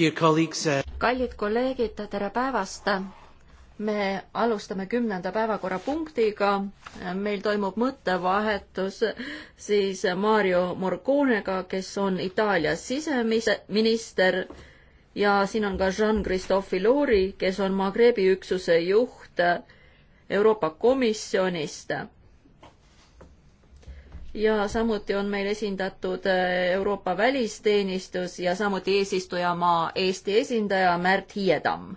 Uh, kallid kolleegid, tere päevast! me alustame kümnenda päevakorrapunktiga. meil toimub mõttevahetus siis Mario Morconega, kes on Itaalia siseminister ja siin on ka Jean-Christophe Filori, kes on Magrebi üksuse juht Euroopa Komisjonist ja samuti on meil esindatud äh, Euroopa Välisteenistus ja samuti eesistujamaa Eesti esindaja Märt Hiiedamm.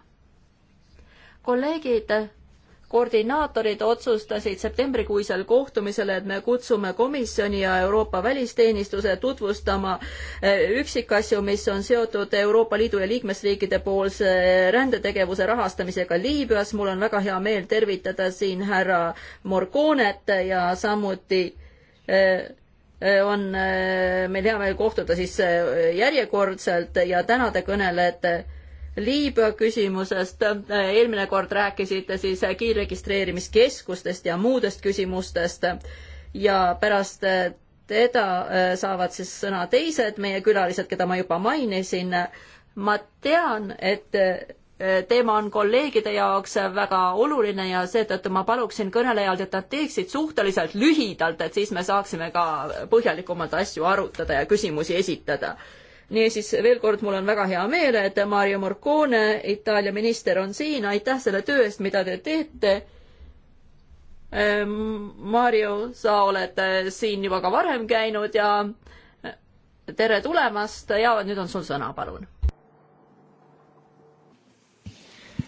kolleegid, koordinaatorid otsustasid septembrikuisel kohtumisel, et me kutsume komisjoni ja Euroopa Välisteenistuse tutvustama äh, üksikasju, mis on seotud Euroopa Liidu ja liikmesriikide poolse äh, rändetegevuse rahastamisega Liibüas. mul on väga hea meel tervitada siin härra Morconet ja samuti Äh, äh, on, äh, me teame kohtuda siis järjekordselt ja täna te kõnelete Liibüa küsimusest, eelmine kord rääkisite siis kiirregistreerimiskeskustest ja muudest küsimustest ja pärast teda saavad siis sõna teised meie külalised, keda ma juba mainisin. ma tean, et teema on kolleegide jaoks väga oluline ja seetõttu ma paluksin kõnelejalt, et nad teeksid suhteliselt lühidalt, et siis me saaksime ka põhjalikumalt asju arutada ja küsimusi esitada. niisiis, veel kord, mul on väga hea meel, et Mario Morcone, Itaalia minister, on siin, aitäh selle töö eest, mida te teete. Ehm, Mario, sa oled eh, siin juba ka varem käinud ja eh, tere tulemast ja nüüd on sul sõna, palun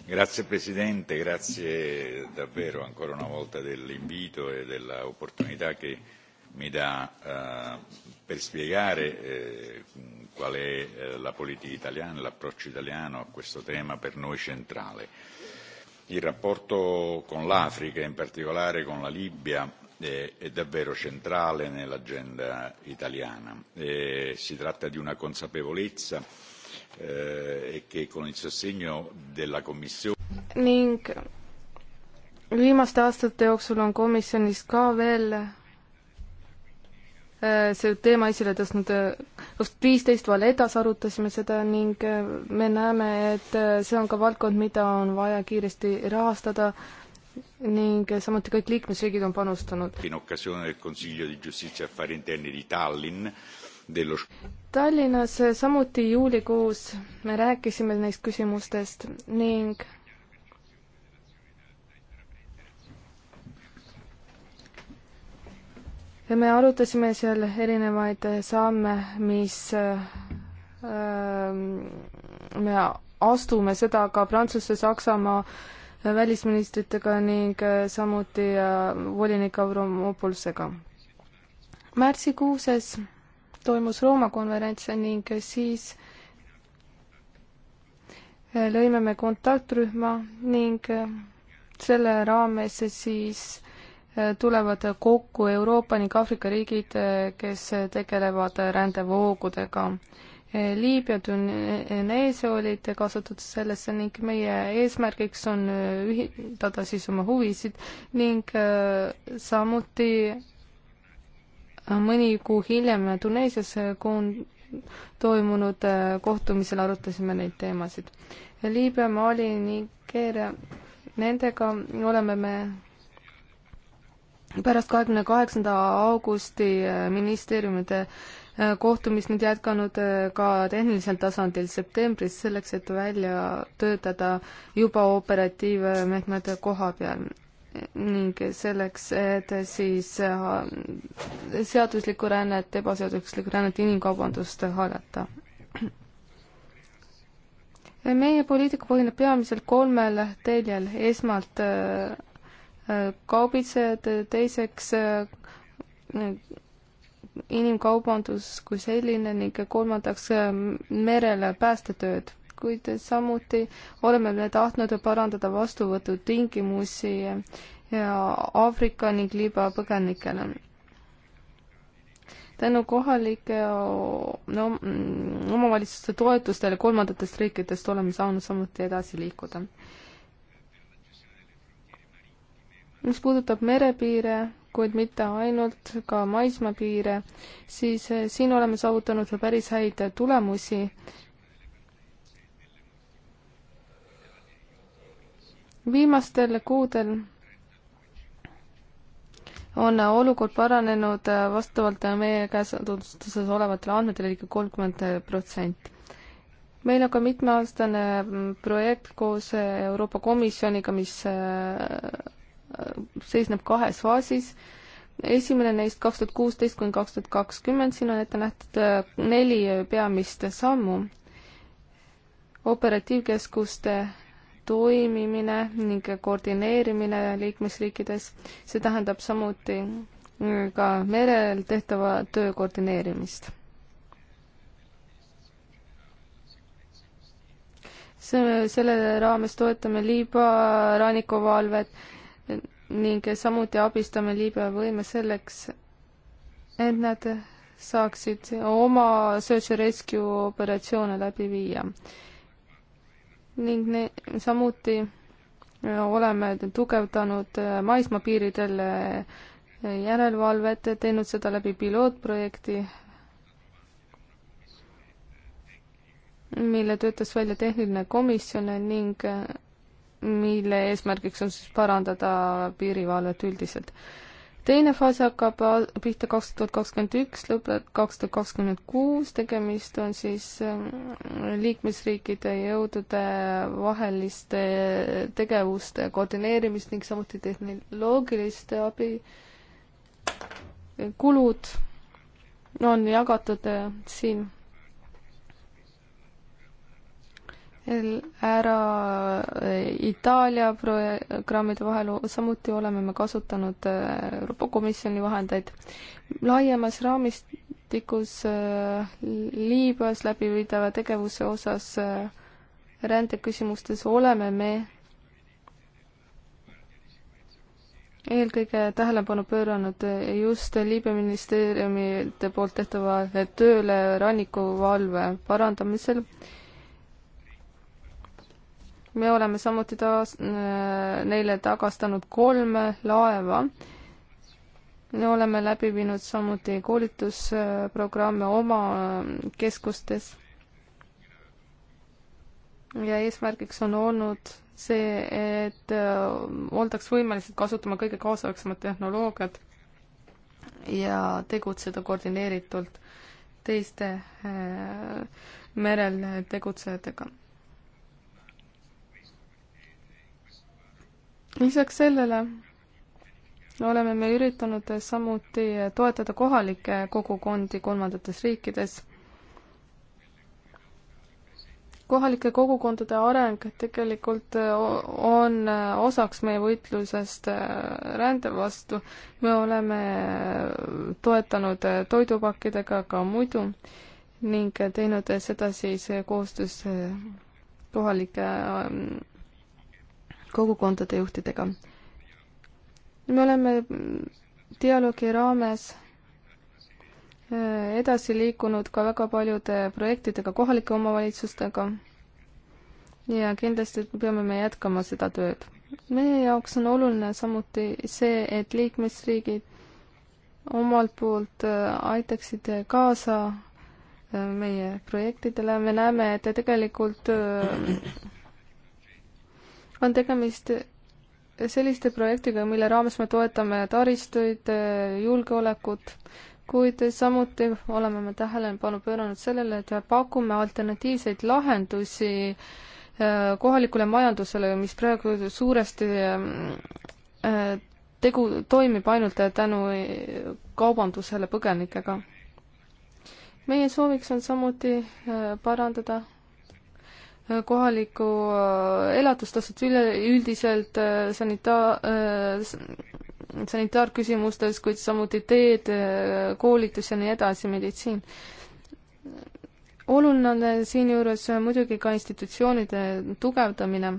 Grazie Presidente, grazie davvero ancora una volta dell'invito e dell'opportunità che mi dà eh, per spiegare eh, qual è eh, la politica italiana, l'approccio italiano a questo tema per noi centrale. Il rapporto con l'Africa, in particolare con la Libia, è, è davvero centrale nell'agenda italiana. E si tratta di una consapevolezza Eh, e che con il sostegno della Commissione ning viimaste aastate jooksul on komisjonis ka veel eh, see teema esile tõstnud, eh, kaks tuhat viisteist Valetas arutasime seda ning me näeme, et see on ka valdkond, mida on vaja kiiresti rahastada ning samuti kõik liikmesriigid on panustanud. Tallinnas eh, samuti juulikuus me rääkisime neist küsimustest ning ja me arutasime seal erinevaid eh, samme, mis eh, me astume seda ka Prantsuse, Saksamaa välisministritega ning samuti volinik Avramopolsega. märtsikuuses toimus Rooma konverents ning siis äh, lõime me kontaktrühma ning äh, selle raames siis äh, tulevad kokku Euroopa ning Aafrika riigid, kes tegelevad rändevoogudega. Liibüa, Tuneesia olid kaasatud sellesse ning meie eesmärgiks on ühitada siis oma huvisid ning samuti mõni kuu hiljem Tuneesias äh, toimunud äh, kohtumisel arutasime neid teemasid. Liibüa, Mali, Nigeeria, nendega oleme me pärast kahekümne kaheksanda augusti äh, ministeeriumide kohtumist nüüd jätkanud ka tehnilisel tasandil septembris selleks, et välja töötada juba operatiivmeetmed koha peal ning selleks, et siis äh, seaduslikku rännet, ebaseaduslikku rännet, inimkaubandust haarata. meie poliitika põhineb peamiselt kolmel teljel, esmalt äh, äh, kaubitsejad, teiseks inimkaubandus kui selline ning kolmandaks merele päästetööd kuid samuti oleme me tahtnud parandada vastuvõtutingimusi Aafrika ning Liiba põgenikele. tänu kohalike no, mm, omavalitsuste toetustele kolmandatest riikidest oleme saanud samuti edasi liikuda. mis puudutab merepiire, kuid mitte ainult, ka maismaapiire, siis eh, siin oleme saavutanud päris häid tulemusi viimastel kuudel on olukord paranenud äh, vastavalt meie käesolevates olevatele andmetele ligi kolmkümmend protsenti. meil on ka mitmeaastane mm, projekt koos äh, Euroopa Komisjoniga, mis äh, seisneb kahes faasis. esimene neist kaks tuhat kuusteist kuni kaks tuhat kakskümmend, siin on ette nähtud neli peamist sammu. operatiivkeskuste toimimine ning koordineerimine liikmesriikides, see tähendab samuti ka merel tehtava töö koordineerimist. see, selle raames toetame Liiba rannikuvalvet ning samuti abistame Liibüa võime selleks, et nad saaksid oma search and rescue operatsioone läbi viia ning ne, samuti äh, oleme tugevdanud äh, maismaapiiridel äh, järelevalvet, teinud seda läbi pilootprojekti, mille töötas välja tehniline komisjon ning mille eesmärgiks on siis parandada piirivalvet üldiselt teine faas hakkab pihta kaks tuhat kakskümmend üks, lõpeb kaks tuhat kakskümmend kuus, tegemist on siis ähm, liikmesriikide jõudude vaheliste tegevuste koordineerimist ning samuti tehnoloogiliste abi kulud on jagatud äh, siin ära eh, Itaalia programmide vahel, samuti oleme me kasutanud eh, Euroopa Komisjoni vahendeid. laiemas raamistikus eh, Liibüas läbiviidava tegevuse osas rändeküsimustes oleme me eelkõige tähelepanu pööranud just Liibüa ministeeriumite poolt tehtava tööle rannikuvalve parandamisel me oleme samuti taas äh, neile tagastanud kolm laeva. me oleme läbi viinud samuti koolitusprogramme oma äh, keskustes. ja eesmärgiks on olnud see, et äh, oldaks võimelised kasutama kõige kaasaegsemat tehnoloogiat ja tegutseda koordineeritult teiste merel tegutsejatega lisaks sellele oleme me üritanud samuti toetada kohalikke kogukondi kolmandates riikides. kohalike kogukondade areng tegelikult on osaks meie võitlusest rände vastu. me oleme toetanud toidupakkidega ka muidu ning teinud seda siis koostöös kohalike kogukondade juhtidega. me oleme dialoogi raames äh, edasi liikunud ka väga paljude projektidega, kohalike omavalitsustega ja kindlasti peame me jätkama seda tööd. meie jaoks on oluline samuti see, et liikmesriigid omalt poolt äh, aitaksid kaasa äh, meie projektidele, me näeme, et tegelikult on tegemist selliste projektiga, mille raames me toetame taristuid, julgeolekut, kuid samuti oleme me tähelepanu pööranud sellele, et pakume alternatiivseid lahendusi äh, kohalikule majandusele, mis praegu suuresti äh, tegu, toimib ainult tänu äh, kaubandusele põgenikega. meie sooviks on samuti parandada kohalikku äh, elatustaset üleüldiselt äh, sanitaar, äh, sanitaarküsimustes, kuid samuti teed, koolitus ja nii edasi, meditsiin. oluline on siinjuures muidugi ka institutsioonide tugevdamine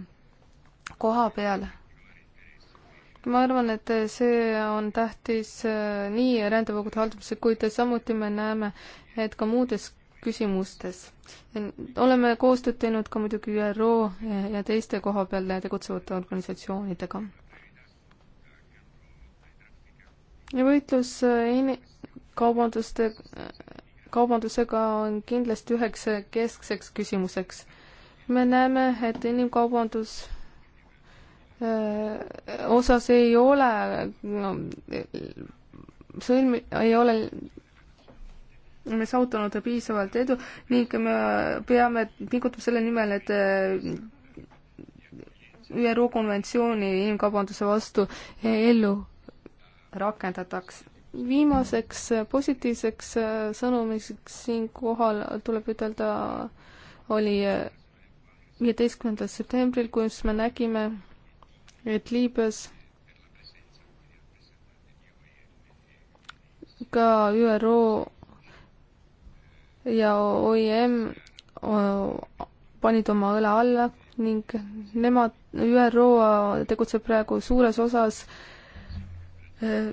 koha peal. ma arvan, et see on tähtis nii rändevoogude haldamisel, kuid samuti me näeme, et ka muudes küsimustes. oleme koostööd teinud ka muidugi ÜRO ja teiste kohapeal tegutsevate organisatsioonidega. ja võitlus äh, in-, kaubanduste, äh, kaubandusega on kindlasti üheks äh, keskseks küsimuseks. me näeme, et inimkaubandus öö, osas ei ole no, sõlmi, ei ole me saavutanud piisavalt edu ning me peame pingutama selle nimel, et äh, ÜRO konventsiooni inimkaubanduse vastu ellu rakendataks. viimaseks äh, positiivseks äh, sõnumiseks siinkohal tuleb ütelda, oli viieteistkümnendal septembril, kus me nägime, et Liibüas ka ÜRO ja OIM panid oma õla alla ning nemad, ÜRO tegutseb praegu suures osas, eh,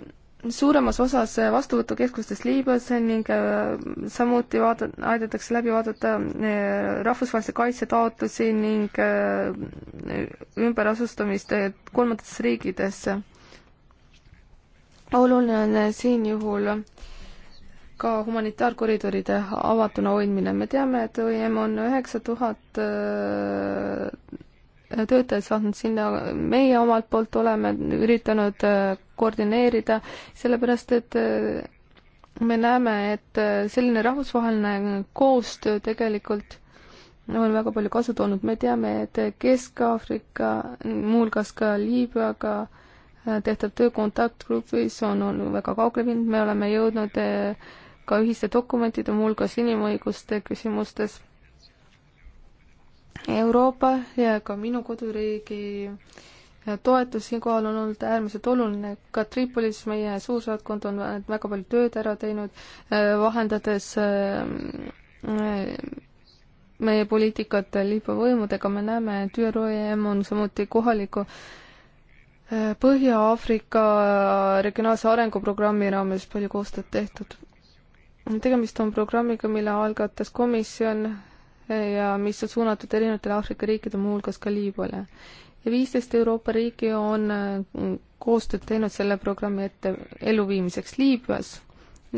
suuremas osas vastuvõtukeskustes Liibüas ning eh, samuti vaata-, aidatakse läbi vaadata eh, rahvusvahelise kaitse taotlusi ning ümberasustamist kolmandatesse riikidesse. oluline on siin juhul äh, ka humanitaarkoridoride avatuna hoidmine. me teame, et OIM e on üheksa tuhat äh, töötajad saatnud sinna, meie omalt poolt oleme üritanud äh, koordineerida, sellepärast et äh, me näeme, et selline rahvusvaheline koostöö tegelikult on väga palju kasu toonud, me teame, et Kesk-Aafrika, muuhulgas ka Liibüaga tehtav töö kontaktgrupis on olnud väga kaugele viinud, me oleme jõudnud eh, ka ühiste dokumentide, muuhulgas inimõiguste küsimustes. Euroopa ja ka minu koduriigi toetus siinkohal on olnud äärmiselt oluline, ka Tripolis meie suursaatkond on väga palju tööd ära teinud, vahendades äh, meie poliitikat Liibüa võimudega, me näeme, et ÜRO EM on samuti kohaliku äh, Põhja-Aafrika regionaalse arenguprogrammi raames palju koostööd tehtud tegemist on programmiga, mille algatas komisjon ja mis on suunatud erinevatele Aafrika riikide, muuhulgas ka Liibüale. ja viisteist Euroopa riiki on mm, koostööd teinud selle programmi ette, elluviimiseks Liibüas.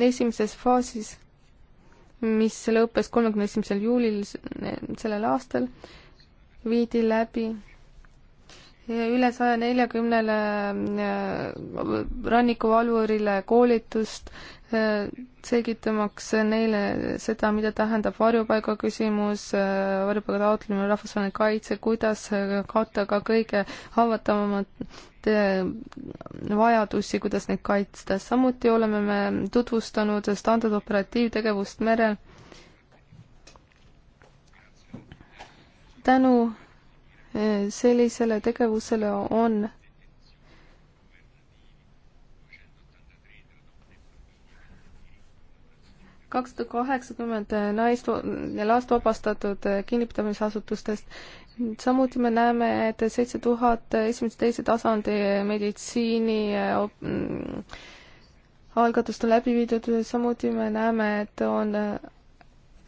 esimeses faasis, mis lõppes kolmekümne esimesel juulil sellel aastal, viidi läbi üle saja neljakümnele äh, rannikuvalvurile koolitust, äh, selgitamaks neile seda, mida tähendab varjupaiga küsimus, äh, varjupaiga taotlemine, rahvusvaheline kaitse, kuidas katta ka kõige haavatavamad vajadusi, kuidas neid kaitsta. samuti oleme me tutvustanud standardoperatiivtegevust merel. tänu sellisele tegevusele on kakssada kaheksakümmend naist ja last vabastatud kinnipidamisasutustest. samuti me näeme, et seitse tuhat esimese, teise tasandi meditsiini mm, algatust on läbi viidud, samuti me näeme, et on,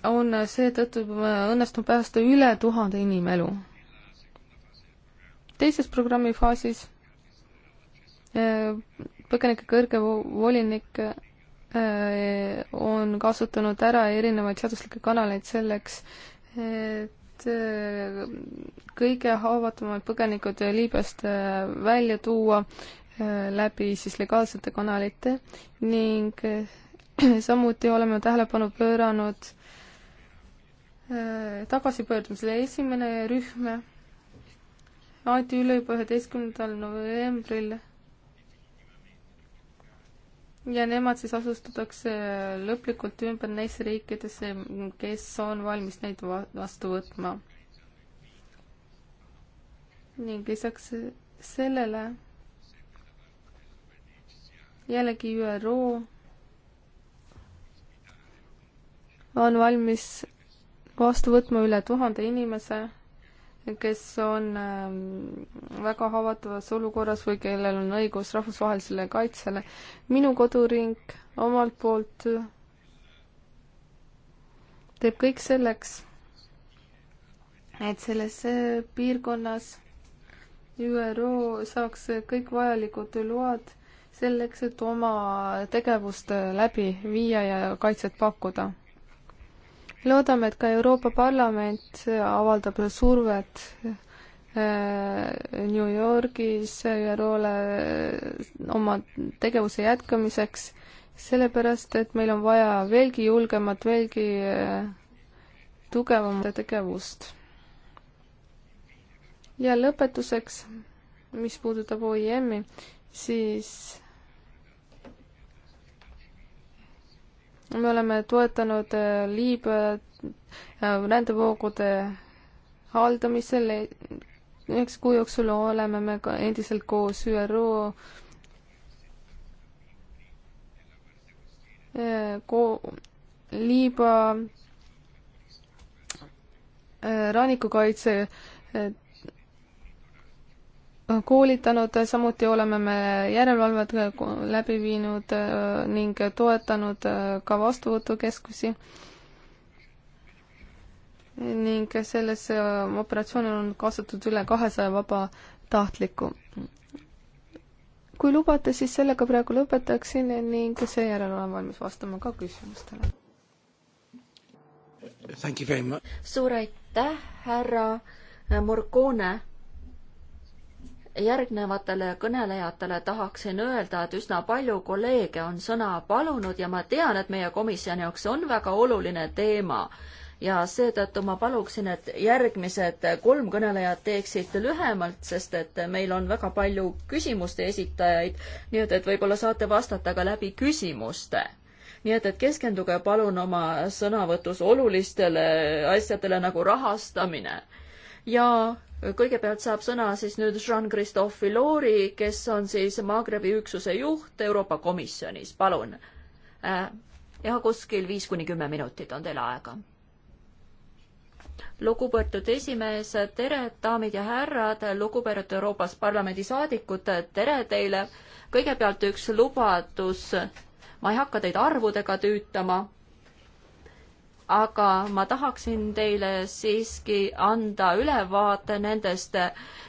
on seetõttu õnnestunud päästa üle tuhande inimelu teises programmi faasis eh, põgenike kõrge volinik eh, on kasutanud ära erinevaid seaduslikke kanaleid selleks, et eh, kõige haavatavamad põgenikud Liibüast välja tuua läbi siis legaalsete kanalite ning samuti oleme tähelepanu pööranud tagasipöördumisele esimene rühm anti üle juba üheteistkümnendal novembril. ja nemad siis asustatakse lõplikult ümber neisse riikidesse, kes on valmis neid vastu võtma. ning lisaks sellele jällegi ÜRO on valmis vastu võtma üle tuhande inimese kes on ähm, väga haavatavas olukorras või kellel on õigus rahvusvahelisele kaitsele. minu koduriik omalt poolt teeb kõik selleks, et selles piirkonnas ÜRO saaks kõik vajalikud load selleks, et oma tegevust läbi viia ja kaitset pakkuda loodame, et ka Euroopa Parlament avaldab survet äh, New Yorgis ÜRO-le äh, oma tegevuse jätkamiseks, sellepärast et meil on vaja veelgi julgemat, veelgi äh, tugevamat tegevust. ja lõpetuseks, mis puudutab OIM-i, siis me oleme toetanud äh, Liibüa äh, rändevoogude haldamisel. üheks kuu jooksul oleme me ka endiselt koos ÜRO äh, ko-, Liibüa rannikukaitse koolitanud, samuti oleme me järelevalved läbi viinud äh, ning toetanud äh, ka vastuvõtukeskusi. ning selles äh, operatsioonil on kaasatud üle kahesaja vabatahtliku. kui lubate, siis sellega praegu lõpetaksin ning seejärel olen valmis vastama ka küsimustele. suur aitäh, härra Morgone järgnevatele kõnelejatele tahaksin öelda, et üsna palju kolleege on sõna palunud ja ma tean, et meie komisjoni jaoks see on väga oluline teema ja seetõttu ma paluksin, et järgmised kolm kõnelejat teeksid lühemalt, sest et meil on väga palju küsimuste esitajaid, nii et, et võib-olla saate vastata ka läbi küsimuste. nii et, et keskenduge palun oma sõnavõtus olulistele asjadele nagu rahastamine ja kõigepealt saab sõna siis nüüd Jean-Christophe Filori, kes on siis Maagrebi üksuse juht Euroopa Komisjonis, palun. Äh, ja kuskil viis kuni kümme minutit on teil aega. lugupeetud esimees, tere, daamid ja härrad, lugupeetud Euroopas Parlamendi saadikud, tere teile. kõigepealt üks lubadus, ma ei hakka teid arvudega tüütama aga ma tahaksin teile siiski anda ülevaate nendest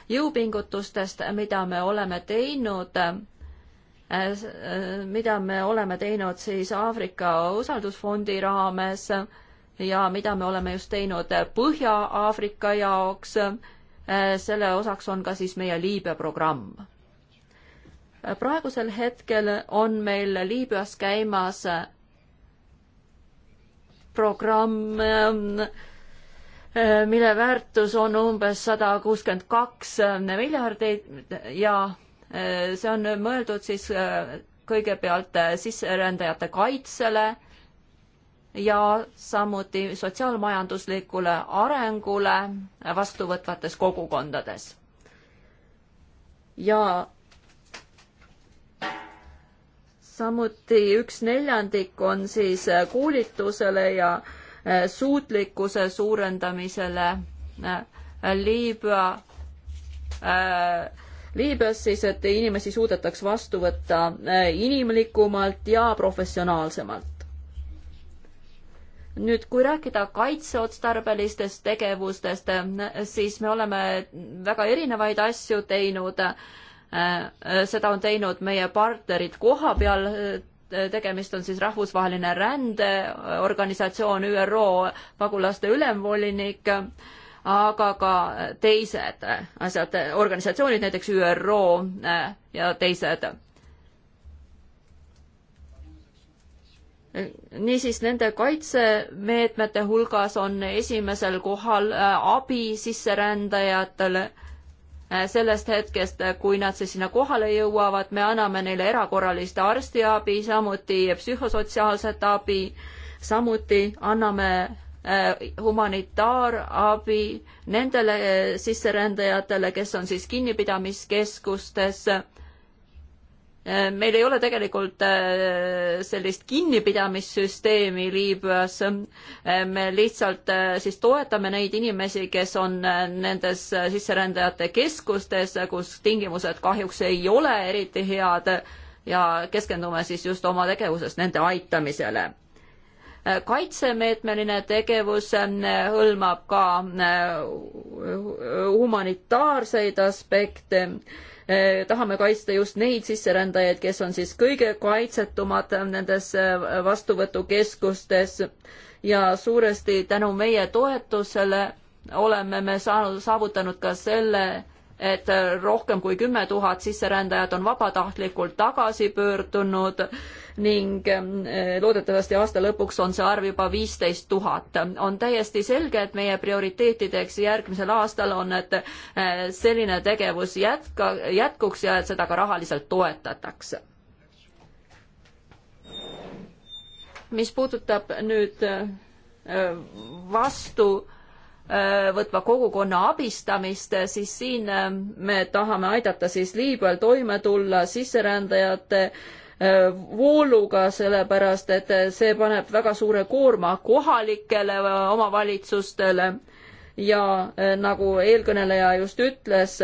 jõupingutustest, mida me oleme teinud, äh, mida me oleme teinud siis Aafrika usaldusfondi raames ja mida me oleme just teinud Põhja-Aafrika jaoks. Äh, selle osaks on ka siis meie Liibüa programm. Äh, praegusel hetkel on meil Liibüas käimas programm, ehm, mille väärtus on umbes sada kuuskümmend kaks miljardit ja ehm, see on mõeldud siis ehm, kõigepealt sisserändajate kaitsele ja samuti sotsiaalmajanduslikule arengule vastuvõtvates kogukondades. ja samuti üks neljandik on siis äh, koolitusele ja äh, suutlikkuse suurendamisele äh, Liibüa, Liibüas siis, et inimesi suudetaks vastu võtta inimlikumalt ja professionaalsemalt. nüüd, kui rääkida kaitseotstarbelistest tegevustest, siis me oleme väga erinevaid asju teinud Äh, seda on teinud meie partnerid koha peal, äh, tegemist on siis rahvusvaheline rändeorganisatsioon, ÜRO pagulaste ülemvolinik, aga ka teised asjad, organisatsioonid, näiteks ÜRO äh, ja teised. niisiis, nende kaitsemeetmete hulgas on esimesel kohal abi sisserändajatele Äh, sellest hetkest, äh, kui nad siis sinna kohale jõuavad, me anname neile erakorralist arstiabi, samuti psühhosotsiaalset abi, samuti anname äh, humanitaarabi nendele sisserändajatele, kes on siis kinnipidamiskeskustes Äh, meil ei ole tegelikult äh, sellist kinnipidamissüsteemi Liibüas. Äh, me lihtsalt siis toetame neid inimesi, kes on nendes sisserändajate keskustes, kus tingimused kahjuks ei ole eriti head ja keskendume siis just oma tegevuses nende aitamisele kaitsemeetmeline tegevus hõlmab ka humanitaarseid aspekte Eh, tahame kaitsta just neid sisserändajaid, kes on siis kõige kaitsetumad eh, nendes eh, vastuvõtukeskustes ja suuresti tänu meie toetusele oleme me saanud, saavutanud ka selle, et äh, rohkem kui kümme tuhat sisserändajat on vabatahtlikult tagasi pöördunud ning ähm, äh, loodetavasti aasta lõpuks on see arv juba viisteist tuhat. on täiesti selge, et meie prioriteetideks järgmisel aastal on, et äh, selline tegevus jätka, jätkuks ja et seda ka rahaliselt toetatakse. mis puudutab nüüd vastu Äh, võtma kogukonna abistamist, siis siin äh, me tahame aidata siis Liibüal toime tulla sisserändajate äh, vooluga, sellepärast et see paneb väga suure koorma kohalikele omavalitsustele ja nagu eelkõneleja just ütles,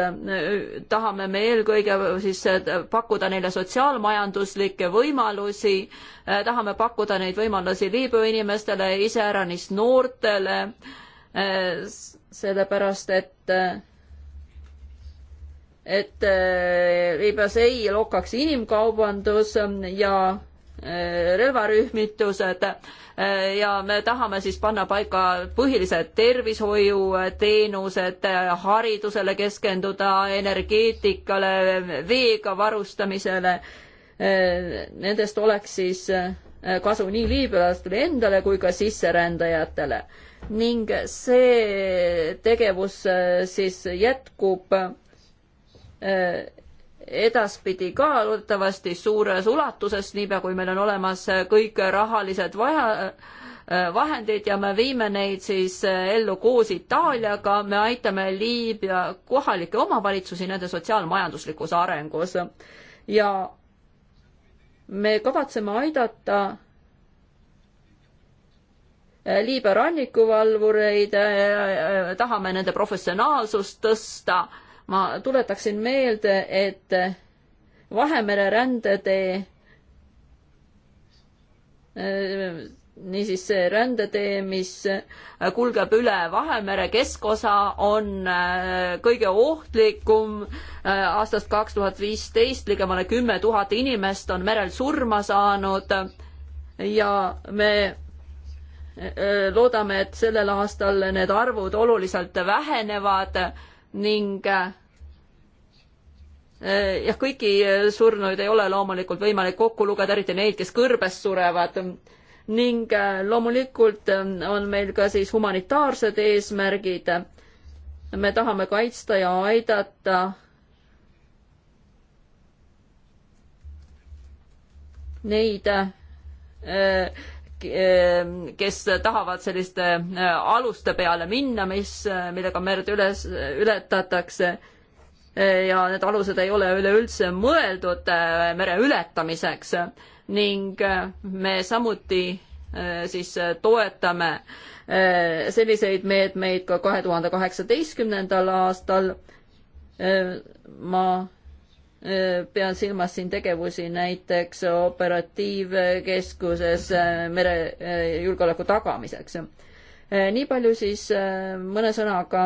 tahame me eelkõige siis pakkuda neile sotsiaalmajanduslikke võimalusi, tahame pakkuda neid võimalusi Liibüa inimestele, iseäranis noortele Äh, sellepärast et, äh, et äh, Liibüas ei lokkaks inimkaubandus ja relvarühmitused ja me tahame siis panna paika põhilised tervishoiuteenused, haridusele keskenduda, energeetikale, veega varustamisele. Nendest oleks siis kasu nii liibüalastele endale kui ka sisserändajatele ning see tegevus äh, siis jätkub äh, edaspidi ka loodetavasti suures ulatuses, niipea kui meil on olemas äh, kõik rahalised vaja, vahendid ja me viime neid siis ellu koos Itaaliaga, me aitame Liibüa kohalikke omavalitsusi nende sotsiaalmajanduslikus arengus. ja me kavatseme aidata Äh, Liibüa rannikuvalvureid, äh, äh, tahame nende professionaalsust tõsta. ma tuletaksin meelde, et Vahemere rändetee, niisiis see rändetee, mis kulgeb üle Vahemere keskosa, on kõige ohtlikum. aastast kaks tuhat viisteist ligemale kümme tuhat inimest on merel surma saanud ja me Äh, loodame, et sellel aastal need arvud oluliselt vähenevad ning äh, äh, jah, kõiki surnuid ei ole loomulikult võimalik kokku lugeda, eriti neid, kes kõrbes surevad. ning loomulikult on meil ka siis humanitaarsed eesmärgid. me tahame kaitsta ja aidata neid kes tahavad selliste äh, aluste peale minna, mis, äh, millega merd üles, äh, ületatakse. ja need alused ei ole üleüldse mõeldud mere ületamiseks ning me samuti siis toetame selliseid meetmeid ka kahe tuhande kaheksateistkümnendal aastal. ma pean silmas siin tegevusi näiteks operatiivkeskuses äh, merejulgeoleku äh, tagamiseks. Äh, nii palju siis mõne sõnaga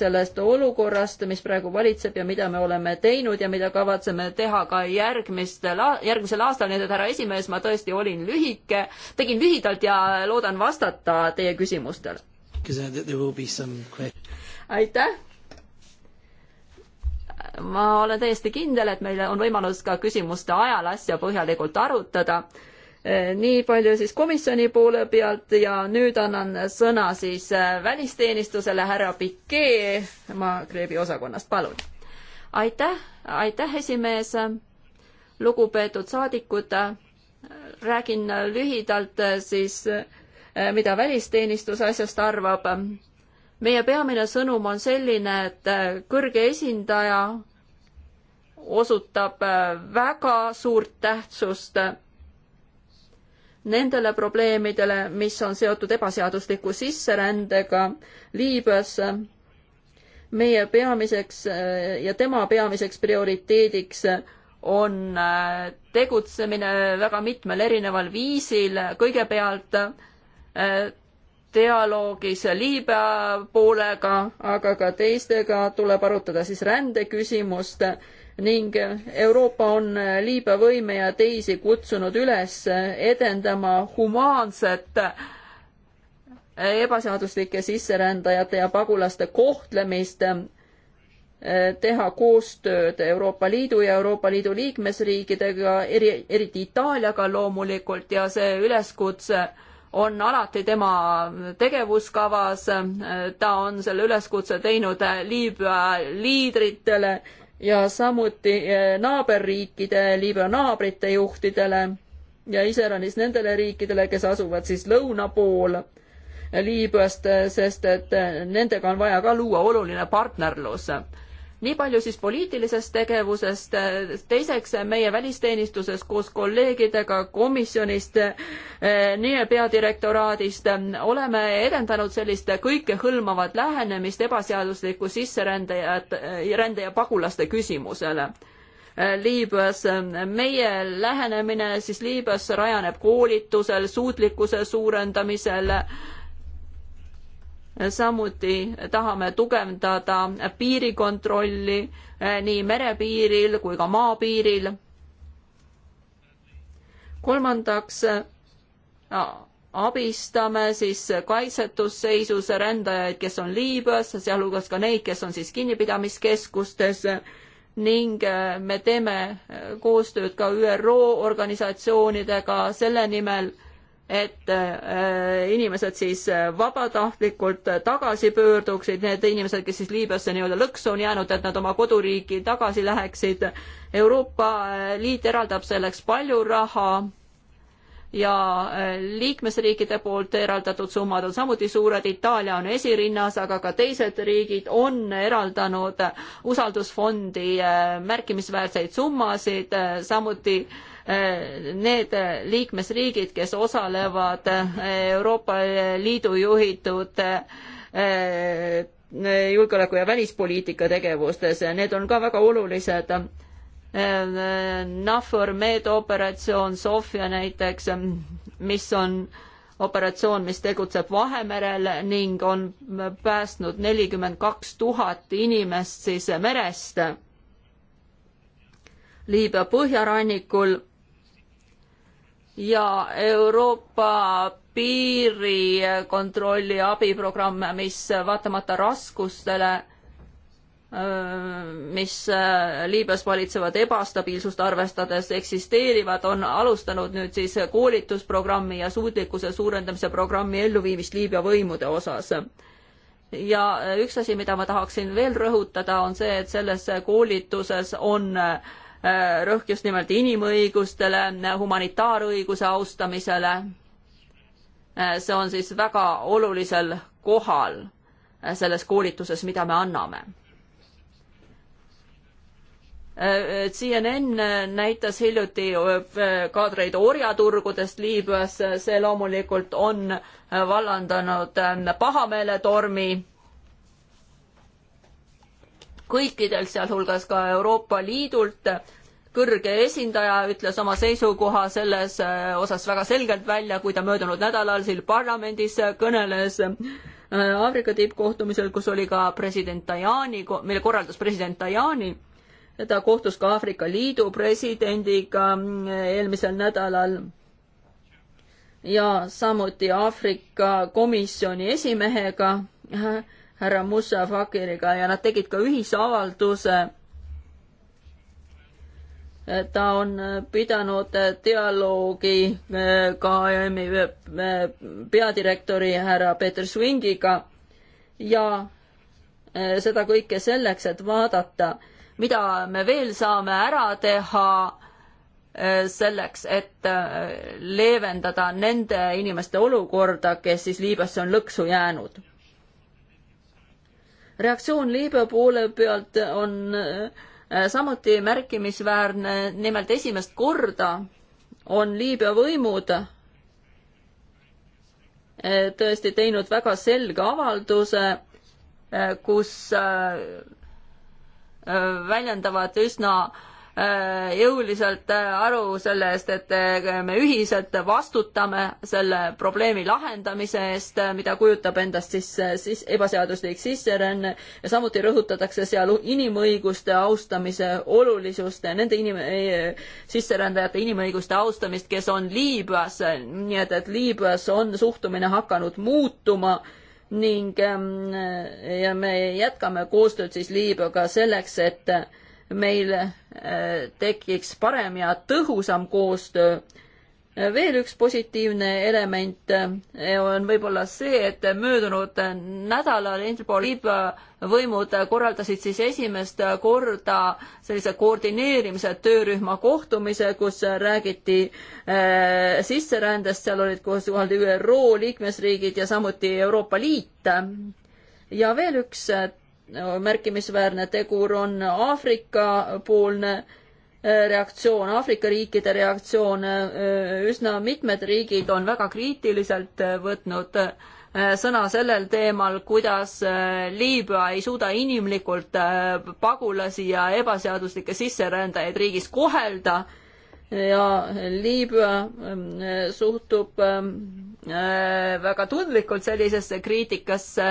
sellest olukorrast, mis praegu valitseb ja mida me oleme teinud ja mida kavatseme teha ka järgmistel, järgmisel aastal, nii et härra esimees, ma tõesti olin lühike, tegin lühidalt ja loodan vastata teie küsimustele. Uh, aitäh ma olen täiesti kindel, et meil on võimalus ka küsimuste ajal asja põhjalikult arutada. Eh, nii palju siis komisjoni poole pealt ja nüüd annan sõna siis eh, välisteenistusele, härra Pikee, ma Kreebi osakonnast, palun. aitäh, aitäh, esimees, lugupeetud saadikud, räägin lühidalt siis, eh, mida välisteenistus asjast arvab meie peamine sõnum on selline, et äh, kõrge esindaja osutab äh, väga suurt tähtsust äh, nendele probleemidele, mis on seotud ebaseadusliku sisserändega Liibüas. meie peamiseks ja tema peamiseks prioriteediks on tegutsemine väga mitmel erineval viisil, kõigepealt dialoogis Liibüa poolega, aga ka teistega tuleb arutada siis rändeküsimust ning Euroopa on Liibüa võime ja teisi kutsunud üles edendama humaanset ebaseaduslike sisserändajate ja pagulaste kohtlemist, teha koostööd Euroopa Liidu ja Euroopa Liidu liikmesriikidega, eri, eriti Itaaliaga loomulikult ja see üleskutse äh, on alati tema tegevuskavas, ta on selle üleskutse teinud Liibüa liidritele ja samuti eh, naaberriikide, Liibüa naabrite juhtidele ja iseäranis nendele riikidele, kes asuvad siis lõuna pool Liibüast, sest et nendega on vaja ka luua oluline partnerlus nii palju siis poliitilisest tegevusest, teiseks meie välisteenistuses koos kolleegidega komisjonist, eh, NIE peadirektoraadist oleme edendanud sellist kõikehõlmavat lähenemist ebaseadusliku sisserändajate, eh, rände ja pagulaste küsimusele eh, Liibüas. meie lähenemine siis Liibüas rajaneb koolitusel, suutlikkuse suurendamisel samuti tahame tugevdada piirikontrolli eh, nii merepiiril kui ka maapiiril. kolmandaks eh, abistame siis kaitsetus seisus rändajaid, kes on Liibüas, sealhulgas ka neid, kes on siis kinnipidamiskeskustes ning eh, me teeme koostööd ka ÜRO organisatsioonidega selle nimel, et äh, inimesed siis äh, vabatahtlikult äh, tagasi pöörduksid, need inimesed, kes siis Liibüasse nii-öelda lõksu on jäänud, et nad oma koduriiki tagasi läheksid. Euroopa Liit eraldab selleks palju raha ja liikmesriikide poolt eraldatud summad on samuti suured, Itaalia on esirinnas, aga ka teised riigid on eraldanud usaldusfondi märkimisväärseid summasid, samuti äh, Äh, need äh, liikmesriigid, kes osalevad äh, Euroopa Liidu juhitud julgeoleku ja välispoliitika tegevustes, need on ka väga olulised. NAFOR meedoperatsioon Sofia näiteks, mis on operatsioon, mis tegutseb Vahemerel ning on päästnud nelikümmend kaks tuhat inimest siis merest Liibüa põhjarannikul ja Euroopa piirikontrolli abiprogramm, mis vaatamata raskustele, mis Liibüas valitsevad ebastabiilsust arvestades eksisteerivad, on alustanud nüüd siis koolitusprogrammi ja suutlikkuse suurendamise programmi elluviimist Liibüa võimude osas ja üks asi, mida ma tahaksin veel rõhutada, on see, et selles koolituses on äh, Äh, rõhk just nimelt inimõigustele, humanitaarõiguse austamisele. Äh, see on siis väga olulisel kohal äh, selles koolituses, mida me anname CNN näitas hiljuti kaadreid orjaturgudest Liibüas, see loomulikult on vallandanud pahameeletormi kõikidelt, sealhulgas ka Euroopa Liidult. kõrge esindaja ütles oma seisukoha selles äh, osas väga selgelt välja, kui ta möödunud nädalal siin parlamendis kõneles äh, Aafrika tippkohtumisel, kus oli ka president Tajani, mille korraldas president Tajani. ta kohtus ka Aafrika Liidu presidendiga äh, eelmisel nädalal ja samuti Aafrika komisjoni esimehega härra Musa Fakiriga ja nad tegid ka ühisavalduse. ta on pidanud dialoogi eh, ka EM-i eh, peadirektori härra Peeter Swingiga ja eh, seda kõike selleks, et vaadata, mida me veel saame ära teha selleks, et leevendada nende inimeste olukorda, kes siis Liibüasse on lõksu jäänud reaktsioon Liibüa poole pealt on äh, samuti märkimisväärne, nimelt esimest korda on Liibüa võimud äh, tõesti teinud väga selge avalduse, äh, kus väljendavad üsna äh, Äh, jõuliselt äh, aru selle eest, et äh, me ühiselt vastutame selle probleemi lahendamise eest, mida kujutab endast siis, siis ebaseaduslik sisseränne ja samuti rõhutatakse seal inimõiguste austamise olulisust, nende inim-, sisserändajate inimõiguste austamist, kes on Liibüas, nii et, et Liibüas on suhtumine hakanud muutuma ning ähm, ja me jätkame koostööd siis Liibüaga selleks, et meil äh, tekiks parem ja tõhusam koostöö. veel üks positiivne element äh, on võib-olla see, et möödunud nädalal Interpol Liibüa äh, võimud korraldasid siis esimest korda sellise koordineerimise töörühma kohtumise, kus räägiti sisserändest, seal olid koos kohal ÜRO liikmesriigid ja samuti Euroopa Liit ja veel üks märkimisväärne tegur on Aafrika-poolne äh, reaktsioon, Aafrika riikide reaktsioon, äh, üsna mitmed riigid on väga kriitiliselt äh, võtnud sõna sellel teemal, kuidas Liibüa ei suuda inimlikult pagulasi ja ebaseaduslikke sisserändajaid riigis kohelda ja Liibüa ähm, suhtub ähm, väga tundlikult sellisesse kriitikasse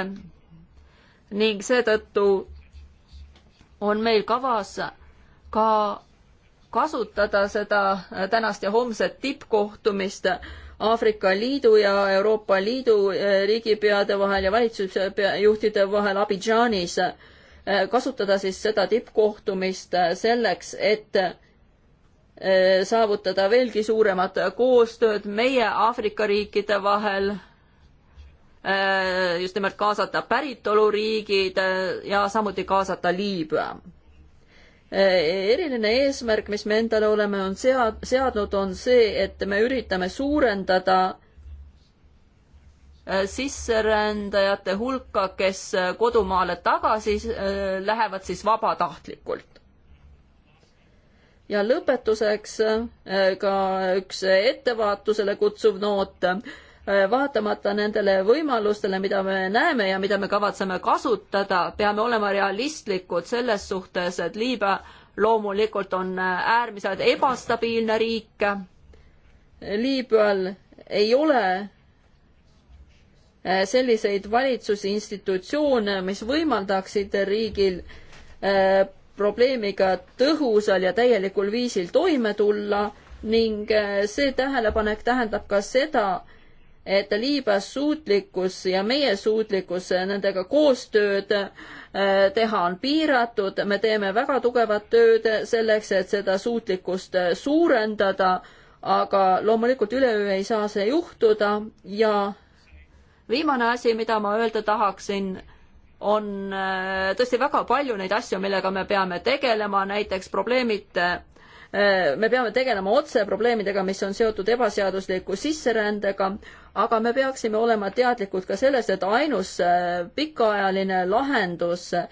ning seetõttu on meil kavas ka kasutada seda tänast ja homset tippkohtumist Aafrika Liidu ja Euroopa Liidu eh, riigipeade vahel ja valitsusjuhtide vahel Abidžaanis, eh, kasutada siis seda tippkohtumist eh, selleks, et saavutada veelgi suuremat koostööd meie Aafrika riikide vahel Äh, just nimelt kaasata päritoluriigid äh, ja samuti kaasata Liibüa. Äh, eriline eesmärk, mis me endale oleme on sead-, seadnud, on see, et me üritame suurendada sisserändajate hulka, kes kodumaale tagasi lähevad siis vabatahtlikult. ja lõpetuseks ka üks ettevaatusele kutsuv noot Äh, vaatamata nendele võimalustele, mida me näeme ja mida me kavatseme kasutada, peame olema realistlikud selles suhtes, et Liibüa loomulikult on äh, äärmiselt ebastabiilne riik. Liibüal ei ole äh, selliseid valitsusinstitutsioone, mis võimaldaksid riigil probleemiga tõhusal ja täielikul viisil toime tulla ning see tähelepanek tähendab ka seda, et Liibüa suutlikkus ja meie suutlikkus nendega koostööd äh, teha on piiratud, me teeme väga tugevat tööd selleks, et seda suutlikkust äh, suurendada, aga loomulikult üleöö ei saa see juhtuda ja viimane asi, mida ma öelda tahaksin, on äh, tõesti väga palju neid asju, millega me peame tegelema, näiteks probleemid Äh, me peame tegelema otse probleemidega, mis on seotud ebaseadusliku sisserändega, aga me peaksime olema teadlikud ka sellest, et ainus äh, pikaajaline lahendus äh,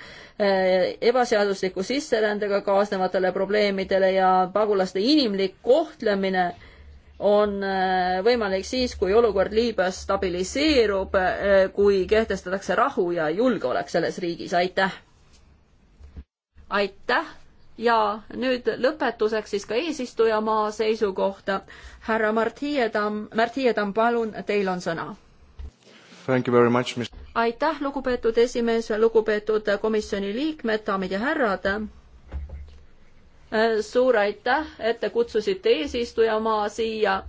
ebaseadusliku sisserändega kaasnevatele probleemidele ja pagulaste inimlik kohtlemine on võimalik siis, kui olukord Liibüas stabiliseerub, kui kehtestatakse rahu ja julgeolek selles riigis, aitäh! aitäh! ja nüüd lõpetuseks siis ka eesistujamaa seisukohta. härra Mart Hiiedam, Märt Hiiedam, palun, teil on sõna. aitäh, lugupeetud esimees, lugupeetud komisjoni liikmed, daamid ja härrad. suur aitäh, et te kutsusite eesistujamaa siia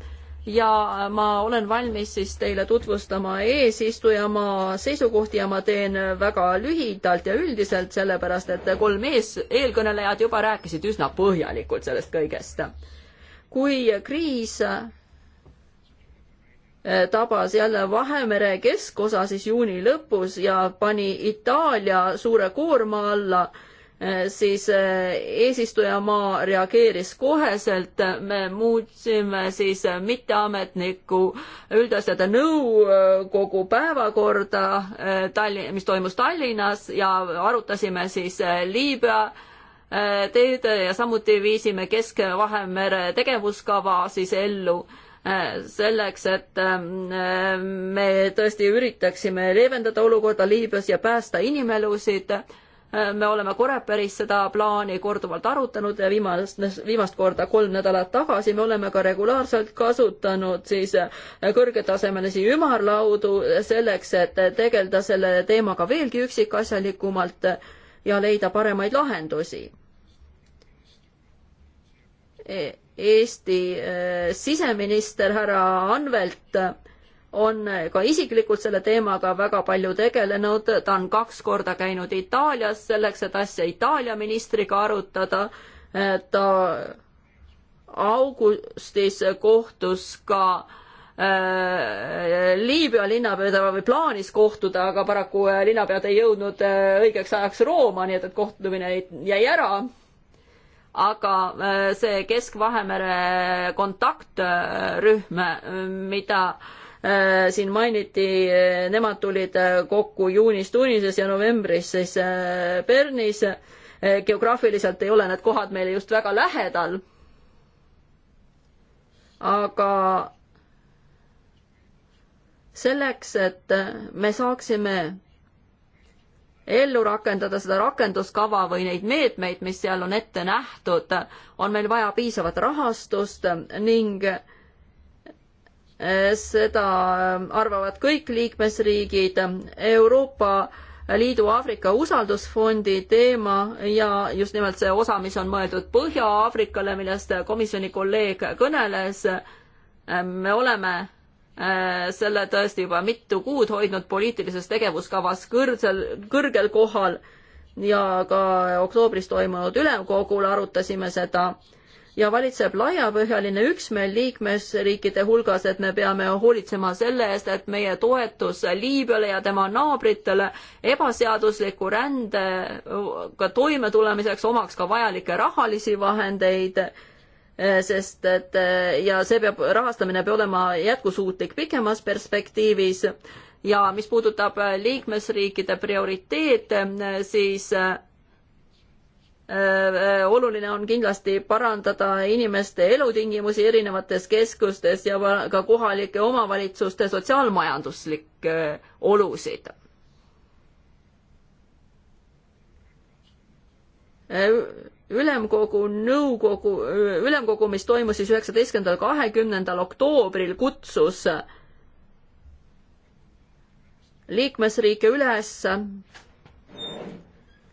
ja ma olen valmis siis teile tutvustama eesistujamaa seisukohti ja ma teen väga lühidalt ja üldiselt, sellepärast et kolm ees, eelkõnelejad juba rääkisid üsna põhjalikult sellest kõigest. kui kriis eh, tabas jälle Vahemere keskosa siis juuni lõpus ja pani Itaalia suure koorma alla Eh, siis eh, eesistujamaa reageeris koheselt, me muutsime siis mitteametniku üldasjade nõukogu eh, päevakorda, Tallinn, mis toimus Tallinnas ja arutasime siis Liibüa teed ja samuti viisime Kesk-Vahemere tegevuskava siis ellu selleks, et mm, me tõesti üritaksime leevendada olukorda Liibüas ja päästa inimelusid me oleme Koreperis seda plaani korduvalt arutanud, viimast, viimast korda kolm nädalat tagasi, me oleme ka regulaarselt kasutanud siis kõrgetasemelisi ümarlaudu selleks, et tegeleda selle teemaga veelgi üksikasjalikumalt ja leida paremaid lahendusi e. Eesti eh, siseminister härra Anvelt on ka isiklikult selle teemaga väga palju tegelenud, ta on kaks korda käinud Itaalias selleks, et asja Itaalia ministriga arutada. ta augustis kohtus ka äh, Liibüa linnapeaga või plaanis kohtuda, aga paraku äh, linnapead ei jõudnud äh, õigeks ajaks Rooma, nii et, et kohtumine jäi ära aga äh, see Kesk-Vahemere kontaktrühm, äh, mida Äh, siin mainiti, äh, nemad tulid äh, kokku juunis Tunises ja novembris siis Bernis. geograafiliselt ei ole need kohad meile just väga lähedal. aga selleks, et me saaksime ellu rakendada seda rakenduskava või neid meetmeid, mis seal on ette nähtud, on meil vaja piisavat rahastust ning äh, seda ähm, arvavad kõik liikmesriigid. Euroopa Liidu Aafrika usaldusfondi teema ja just nimelt see osa, mis on mõeldud Põhja-Aafrikale, millest komisjoni kolleeg kõneles. Äh, me oleme äh, selle tõesti juba mitu kuud hoidnud poliitilises tegevuskavas kõrgel, kõrgel kohal ja ka oktoobris toimunud ülemkogul arutasime seda ja valitseb laiapõhjaline üksmeel liikmesriikide hulgas, et me peame hoolitsema selle eest, et meie toetus Liibüale ja tema naabritele ebaseadusliku rändega toimetulemiseks omaks ka vajalikke rahalisi vahendeid eh, sest et eh, ja see peab, rahastamine peab olema jätkusuutlik pikemas perspektiivis ja mis puudutab eh, liikmesriikide prioriteete, siis Äh, äh, oluline on kindlasti parandada inimeste elutingimusi erinevates keskustes ja ka kohalike omavalitsuste sotsiaalmajanduslikke olusid. Äh, ülemkogu nõukogu, ülemkogu, mis toimus siis üheksateistkümnendal, kahekümnendal oktoobril, kutsus liikmesriike üles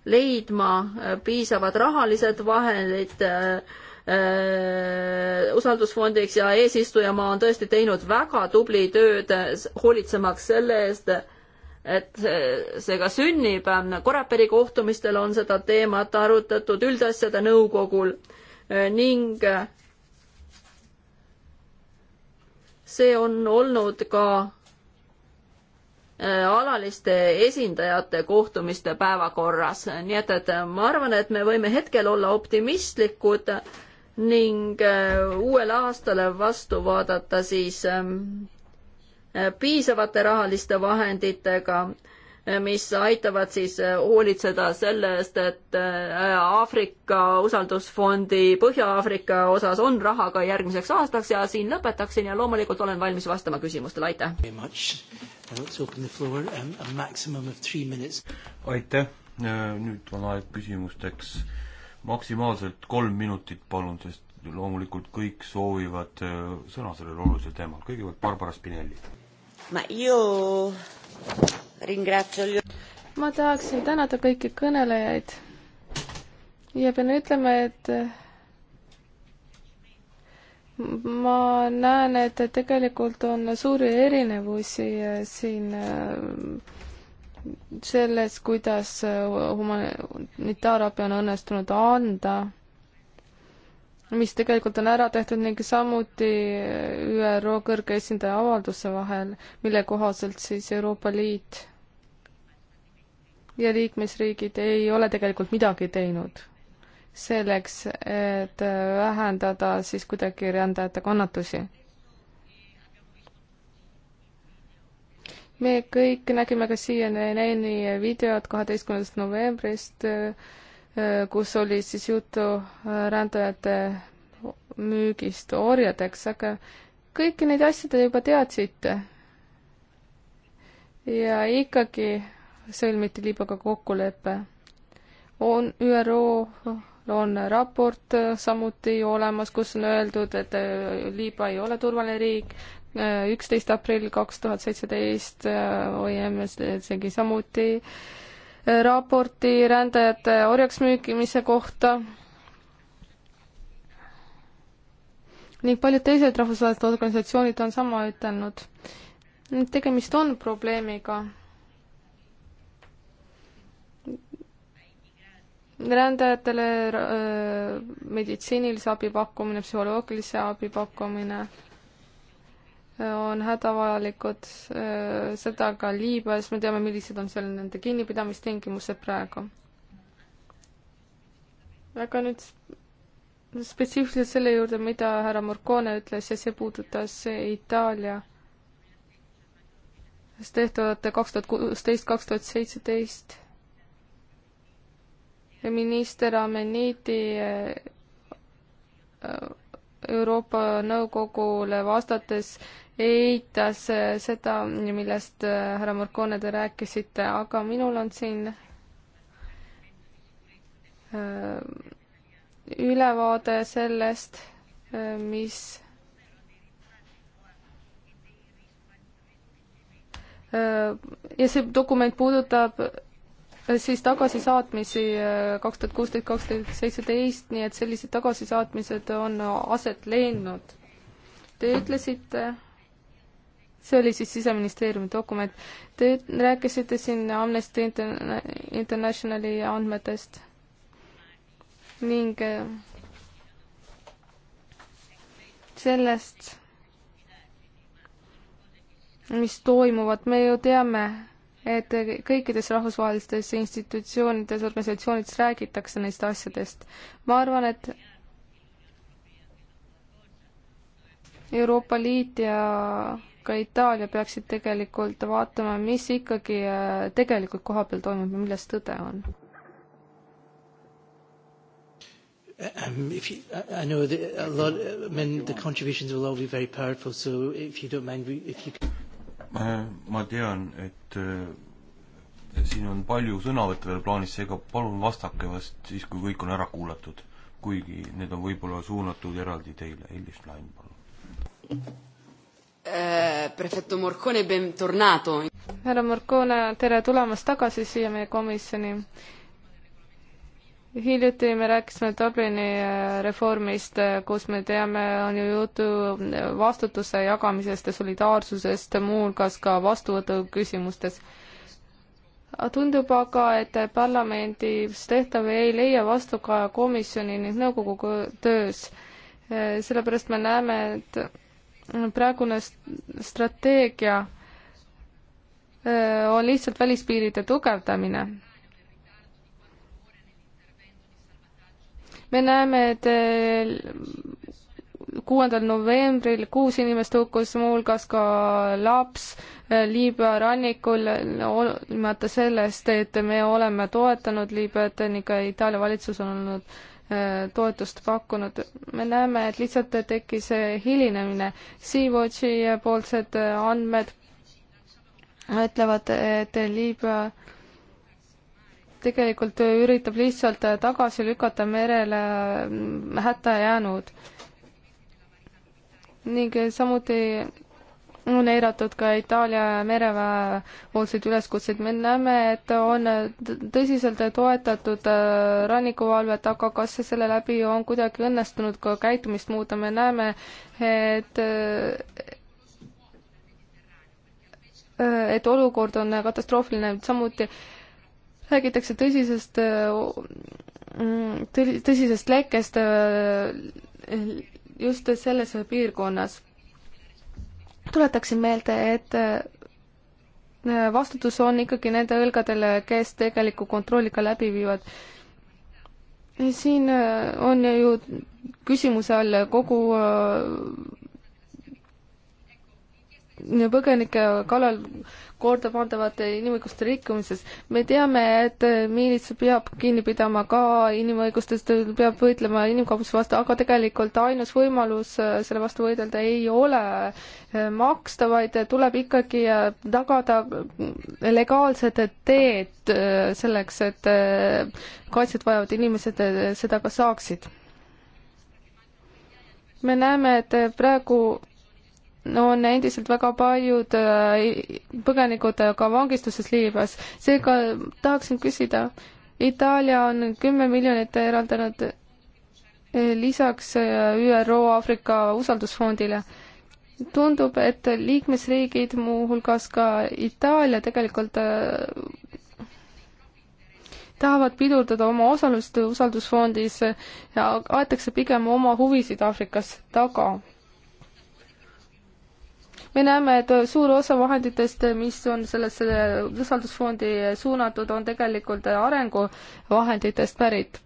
leidma äh, piisavad rahalised vahendid äh, äh, usaldusfondiks ja eesistujamaa on tõesti teinud väga tubli tööd, hoolitsemaks selle eest, et see ka sünnib. Korraperi kohtumistel on seda teemat arutatud üldasjade nõukogul ning see on olnud ka Äh, alaliste esindajate kohtumiste päevakorras, nii et, et ma arvan, et me võime hetkel olla optimistlikud ning äh, uuele aastale vastu vaadata siis ähm, äh, piisavate rahaliste vahenditega mis aitavad siis äh, hoolitseda selle eest, et äh, Aafrika usaldusfondi Põhja-Aafrika osas on raha ka järgmiseks aastaks ja siin lõpetaksin ja loomulikult olen valmis vastama küsimustele, aitäh! Uh, um, aitäh, äh, nüüd on aeg küsimusteks maksimaalselt kolm minutit, palun, sest loomulikult kõik soovivad sõna sellel olulisel teemal, kõigepealt Barbara Spinelli. ma ju ma tahaksin tänada kõiki kõnelejaid ja pean ütlema, et ma näen, et tegelikult on suuri erinevusi siin selles, kuidas humanitaarabi on õnnestunud anda mis tegelikult on ära tehtud ning samuti ÜRO kõrge esindaja avalduse vahel, mille kohaselt siis Euroopa Liit ja liikmesriigid ei ole tegelikult midagi teinud selleks, et vähendada siis kuidagi rändajate kannatusi. me kõik nägime ka CNN-i videot kaheteistkümnendast novembrist, Äh, kus oli siis juttu äh, rändajate müügist orjadeks, aga kõiki neid asju te juba teadsite. ja ikkagi sõlmiti Liibüaga kokkulepe. on ÜRO on raport äh, samuti olemas, kus on öeldud, et Liibüa ei ole turvaline riik, üksteist aprill kaks tuhat seitseteist OIM e tegi samuti äh, raporti rändajate orjaks müügimise kohta ning paljud teised rahvusvahelised organisatsioonid on sama ütelnud. tegemist on probleemiga. rändajatele äh, meditsiinilise abi pakkumine, psühholoogilise abi pakkumine on hädavajalikud, äh, seda ka Liibüas, me teame, millised on seal nende kinnipidamistingimused praegu. aga nüüd spetsiifiliselt selle juurde, mida härra Morcone ütles ja see puudutas Itaalia tehtavate kaks tuhat kuusteist, kaks tuhat seitseteist minister Ameniti äh, Euroopa Nõukogule vastates eitas äh, seda, millest äh, härra Morcone te rääkisite, aga minul on siin äh, ülevaade sellest, mis ja see dokument puudutab siis tagasisaatmisi kaks tuhat kuusteist, kaks tuhat seitseteist, nii et sellised tagasisaatmised on aset leidnud. Te ütlesite see oli siis Siseministeeriumi dokument. Te rääkisite siin Amnesty Interna Internationali andmetest ning äh, sellest, mis toimuvad, me ju teame, et kõikides rahvusvahelistes institutsioonides, organisatsioonides räägitakse neist asjadest. ma arvan, et Euroopa Liit ja ka Itaalia peaksid tegelikult vaatama, mis ikkagi äh, tegelikult kohapeal toimub ja milles tõde on. Um, if you, I know that a lot, I mean, the contributions will all be very powerful, so if you don't mind, if you can... ma, ma tean, et äh, siin on palju sõnavõtte veel plaanis, seega palun vastake vast siis, kui kõik on ära kuulatud. kuigi need on võib-olla suunatud eraldi teile, Elis Lain, palun eh, prefetto Morcone, bentornato. härra Morcone, tere tulemast tagasi siia meie komisjoni. hiljuti me rääkisime Dublini eh, reformist, eh, kus me teame, on ju juttu eh, vastutuse jagamisest ja solidaarsusest, muuhulgas ka vastuvõtu küsimustes tundub aga, et parlamendis tehtav ei leia vastukaja komisjoni ning nõukogu töös. sellepärast me näeme, et praegune strateegia on lihtsalt välispiiride tugevdamine. me näeme, et kuuendal novembril kuus inimest hukkus, muuhulgas ka laps Liibüa rannikul, hoolimata sellest, et me oleme toetanud Liibüat ning ka Itaalia valitsus on olnud Äh, toetust pakkunud. me näeme, et lihtsalt tekkis äh, hilinemine. Sea-Watchi äh, poolsed andmed ütlevad, et Liibüa tegelikult üritab lihtsalt tagasi lükata merele hätta jäänud ning samuti on eiratud ka Itaalia mereväe poolseid üleskutseid, me näeme, et on tõsiselt toetatud äh, rannikuvalvet, aga kas selle läbi on kuidagi õnnestunud ka käitumist muuta, me näeme, et äh, et olukord on katastroofiline, samuti räägitakse tõsisest, äh, tõsisest lekkest just selles piirkonnas tuletaksin meelde, et äh, vastutus on ikkagi nende õlgadele, kes tegeliku kontrolli ka läbi viivad. siin äh, on ju küsimuse all kogu äh, põgenike kallal korda pandavate inimõiguste rikkumises. me teame, et miilits peab kinni pidama ka inimõigustest, peab võitlema inimkaubanduse vastu, aga tegelikult ainus võimalus äh, selle vastu võidelda ei ole äh, maksta, vaid tuleb ikkagi äh, tagada legaalsed teed selleks, et kaitset vajavad inimesed seda ka saaksid. me näeme, et praegu on endiselt väga paljud äh, põgenikud äh, ka vangistuses Liibüas. seega tahaksin küsida, Itaalia on kümme miljonit eraldanud äh, lisaks ÜRO Aafrika usaldusfondile. tundub, et liikmesriigid, muuhulgas ka Itaalia tegelikult tahavad pidurdada oma osalust usaldusfondis ja aetakse pigem oma huvisid Aafrikas taga me näeme, et suur osa vahenditest, mis on sellesse usaldusfondi suunatud, on tegelikult arenguvahenditest pärit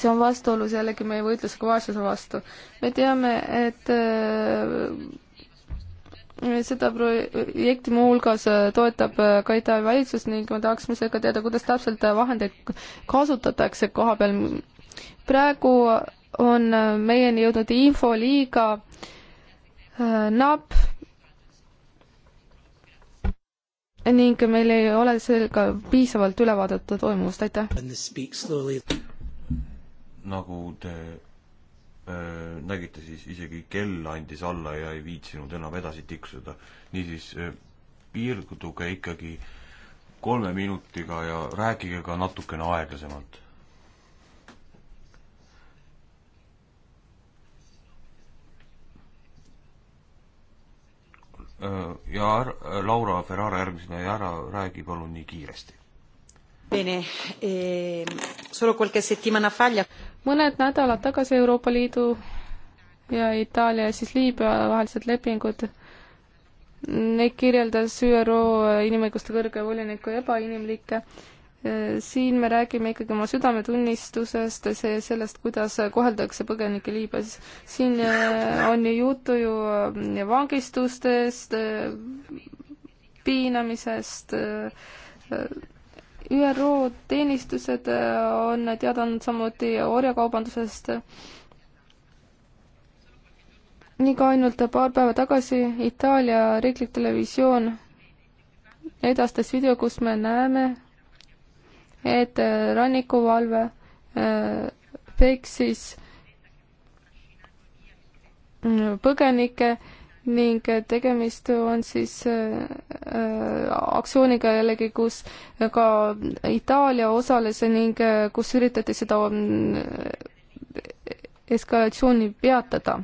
see on vastuolus jällegi meie võitlusega vaesuse vastu. me teame, et äh, seda projekti muuhulgas toetab ka Itaalia valitsus ning me tahaksime seega teada, kuidas täpselt vahendeid kasutatakse koha peal. praegu on meieni jõudnud info liiga äh, napp ning meil ei ole sellega piisavalt ülevaadet toimuvast, aitäh. nagu te öö, äh, nägite, siis isegi kell andis alla ja ei viitsinud enam edasi tiksuda. niisiis äh, piirduge ikkagi kolme minutiga ja rääkige ka natukene aeglasemalt Äh, ja äh, Laura Ferrara järgmisena ja ära räägi palun nii kiiresti. Bene, ehm, solo qualche settimana fa gli mõned nädalad tagasi Euroopa Liidu ja Itaalia ja siis Liibüa vahelised lepingud, neid kirjeldas ÜRO inimõiguste kõrge voliniku ebainimlikke Äh, siin me räägime ikkagi oma südametunnistusest, see, sellest, kuidas koheldakse põgenikke Liibüas. siin äh, on ju juttu ju äh, vangistustest, piinamisest, ÜRO teenistused on teada andnud samuti orjakaubandusest nii ka ainult paar päeva tagasi Itaalia riiklik televisioon edastas video, kus me näeme et äh, rannikuvalve peksis äh, mm, põgenikke ning äh, tegemist on siis aktsiooniga jällegi, kus ka Itaalia osales ning kus üritati seda mm, eskalatsiooni peatada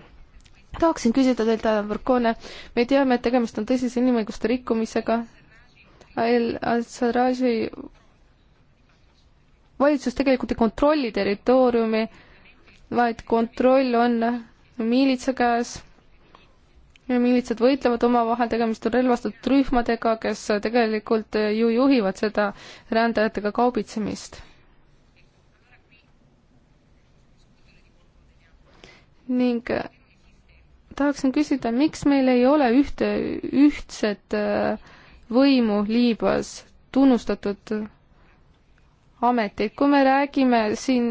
tahaksin küsida teilt, Borgone, me teame, et tegemist on tõsise inimõiguste rikkumisega. El-Assaraži valitsus tegelikult ei kontrolli territooriumi, vaid kontroll on miilitsa käes ja miilitsad võitlevad omavahel, tegemist on relvastatud rühmadega, kes tegelikult ju juhivad seda rändajatega kaubitsemist. ning tahaksin küsida, miks meil ei ole ühte, ühtset äh, võimu Liibüas tunnustatud ameteid, kui me räägime siin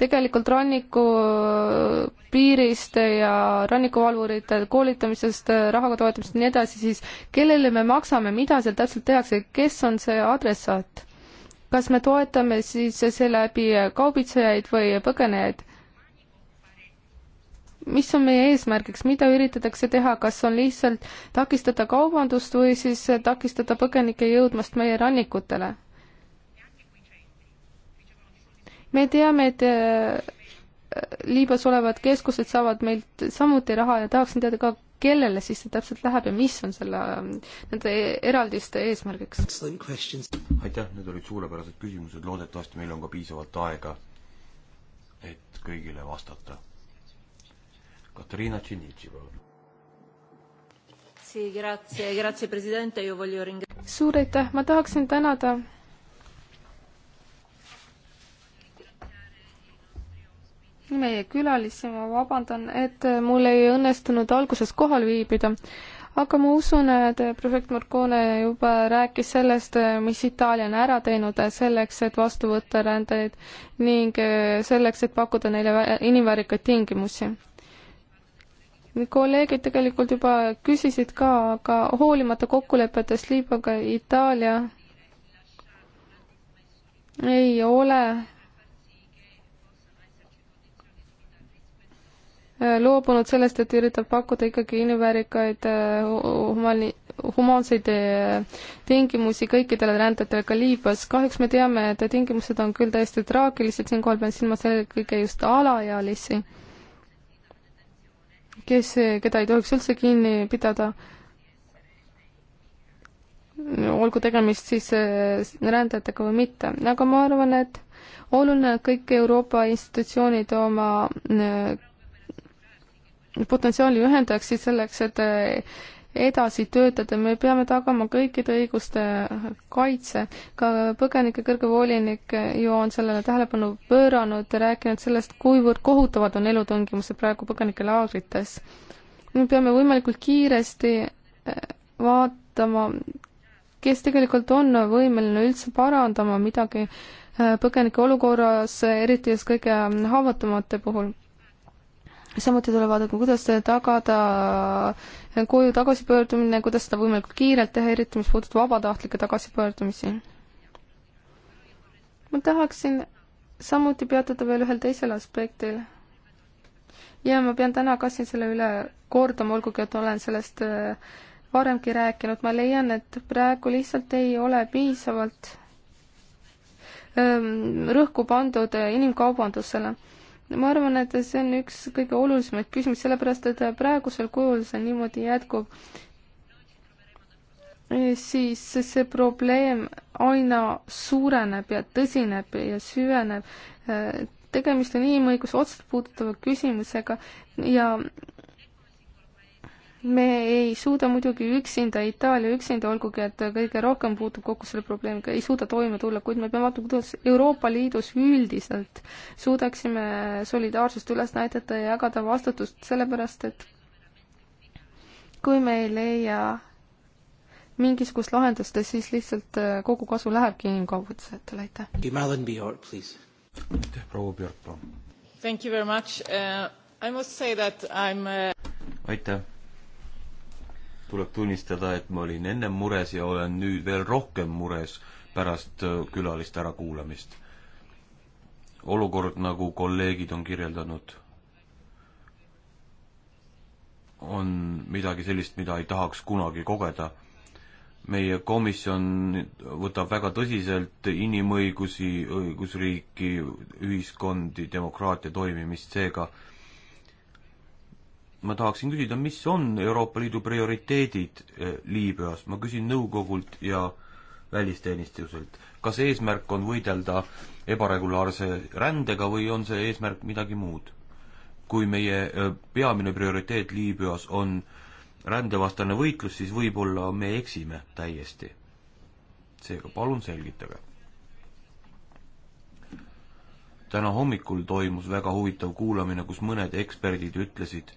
tegelikult rannikupiirist ja rannikuvalvurite koolitamisest, rahaga toetamisest ja nii edasi, siis kellele me maksame, mida seal täpselt tehakse, kes on see adressaat? kas me toetame siis seeläbi kaubitsejaid või põgenejaid? mis on meie eesmärgiks, mida üritatakse teha, kas on lihtsalt takistada kaubandust või siis takistada põgenikke jõudmast meie rannikutele? me teame, et äh, Liibüas olevad keskused saavad meilt samuti raha ja tahaksin teada ka, kellele siis see täpselt läheb ja mis on selle, ähm, nende e-, eraldiste eesmärgiks? aitäh, need olid suurepärased küsimused, loodetavasti meil on ka piisavalt aega, et kõigile vastata. Katariina Tšinitši, palun. suur aitäh, ma tahaksin tänada meie külalisi, ma vabandan, et mul ei õnnestunud alguses kohal viibida, aga ma usun, et prefekt Marcone juba rääkis sellest, mis Itaalia on ära teinud selleks, et vastu võtta rändajaid ning selleks, et pakkuda neile inimväärikaid tingimusi. kolleegid tegelikult juba küsisid ka, aga hoolimata kokkulepetest Liibüaga, Itaalia ei ole Äh, loobunud sellest, et üritab pakkuda ikkagi inimväärikaid äh, humani-, humaanseid äh, tingimusi kõikidele rändajatele ka Liibüas. kahjuks me teame, et tingimused on küll täiesti traagilised, siinkohal pean silmas eelkõige just alaealisi, kes, keda ei tohiks üldse kinni pidada olgu tegemist siis rändajatega või mitte, aga ma arvan, et oluline, et kõik Euroopa institutsioonid oma potentsiaali ühendaksid selleks, et eh, edasi töötada, me peame tagama kõikide õiguste eh, kaitse. ka põgenike kõrge volinik eh, ju on sellele tähelepanu pööranud, rääkinud sellest, kuivõrd kohutavad on elutingimused praegu põgenike laagrites. me peame võimalikult kiiresti vaatama, kes tegelikult on võimeline üldse parandama midagi põgenike olukorras, eriti just kõige haavatavamate puhul samuti tuleb vaadata, kuidas tagada koju tagasipöördumine, kuidas seda võimalikult kiirelt teha, eriti mis puudutab vabatahtlikke tagasipöördumisi. ma tahaksin samuti peatuda veel ühel teisel aspektil. ja ma pean täna ka siin selle üle kordama, olgugi et olen sellest äh, varemgi rääkinud, ma leian, et praegu lihtsalt ei ole piisavalt ähm, rõhku pandud äh, inimkaubandusele ma arvan, et see on üks kõige olulisemaid küsimusi, sellepärast et praegusel kujul see niimoodi jätkub, siis see probleem aina suureneb ja tõsineb ja süveneb. tegemist on inimõiguse otseselt puudutava küsimusega ja me ei suuda muidugi üksinda, Itaalia üksinda, olgugi et kõige rohkem puutub kokku selle probleemiga, ei suuda toime tulla, kuid me peame vaatama, kuidas Euroopa Liidus üldiselt suudaksime solidaarsust üles näidata ja jagada vastutust, sellepärast et kui me ei leia mingisugust lahendust, siis lihtsalt äh, kogu kasu lähebki inimkaubandusajatele, aitäh. aitäh, proua Björk, palun. Thank you very much uh,. I must say that I am uh... aitäh tuleb tunnistada, et ma olin ennem mures ja olen nüüd veel rohkem mures pärast äh, külaliste ärakuulamist. olukord, nagu kolleegid on kirjeldanud, on midagi sellist, mida ei tahaks kunagi kogeda. meie komisjon võtab väga tõsiselt inimõigusi, õigusriiki, ühiskondi, demokraatia toimimist, seega äh, ma tahaksin küsida, mis on Euroopa Liidu prioriteedid eh, Liibüas, ma küsin nõukogult ja välisteenistuselt, kas eesmärk on võidelda ebaregulaarse rändega või on see eesmärk midagi muud? kui meie eh, peamine prioriteet Liibüas on rändevastane võitlus, siis võib-olla me eksime täiesti. seega palun selgitage. täna hommikul toimus väga huvitav kuulamine, kus mõned eksperdid ütlesid,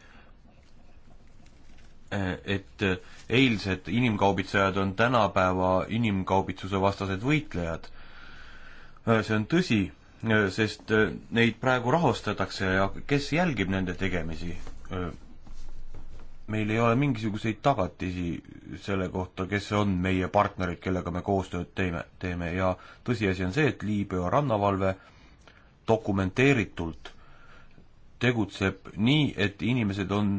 Eh, et eh, eilsed inimkaubitsejad on tänapäeva inimkaubitsuse vastased võitlejad. Eh, see on tõsi, sest neid praegu rahastatakse ja kes jälgib nende tegemisi? meil ei ole mingisuguseid tagatisi selle kohta, kes on meie partnerid, kellega me koostööd teeme, teeme ja tõsiasi on see, et Liibüa rannavalve dokumenteeritult tegutseb nii, et inimesed on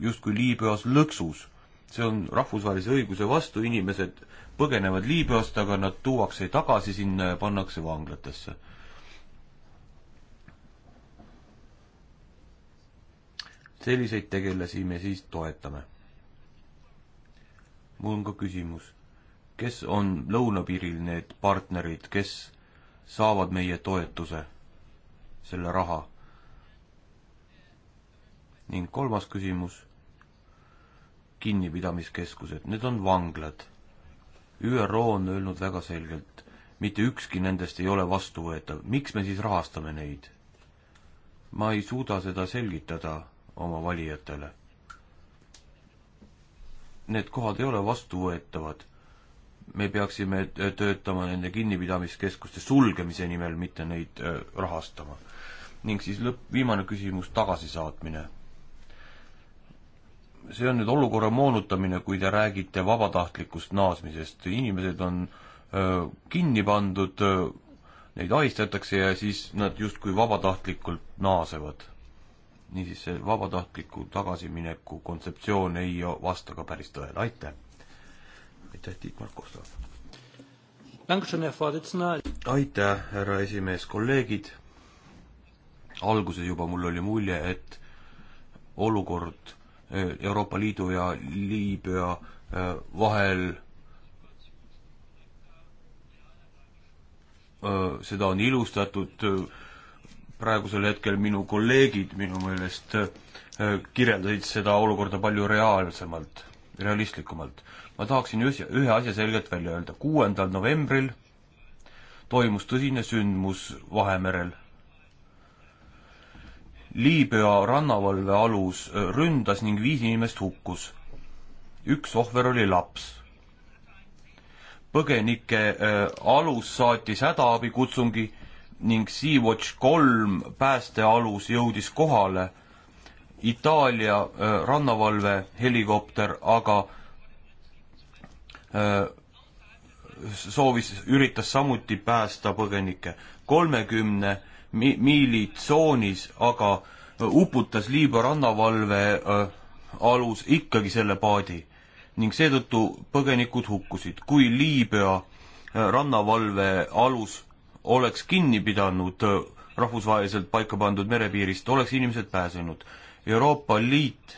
justkui Liibüas lõksus. see on rahvusvahelise õiguse vastu, inimesed põgenevad Liibüast, aga nad tuuakse tagasi sinna ja pannakse vanglatesse. selliseid tegelasi me siis toetame. mul on ka küsimus, kes on lõunapiiril need partnerid, kes saavad meie toetuse, selle raha? ning kolmas küsimus, kinnipidamiskeskused, need on vanglad. ÜRO on öelnud väga selgelt, mitte ükski nendest ei ole vastuvõetav, miks me siis rahastame neid? ma ei suuda seda selgitada oma valijatele. Need kohad ei ole vastuvõetavad. me peaksime töötama nende kinnipidamiskeskuste sulgemise nimel, mitte neid rahastama ning siis lõpp, viimane küsimus, tagasisaatmine see on nüüd olukorra moonutamine, kui te räägite vabatahtlikust naasmisest, inimesed on öö, kinni pandud, neid ahistatakse ja siis nad justkui vabatahtlikult naasevad. niisiis, see vabatahtliku tagasimineku kontseptsioon ei vasta ka päris tõele, aitäh! aitäh, Tiit-Mark Kosta! aitäh, härra esimees, kolleegid! alguses juba mul oli mulje, et olukord Eh, Euroopa Liidu ja Liibüa eh, vahel. Eh, seda on ilustatud praegusel hetkel minu kolleegid minu meelest kirjeldasid seda olukorda palju reaalsemalt, realistlikumalt. ma tahaksin ühe asja selgelt välja öelda. kuuendal novembril toimus tõsine sündmus Vahemerel Liibüa rannavalvealus äh, ründas ning viis inimest hukkus. üks ohver oli laps. põgenike äh, alus saatis hädaabikutsungi ning Sea-Watch kolm päästealus jõudis kohale. Itaalia äh, rannavalve helikopter aga soovis, üritas samuti päästa põgenikke. kolmekümne mi-, miilitsoonis, aga uputas Liibüa rannavalve äh, alus ikkagi selle paadi ning seetõttu põgenikud hukkusid. kui Liibüa äh, rannavalve alus oleks kinni pidanud äh, rahvusvaheliselt paika pandud merepiirist, oleks inimesed pääsenud. Euroopa Liit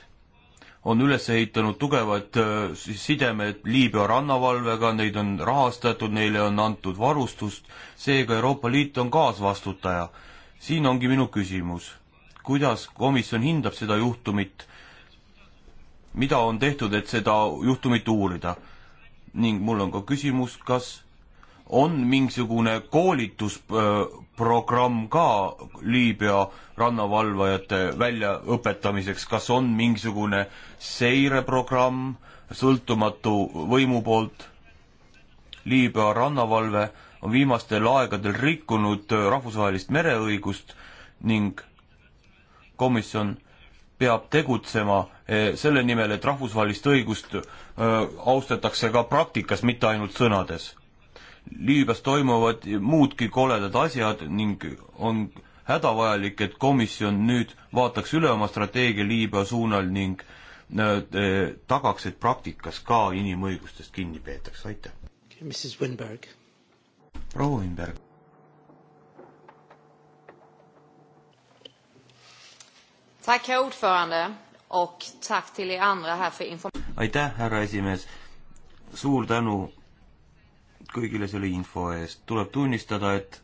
on üles ehitanud tugevad äh, sidemed Liibüa rannavalvega, neid on rahastatud, neile on antud varustust, seega Euroopa Liit on kaasvastutaja. siin ongi minu küsimus, kuidas komisjon hindab seda juhtumit, mida on tehtud, et seda juhtumit uurida? ning mul on ka küsimus, kas on mingisugune koolitusprogramm ka Liibüa rannavalvajate väljaõpetamiseks, kas on mingisugune seireprogramm sõltumatu võimu poolt? Liibüa rannavalve on viimastel aegadel rikkunud rahvusvahelist mereõigust ning komisjon peab tegutsema eh, selle nimel, et rahvusvahelist õigust eh, austatakse ka praktikas, mitte ainult sõnades Liibüas toimuvad muudki koledad asjad ning on hädavajalik, et komisjon nüüd vaataks üle oma strateegia Liibüa suunal ning äh, tagaks, et praktikas ka inimõigustest kinni peetakse, aitäh. Mrs Winberg. proua Winberg. Er aitäh, härra esimees, suur tänu kõigile selle info eest. tuleb tunnistada, et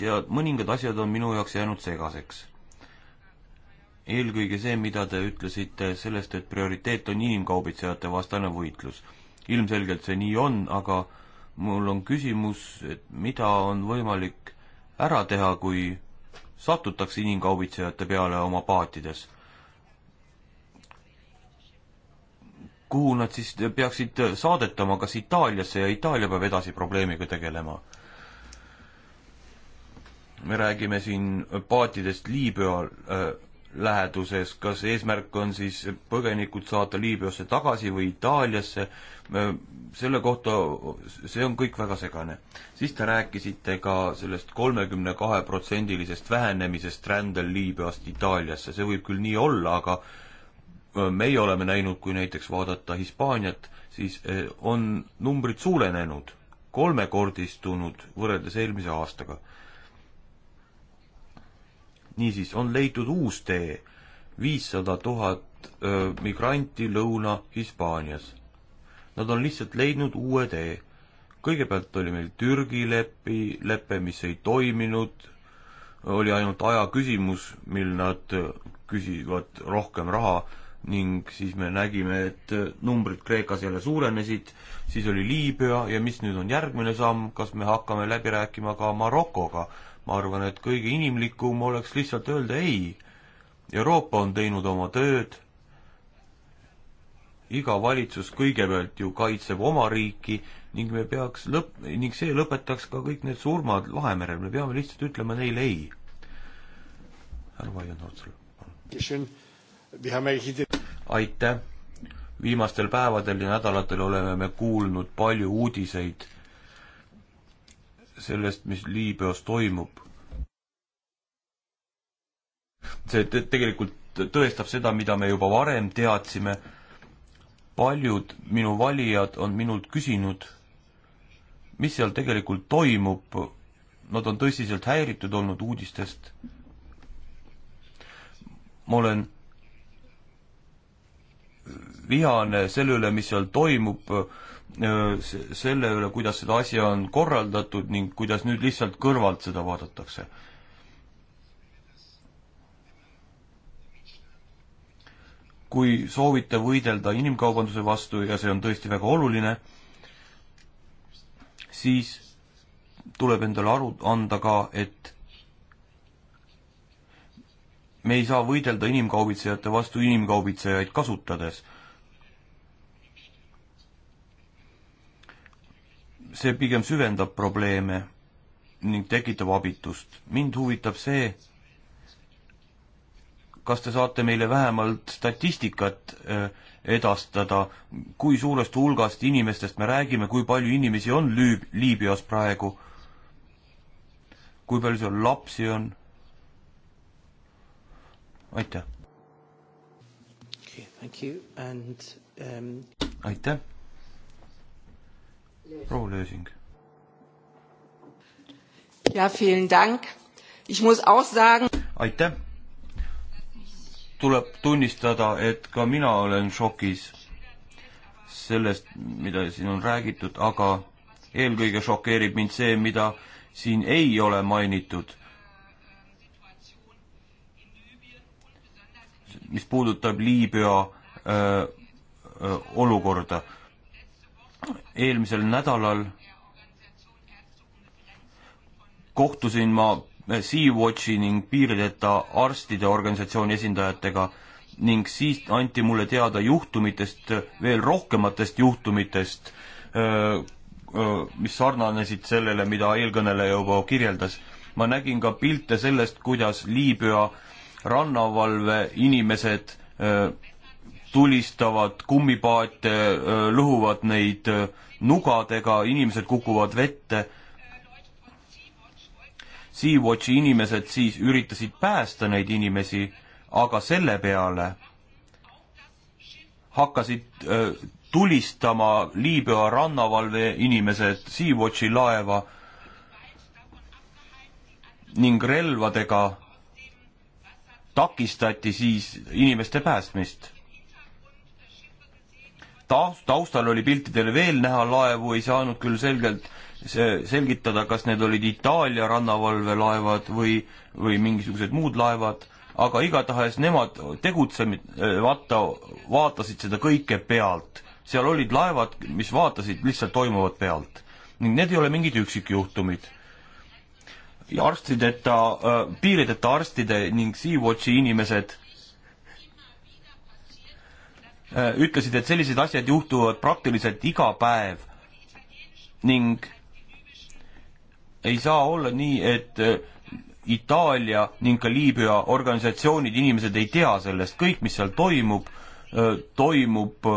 tead, mõningad asjad on minu jaoks jäänud segaseks. eelkõige see, mida te ütlesite sellest, et prioriteet on inimkaubitsejate vastane võitlus. ilmselgelt see nii on, aga mul on küsimus, et mida on võimalik ära teha, kui satutakse inimkaubitsejate peale oma paatides kuhu nad siis peaksid saadetama, kas Itaaliasse ja Itaalia peab edasi probleemiga tegelema? me räägime siin paatidest Liibüa äh, läheduses, kas eesmärk on siis põgenikud saata Liibüasse tagasi või Itaaliasse, äh, selle kohta, see on kõik väga segane. siis te rääkisite ka sellest kolmekümne kahe protsendilisest vähenemisest rändel Liibüast Itaaliasse, see võib küll nii olla, aga Äh, meie oleme näinud, kui näiteks vaadata Hispaaniat, siis äh, on numbrid suurenenud, kolmekordistunud võrreldes eelmise aastaga. niisiis, on leitud uus tee, viissada tuhat äh, migranti Lõuna-Hispaanias. Nad on lihtsalt leidnud uue tee. kõigepealt oli meil Türgi lepi, lepe, mis ei toiminud, oli ainult aja küsimus, mil nad küsivad rohkem raha ning siis me nägime, et numbrid Kreekas jälle suurenesid, siis oli Liibüa ja mis nüüd on järgmine samm, kas me hakkame läbi rääkima ka Marokoga? ma arvan, et kõige inimlikum oleks lihtsalt öelda ei. Euroopa on teinud oma tööd, iga valitsus kõigepealt ju kaitseb oma riiki ning me peaks lõpp, ning see lõpetaks ka kõik need surmad Vahemerel, me peame lihtsalt ütlema neile ei. härra Vaian Otsal, palun aitäh! viimastel päevadel ja nädalatel oleme me kuulnud palju uudiseid sellest, mis Liibüas toimub. see te tegelikult tõestab seda, mida me juba varem teadsime. paljud minu valijad on minult küsinud, mis seal tegelikult toimub. Nad on tõsiselt häiritud olnud uudistest. ma olen vihane selle üle, mis seal toimub, selle üle, kuidas seda asja on korraldatud ning kuidas nüüd lihtsalt kõrvalt seda vaadatakse. kui soovite võidelda inimkaubanduse vastu ja see on tõesti väga oluline, siis tuleb endale aru anda ka, et me ei saa võidelda inimkaubitsejate vastu inimkaubitsejaid kasutades. see pigem süvendab probleeme ning tekitab abitust. mind huvitab see, kas te saate meile vähemalt statistikat äh, edastada, kui suurest hulgast inimestest me räägime, kui palju inimesi on Lüüb-, Liibüas praegu, kui palju seal lapsi on aitäh okay,! Um... aitäh! proua Lösing. jah, aitäh! tuleb tunnistada, et ka mina olen šokis sellest, mida siin on räägitud, aga eelkõige šokeerib mind see, mida siin ei ole mainitud mis puudutab Liibüa öö, äh, öö, äh, olukorda. eelmisel nädalal kohtusin ma äh, Sea-Watchi ning piirideta arstide organisatsiooni esindajatega ning siis anti mulle teada juhtumitest, veel rohkematest juhtumitest, mis sarnanesid sellele, mida eelkõneleja juba kirjeldas. ma nägin ka pilte sellest, kuidas Liibüa äh, rannavalve inimesed äh, tulistavad kummipaate, äh, lõhuvad neid äh, nugadega, inimesed kukuvad vette. Sea-Watchi inimesed siis üritasid päästa neid inimesi, aga selle peale hakkasid tulistama Liibüa rannavalve inimesed Sea-Watchi laeva ning relvadega takistati siis inimeste päästmist. taust, taustal oli piltidel veel näha laevu, ei saanud küll selgelt see, selgitada, kas need olid Itaalia rannavalvelaevad või, või mingisugused muud laevad, aga igatahes nemad tegutsemata vaatasid seda kõike pealt. seal olid laevad, mis vaatasid lihtsalt toimuvat pealt ning need ei ole mingid üksikjuhtumid arstideta, äh, piirideta arstide ning Sea-Watchi inimesed äh, ütlesid, et sellised asjad juhtuvad praktiliselt iga päev ning ei saa olla nii, et äh, Itaalia ning ka Liibüa organisatsioonid, inimesed ei tea sellest, kõik, mis seal toimub, toimub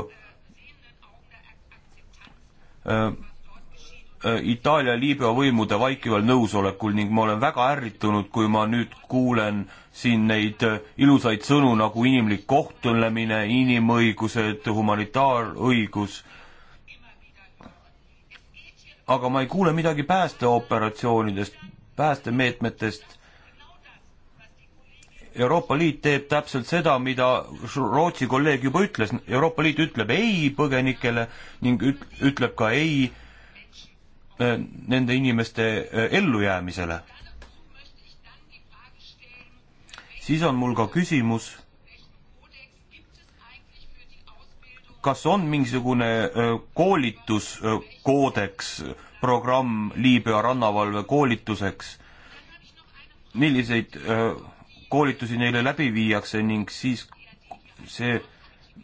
Äh, Itaalia-Liibüa võimude vaikival nõusolekul ning ma olen väga ärritunud, kui ma nüüd kuulen siin neid äh, ilusaid sõnu nagu inimlik kohtulemine, inimõigused, humanitaarõigus. aga ma ei kuule midagi päästeoperatsioonidest, päästemeetmetest. Euroopa Liit teeb täpselt seda, mida Rootsi kolleeg juba ütles, Euroopa Liit ütleb ei põgenikele ning üt-, ütleb ka ei äh, Äh, nende inimeste äh, ellujäämisele. siis on mul ka küsimus, kas on mingisugune äh, koolituskoodeks, programm Liibüa rannavalve koolituseks, milliseid koolitusi neile läbi viiakse ning siis see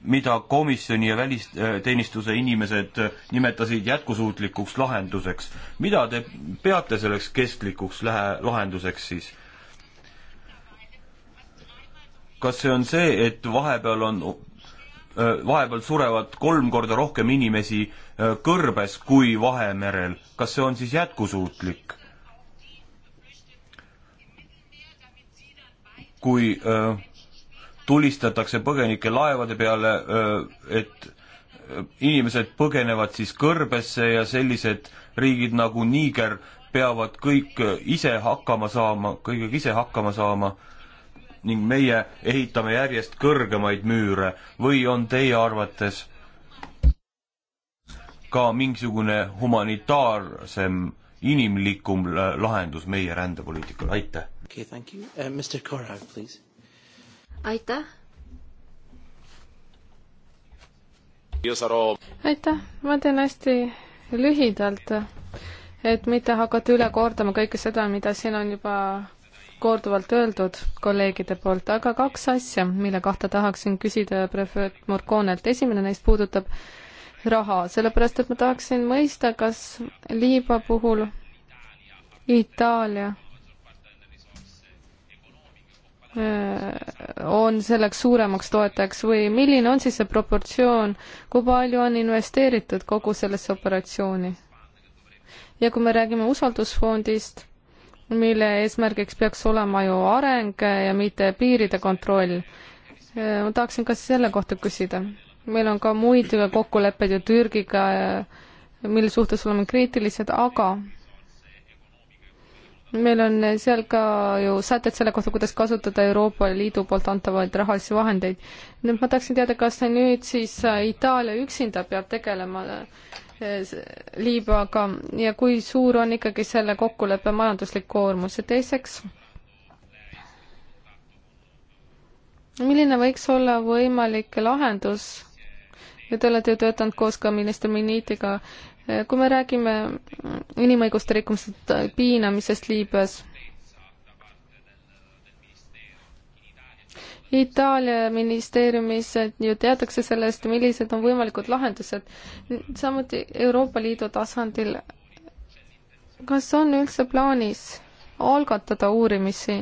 mida komisjoni ja välisteenistuse inimesed nimetasid jätkusuutlikuks lahenduseks. mida te peate selleks kestlikuks lähe-, lahenduseks siis? kas see on see, et vahepeal on, vahepeal surevad kolm korda rohkem inimesi kõrbes kui Vahemerel, kas see on siis jätkusuutlik? kui öö, tulistatakse põgenike laevade peale, et inimesed põgenevad siis kõrbesse ja sellised riigid nagu Niiger peavad kõik ise hakkama saama, kõigega ise hakkama saama ning meie ehitame järjest kõrgemaid müüre või on teie arvates ka mingisugune humanitaarsem, inimlikum äh, lahendus meie rändepoliitikale, aitäh! Okay, thank you. Uh, Mr. Korhow, please aitäh. aitäh, ma teen hästi lühidalt, et mitte hakata üle kordama kõike seda, mida siin on juba korduvalt öeldud kolleegide poolt, aga kaks asja, mille kohta tahaksin küsida prefekt Morconelt. esimene neist puudutab raha, sellepärast et ma tahaksin mõista, kas Liiba puhul Itaalia on selleks suuremaks toetajaks või milline on siis see proportsioon, kui palju on investeeritud kogu sellesse operatsiooni? ja kui me räägime usaldusfondist, mille eesmärgiks peaks olema ju areng ja mitte piiride kontroll, ma tahaksin ka selle kohta küsida. meil on ka muid kokkuleppeid ju Türgiga, mille suhtes oleme kriitilised, aga meil on seal ka ju sätted selle kohta, kuidas kasutada Euroopa Liidu poolt antavaid rahalisi vahendeid. nüüd ma tahaksin teada, kas nüüd siis Itaalia üksinda peab tegelema eh, Liibüaga ja kui suur on ikkagi selle kokkuleppe majanduslik koormus ja teiseks, milline võiks olla võimalik lahendus ja te olete ju töötanud koos ka minister Minitiga kui me räägime inimõiguste rikkumisest, piinamisest Liibüas, Itaalia ministeeriumis ju teatakse sellest, millised on võimalikud lahendused. samuti Euroopa Liidu tasandil. kas on üldse plaanis algatada uurimisi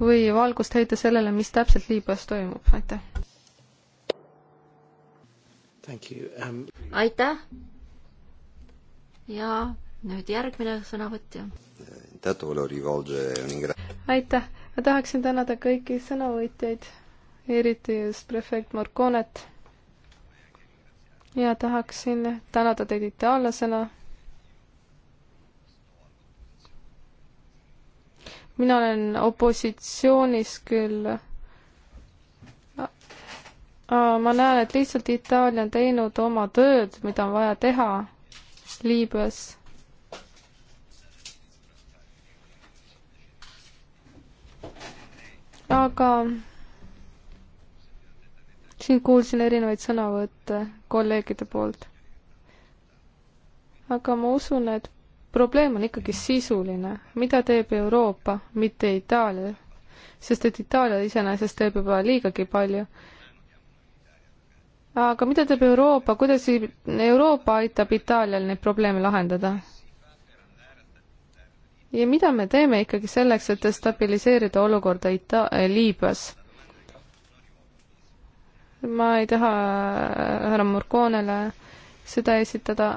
või valgust heita sellele, mis täpselt Liibüas toimub, aitäh! Um... aitäh! ja nüüd järgmine sõnavõtja. aitäh, ma tahaksin tänada kõiki sõnavõtjaid, eriti just prefekt Morconet. ja tahaksin tänada teid itaallasena. mina olen opositsioonis küll ma näen, et lihtsalt Itaalia on teinud oma tööd, mida on vaja teha. Liibüas aga siin kuulsin erinevaid sõnavõtte kolleegide poolt. aga ma usun, et probleem on ikkagi sisuline, mida teeb Euroopa, mitte Itaalia, sest et Itaalia iseenesest teeb juba liigagi palju aga mida teeb Euroopa, kuidas Euroopa aitab Itaalial neid probleeme lahendada? ja mida me teeme ikkagi selleks, et stabiliseerida olukorda Ita-, eh, Liibüas? ma ei taha äh, härra Murkoonele seda esitada,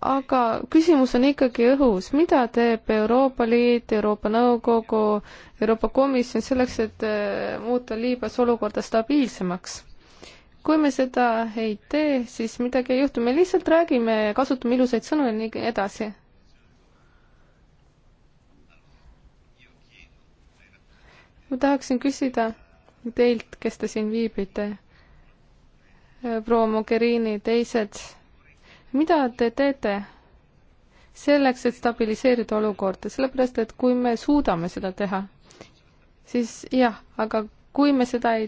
aga küsimus on ikkagi õhus, mida teeb Euroopa Liit, Euroopa Nõukogu, Euroopa Komisjon selleks, et äh, muuta Liibüas olukorda stabiilsemaks? kui me seda ei tee, siis midagi ei juhtu, me lihtsalt räägime ja kasutame ilusaid sõnu ja nii edasi. ma tahaksin küsida teilt, kes te siin viibite, äh, proua Mogherini, teised mida te teete selleks, et stabiliseerida olukorda, sellepärast et kui me suudame seda teha, siis jah, aga kui me seda ei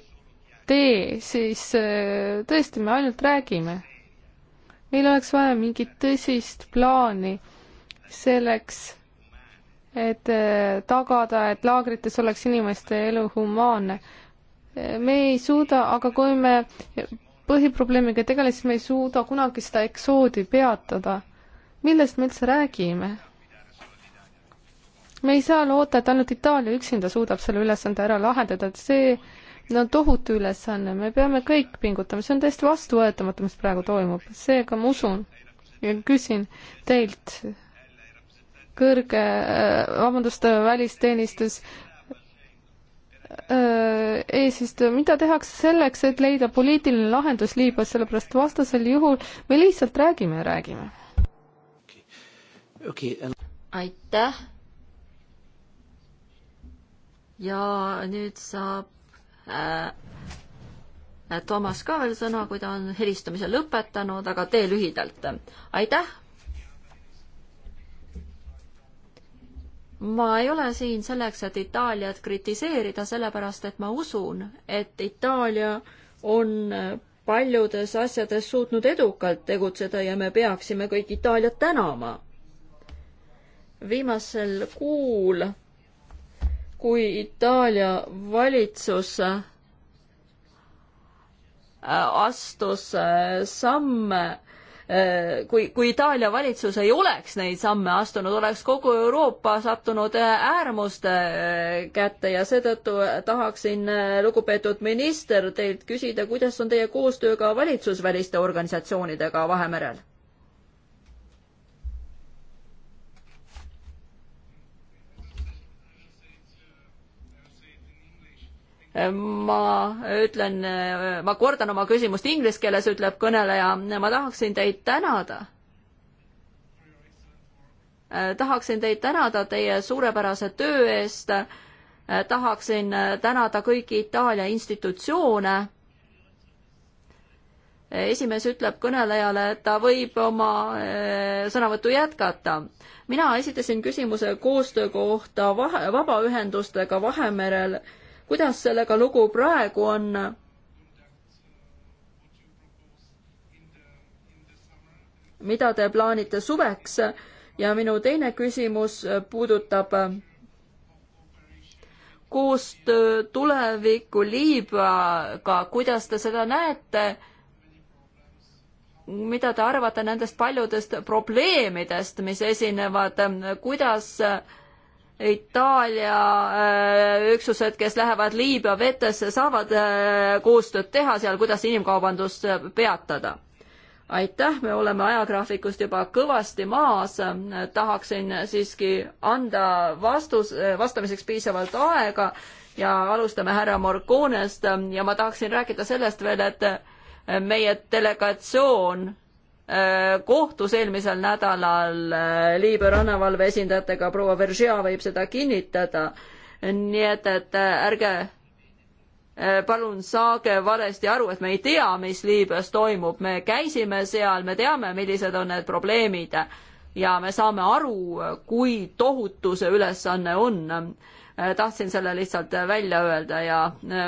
tee, siis äh, tõesti, me ainult räägime. meil oleks vaja mingit tõsist plaani selleks, et äh, tagada, et laagrites oleks inimeste elu humaanne. Äh, me ei suuda, aga kui me põhiprobleemiga tegelesime, ei suuda kunagi seda eksoodi peatada. millest me üldse räägime? me ei saa loota, et ainult Itaalia üksinda suudab selle ülesande ära lahendada, et see no tohutu ülesanne, me peame kõik pingutama, see on täiesti vastuvõetamatu, mis praegu toimub, seega ma usun ja küsin teilt, kõrge, äh, vabandust, välisteenistus, Äh, eesistuja, mida tehakse selleks, et leida poliitiline lahendus Liibüas, sellepärast vastasel juhul me lihtsalt räägime ja räägime okay.. Okay, and... aitäh. ja nüüd saab äh, Toomas ka veel sõna, kui ta on helistamise lõpetanud, aga tee lühidalt. aitäh, ma ei ole siin selleks, et Itaaliat kritiseerida, sellepärast et ma usun, et Itaalia on paljudes asjades suutnud edukalt tegutseda ja me peaksime kõik Itaaliat tänama. viimasel kuul, kui Itaalia valitsus äh, astus äh, samme Äh, kui, kui Itaalia valitsus ei oleks neid samme astunud, oleks kogu Euroopa sattunud äh, äärmuste äh, kätte ja seetõttu tahaksin, lugupeetud minister, teilt küsida, kuidas on teie koostöö ka valitsusväliste organisatsioonidega Vahemerel? ma ütlen, ma kordan oma küsimust inglise keeles, ütleb kõneleja, ma tahaksin teid tänada. tahaksin teid tänada teie suurepärase töö eest. tahaksin tänada kõiki Itaalia institutsioone. esimees ütleb kõnelejale, et ta võib oma eh, sõnavõttu jätkata. mina esitasin küsimuse koostöö kohta vahe, vabaühendustega Vahemerel kuidas sellega lugu praegu on? mida te plaanite suveks ja minu teine küsimus puudutab äh, koostöö tulevikku Liibüaga, kuidas te seda näete? mida te arvate nendest paljudest probleemidest, mis esinevad, kuidas äh, Itaalia äh, üksused, kes lähevad Liibüa vetesse, saavad äh, koostööd teha seal, kuidas inimkaubandust äh, peatada. aitäh, me oleme ajagraafikust juba kõvasti maas, tahaksin siiski anda vastus, vastamiseks piisavalt aega ja alustame härra Morconest ja ma tahaksin rääkida sellest veel, et meie delegatsioon Äh, kohtus eelmisel nädalal äh, Liibüa rannavalve esindajatega, proua Veržea võib seda kinnitada. nii et, et äh, ärge palun saage valesti aru, et me ei tea, mis Liibüas toimub, me käisime seal, me teame, millised on need probleemid ja me saame aru, kui tohutu see ülesanne on. tahtsin selle lihtsalt välja öelda ja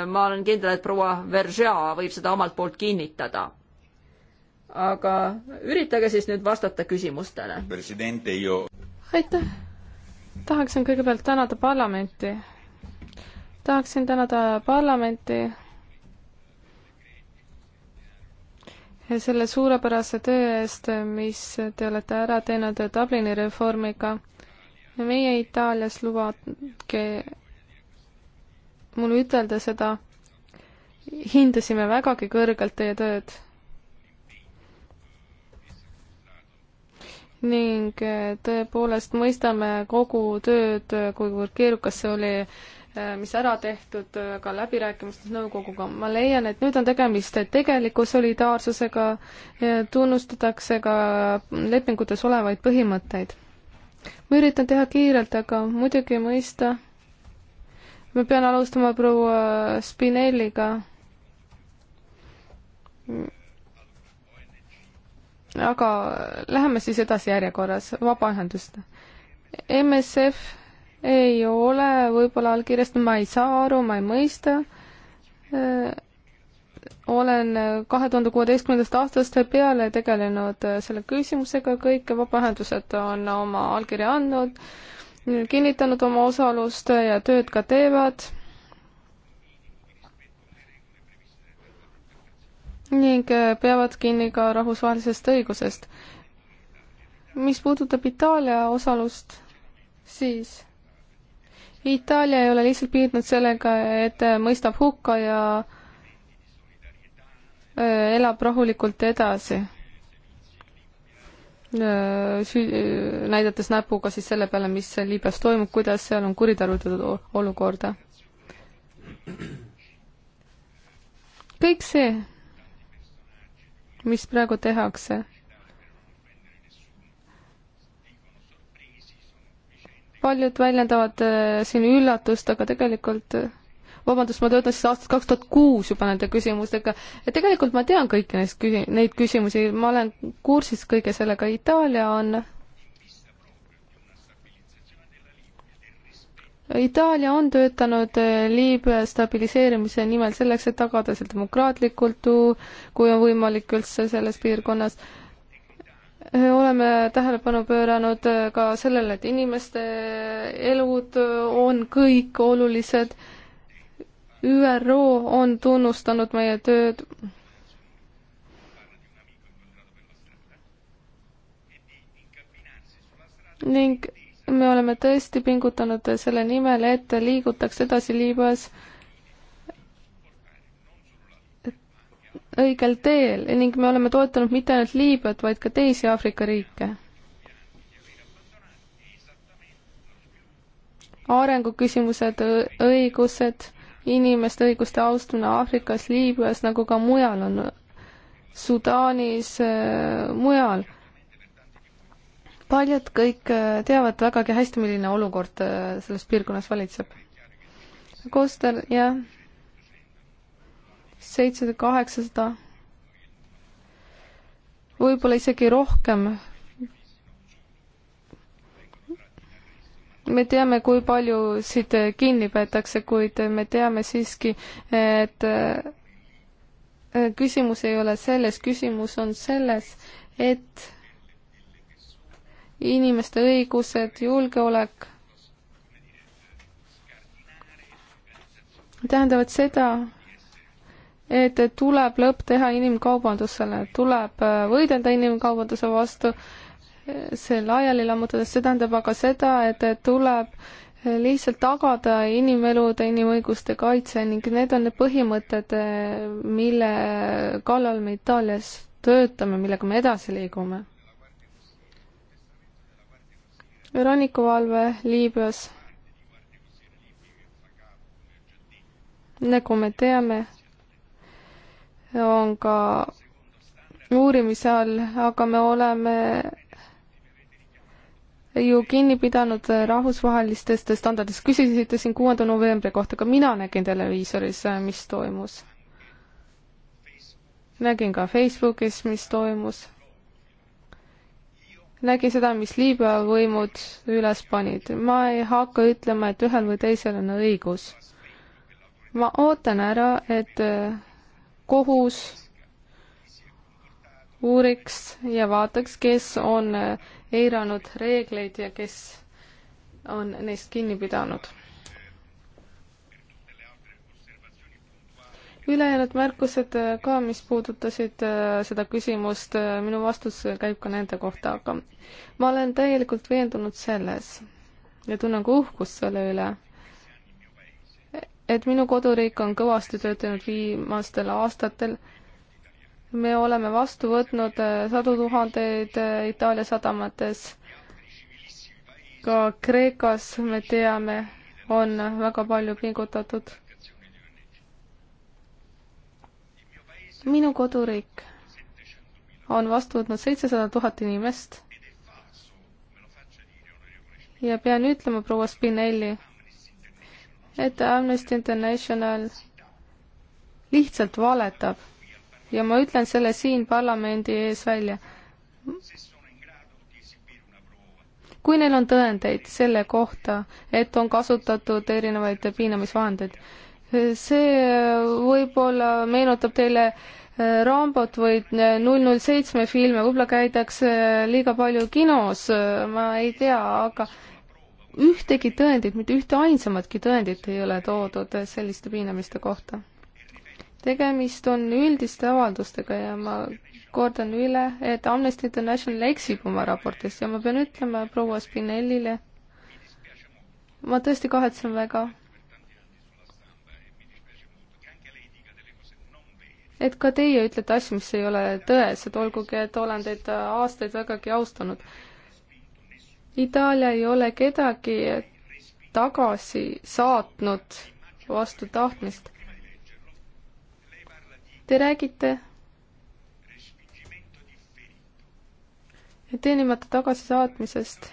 ma olen kindel, et proua Veržea võib seda omalt poolt kinnitada aga üritage siis nüüd vastata küsimustele. aitäh! tahaksin kõigepealt tänada parlamenti. tahaksin tänada parlamenti ja selle suurepärase töö eest, mis te olete ära teinud Dublini reformiga. meie Itaalias lubage mul ütelda seda, hindasime vägagi kõrgelt teie tööd ning äh, tõepoolest mõistame kogu tööd, äh, kuivõrd keerukas see oli, äh, mis ära tehtud ka läbirääkimistes nõukoguga. ma leian, et nüüd on tegemist tegeliku solidaarsusega, tunnustatakse ka lepingutes olevaid põhimõtteid. ma üritan teha kiirelt, aga muidugi mõista, ma pean alustama proua Spinelliga aga läheme siis edasi järjekorras, vabaühendust. MSF ei ole võib-olla allkirjastanud, ma ei saa aru, ma ei mõista. Äh, olen kahe tuhande kuueteistkümnendast aastast peale tegelenud äh, selle küsimusega, kõik vabaühendused on oma allkirja andnud, kinnitanud oma osalust ja tööd ka teevad ning äh, peavad kinni ka rahvusvahelisest õigusest. mis puudutab Itaalia osalust, siis Itaalia ei ole lihtsalt piirdunud sellega, et äh, mõistab hukka ja äh, elab rahulikult edasi. näidates näpuga siis selle peale, mis Liibüas toimub, kuidas seal on kuritarvitatud olukorda. kõik see mis praegu tehakse. paljud väljendavad äh, siin üllatust, aga tegelikult vabandust, ma töötan siis aastast kaks tuhat kuus juba nende küsimustega ja tegelikult ma tean kõiki neist küsi-, neid küsimusi, ma olen kursis kõige sellega, Itaalia on Itaalia on töötanud eh, Liibüa stabiliseerimise nimel selleks, et tagada see demokraatlik kultuur, kui on võimalik üldse selles piirkonnas. Eh, oleme tähelepanu pööranud eh, ka sellele, et inimeste elud on kõik olulised. ÜRO on tunnustanud meie tööd ning me oleme tõesti pingutanud selle nimel, et liigutaks edasi Liibüas õigel teel ning me oleme toetanud mitte ainult Liibüat, vaid ka teisi Aafrika riike. arenguküsimused, õigused, inimeste õiguste austamine Aafrikas, Liibüas nagu ka mujal on, Sudaanis äh,, mujal paljud kõik äh, teavad vägagi hästi, milline olukord äh, selles piirkonnas valitseb. Koostel, jah, seitsesada, kaheksasada, võib-olla isegi rohkem. me teame, kui paljusid kinni peetakse, kuid me teame siiski, et äh, küsimus ei ole selles, küsimus on selles, et inimeste õigused, julgeolek tähendavad seda, et tuleb lõpp teha inimkaubandusele, tuleb äh, võidelda inimkaubanduse vastu, äh, see laiali lammutades, see tähendab aga seda, et tuleb äh, lihtsalt tagada inimelude, inimõiguste kaitse ning need on need põhimõtted, mille kallal me Itaalias töötame, millega me edasi liigume rannikuvalve Liibüas. nagu me teame, on ka uurimise all, aga me oleme ju kinni pidanud rahvusvahelistest standardist. küsisite siin kuuenda novembri kohta, ka mina nägin televiisoris, mis toimus. nägin ka Facebookis, mis toimus nägi seda, mis Liibüa võimud üles panid. ma ei hakka ütlema, et ühel või teisel on õigus. ma ootan ära, et äh, kohus uuriks ja vaataks, kes on äh, eiranud reegleid ja kes on neist kinni pidanud ülejäänud märkused äh, ka, mis puudutasid äh, seda küsimust, äh, minu vastus käib ka nende kohta, aga ma olen täielikult veendunud selles ja tunnen ka uhkust selle üle, et minu koduriik on kõvasti töötanud viimastel aastatel. me oleme vastu võtnud sadu tuhandeid Itaalia sadamates, ka Kreekas me teame, on väga palju pingutatud minu koduriik on vastu võtnud seitsesada tuhat inimest ja pean ütlema, proua Spinelli, et Amnesty International lihtsalt valetab ja ma ütlen selle siin parlamendi ees välja. kui neil on tõendeid selle kohta, et on kasutatud erinevaid piinamisvahendeid, see äh, võib-olla meenutab teile äh, Rambot või äh, null null seitsme filme, võib-olla käidakse liiga palju kinos, ma ei tea, aga ühtegi tõendit, mitte ühte ainsamatki tõendit ei ole toodud selliste piinamiste kohta. tegemist on üldiste avaldustega ja ma kordan üle, et Amnesty International eksib oma raportis ja ma pean ütlema proua Spinellile, ma tõesti kahetsen väga et ka teie ütlete asju, mis ei ole tõesed, olgugi et olen teid aastaid vägagi austanud. Itaalia ei ole kedagi tagasi saatnud vastu tahtmist. Te räägite teenimata tagasisaatmisest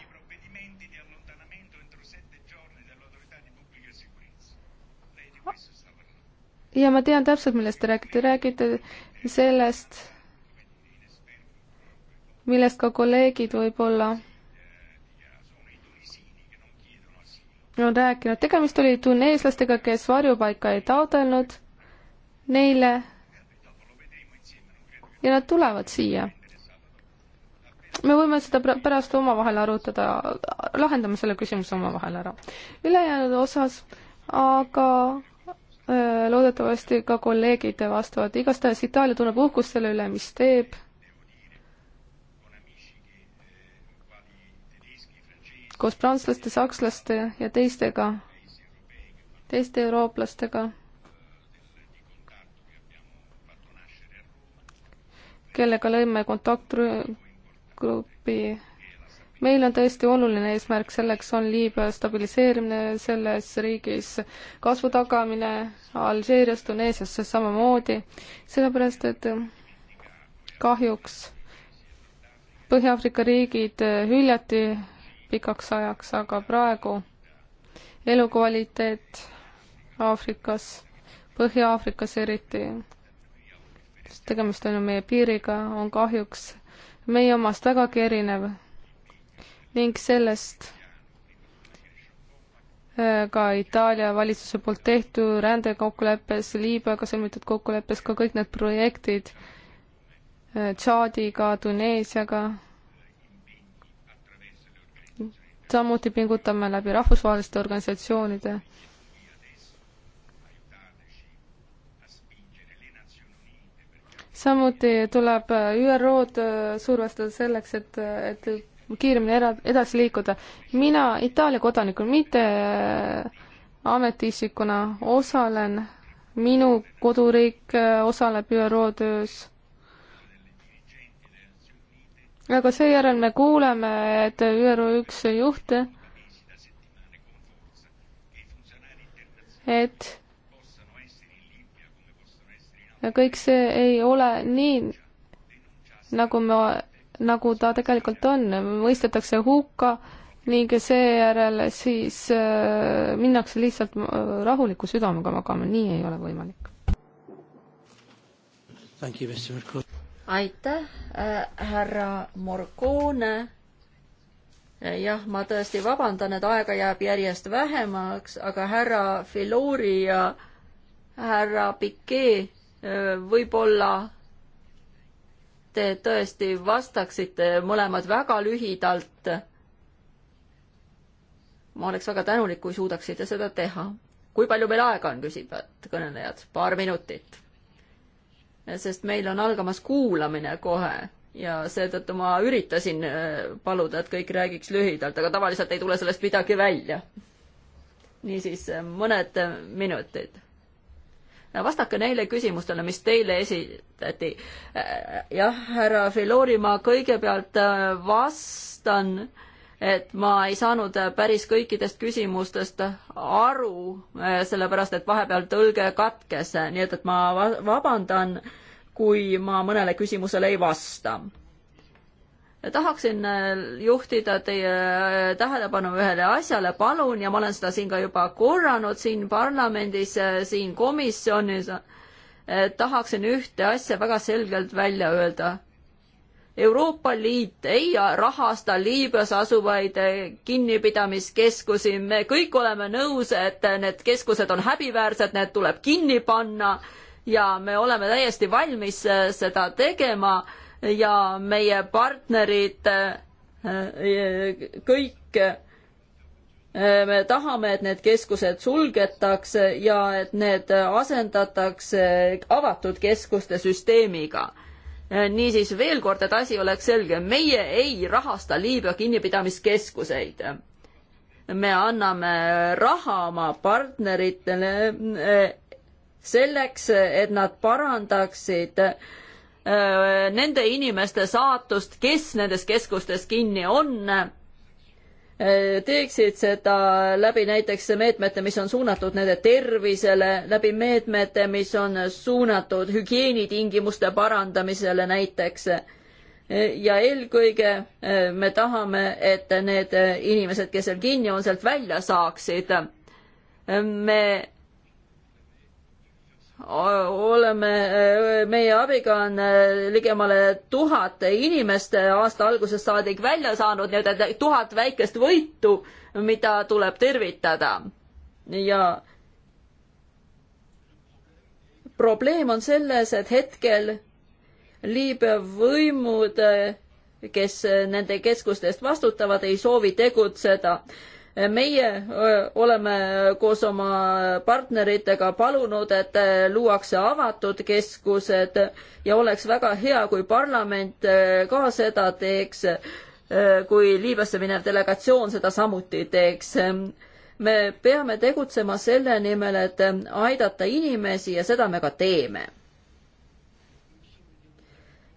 ja ma tean täpselt, millest te räägite, räägite sellest, millest ka kolleegid võib-olla on rääkinud, tegemist oli tuneeslastega, kes varjupaika ei taotlenud neile ja nad tulevad siia. me võime seda pärast omavahel arutada, lahendame selle küsimuse omavahel ära. ülejäänud osas aga Äh, loodetavasti ka kolleegid vastavad, igastahes Itaalia tunneb uhkust selle üle, mis teeb. koos prantslaste, sakslaste ja teistega, teiste eurooplastega, kellega lõime kontaktgrupi meil on tõesti oluline eesmärk, selleks on Liibüa stabiliseerimine, selles riigis kasvu tagamine, Alžeerias, Tuneesias samamoodi, sellepärast et kahjuks Põhja-Aafrika riigid hüljati pikaks ajaks, aga praegu elukvaliteet Aafrikas, Põhja-Aafrikas eriti, sest tegemist on ju meie piiriga, on kahjuks meie omast vägagi erinev ning sellest äh, ka Itaalia valitsuse poolt tehtud rändekokkuleppes, Liibüaga sõlmitud kokkuleppes, ka kõik need projektid äh, Tšaadiga, Tuneesiaga. samuti pingutame läbi rahvusvaheliste organisatsioonide samuti tuleb äh, ÜRO-d survestada selleks, et, et kiiremini era-, edasi liikuda. mina Itaalia kodanikul, mitte äh, ametiisikuna osalen, minu koduriik äh, osaleb ÜRO töös. aga seejärel me kuuleme, et ÜRO üks juht, et kõik see ei ole nii, nagu me nagu ta tegelikult on, mõistetakse hukka ning seejärel siis äh, minnakse lihtsalt äh, rahuliku südamega magama, nii ei ole võimalik. aitäh äh,, härra Morgone. Äh, jah, ma tõesti vabandan, et aega jääb järjest vähemaks, aga härra Filori ja härra Piquet äh, võib-olla te tõesti vastaksite mõlemad väga lühidalt. ma oleks väga tänulik, kui suudaksite seda teha. kui palju meil aega on, küsivad kõnelejad. paar minutit. sest meil on algamas kuulamine kohe ja seetõttu ma üritasin äh, paluda, et kõik räägiks lühidalt, aga tavaliselt ei tule sellest midagi välja. niisiis mõned minutid vastake neile küsimustele, mis teile esitati. Äh, jah, härra Filori, ma kõigepealt äh, vastan, et ma ei saanud äh, päris kõikidest küsimustest aru, sellepärast et vahepeal tõlge katkes, nii et, et ma vabandan, kui ma mõnele küsimusele ei vasta tahaksin äh, juhtida teie äh, tähelepanu ühele asjale, palun, ja ma olen seda siin ka juba korranud siin parlamendis, äh, siin komisjonis, tahaksin ühte asja väga selgelt välja öelda. Euroopa Liit ei rahasta Liibüas asuvaid kinnipidamiskeskusi, me kõik oleme nõus, et need keskused on häbiväärsed, need tuleb kinni panna ja me oleme täiesti valmis seda tegema ja meie partnerid kõik me tahame, et need keskused sulgetakse ja et need asendatakse avatud keskuste süsteemiga niisiis veel kord, et asi oleks selge, meie ei rahasta Liibüa kinnipidamiskeskuseid. me anname raha oma partneritele selleks, et nad parandaksid Äh, nende inimeste saatust, kes nendes keskustes kinni on, äh, teeksid seda läbi näiteks meetmete, mis on suunatud nende tervisele, läbi meetmete, mis on suunatud hügieenitingimuste parandamisele näiteks. ja eelkõige äh, me tahame, et need inimesed, kes seal kinni on, sealt välja saaksid. me oleme eh, meie abiga on eh, ligemale tuhat inimest eh, aasta algusest saadik välja saanud, nii et tuhat väikest võitu, mida tuleb tervitada. ja probleem on selles, et hetkel Liibüa võimud, kes nende keskustest vastutavad, ei soovi tegutseda meie oleme koos oma partneritega palunud, et luuakse avatud keskused ja oleks väga hea, kui parlament ka seda teeks, kui Liibüasse minev delegatsioon seda samuti teeks. me peame tegutsema selle nimel, et aidata inimesi ja seda me ka teeme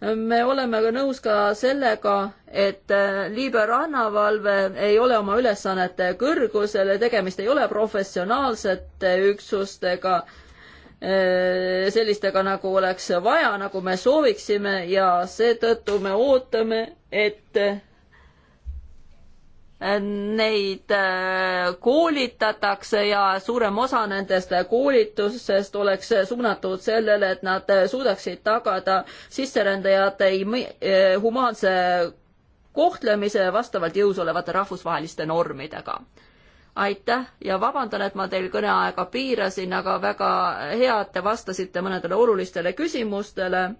me oleme ka nõus ka sellega, et äh, Liibüa rannavalve ei ole oma ülesannete kõrgusel ja tegemist ei ole professionaalsete üksustega, äh, sellistega, nagu oleks vaja, nagu me sooviksime ja seetõttu me ootame, et neid äh, koolitatakse ja suurem osa nendest koolitusest oleks suunatud sellele, et nad suudaksid tagada sisserändajate äh, humaanse kohtlemise vastavalt jõus olevate rahvusvaheliste normidega. aitäh ja vabandan, et ma teil kõneaega piirasin, aga väga hea, et te vastasite mõnedele olulistele küsimustele.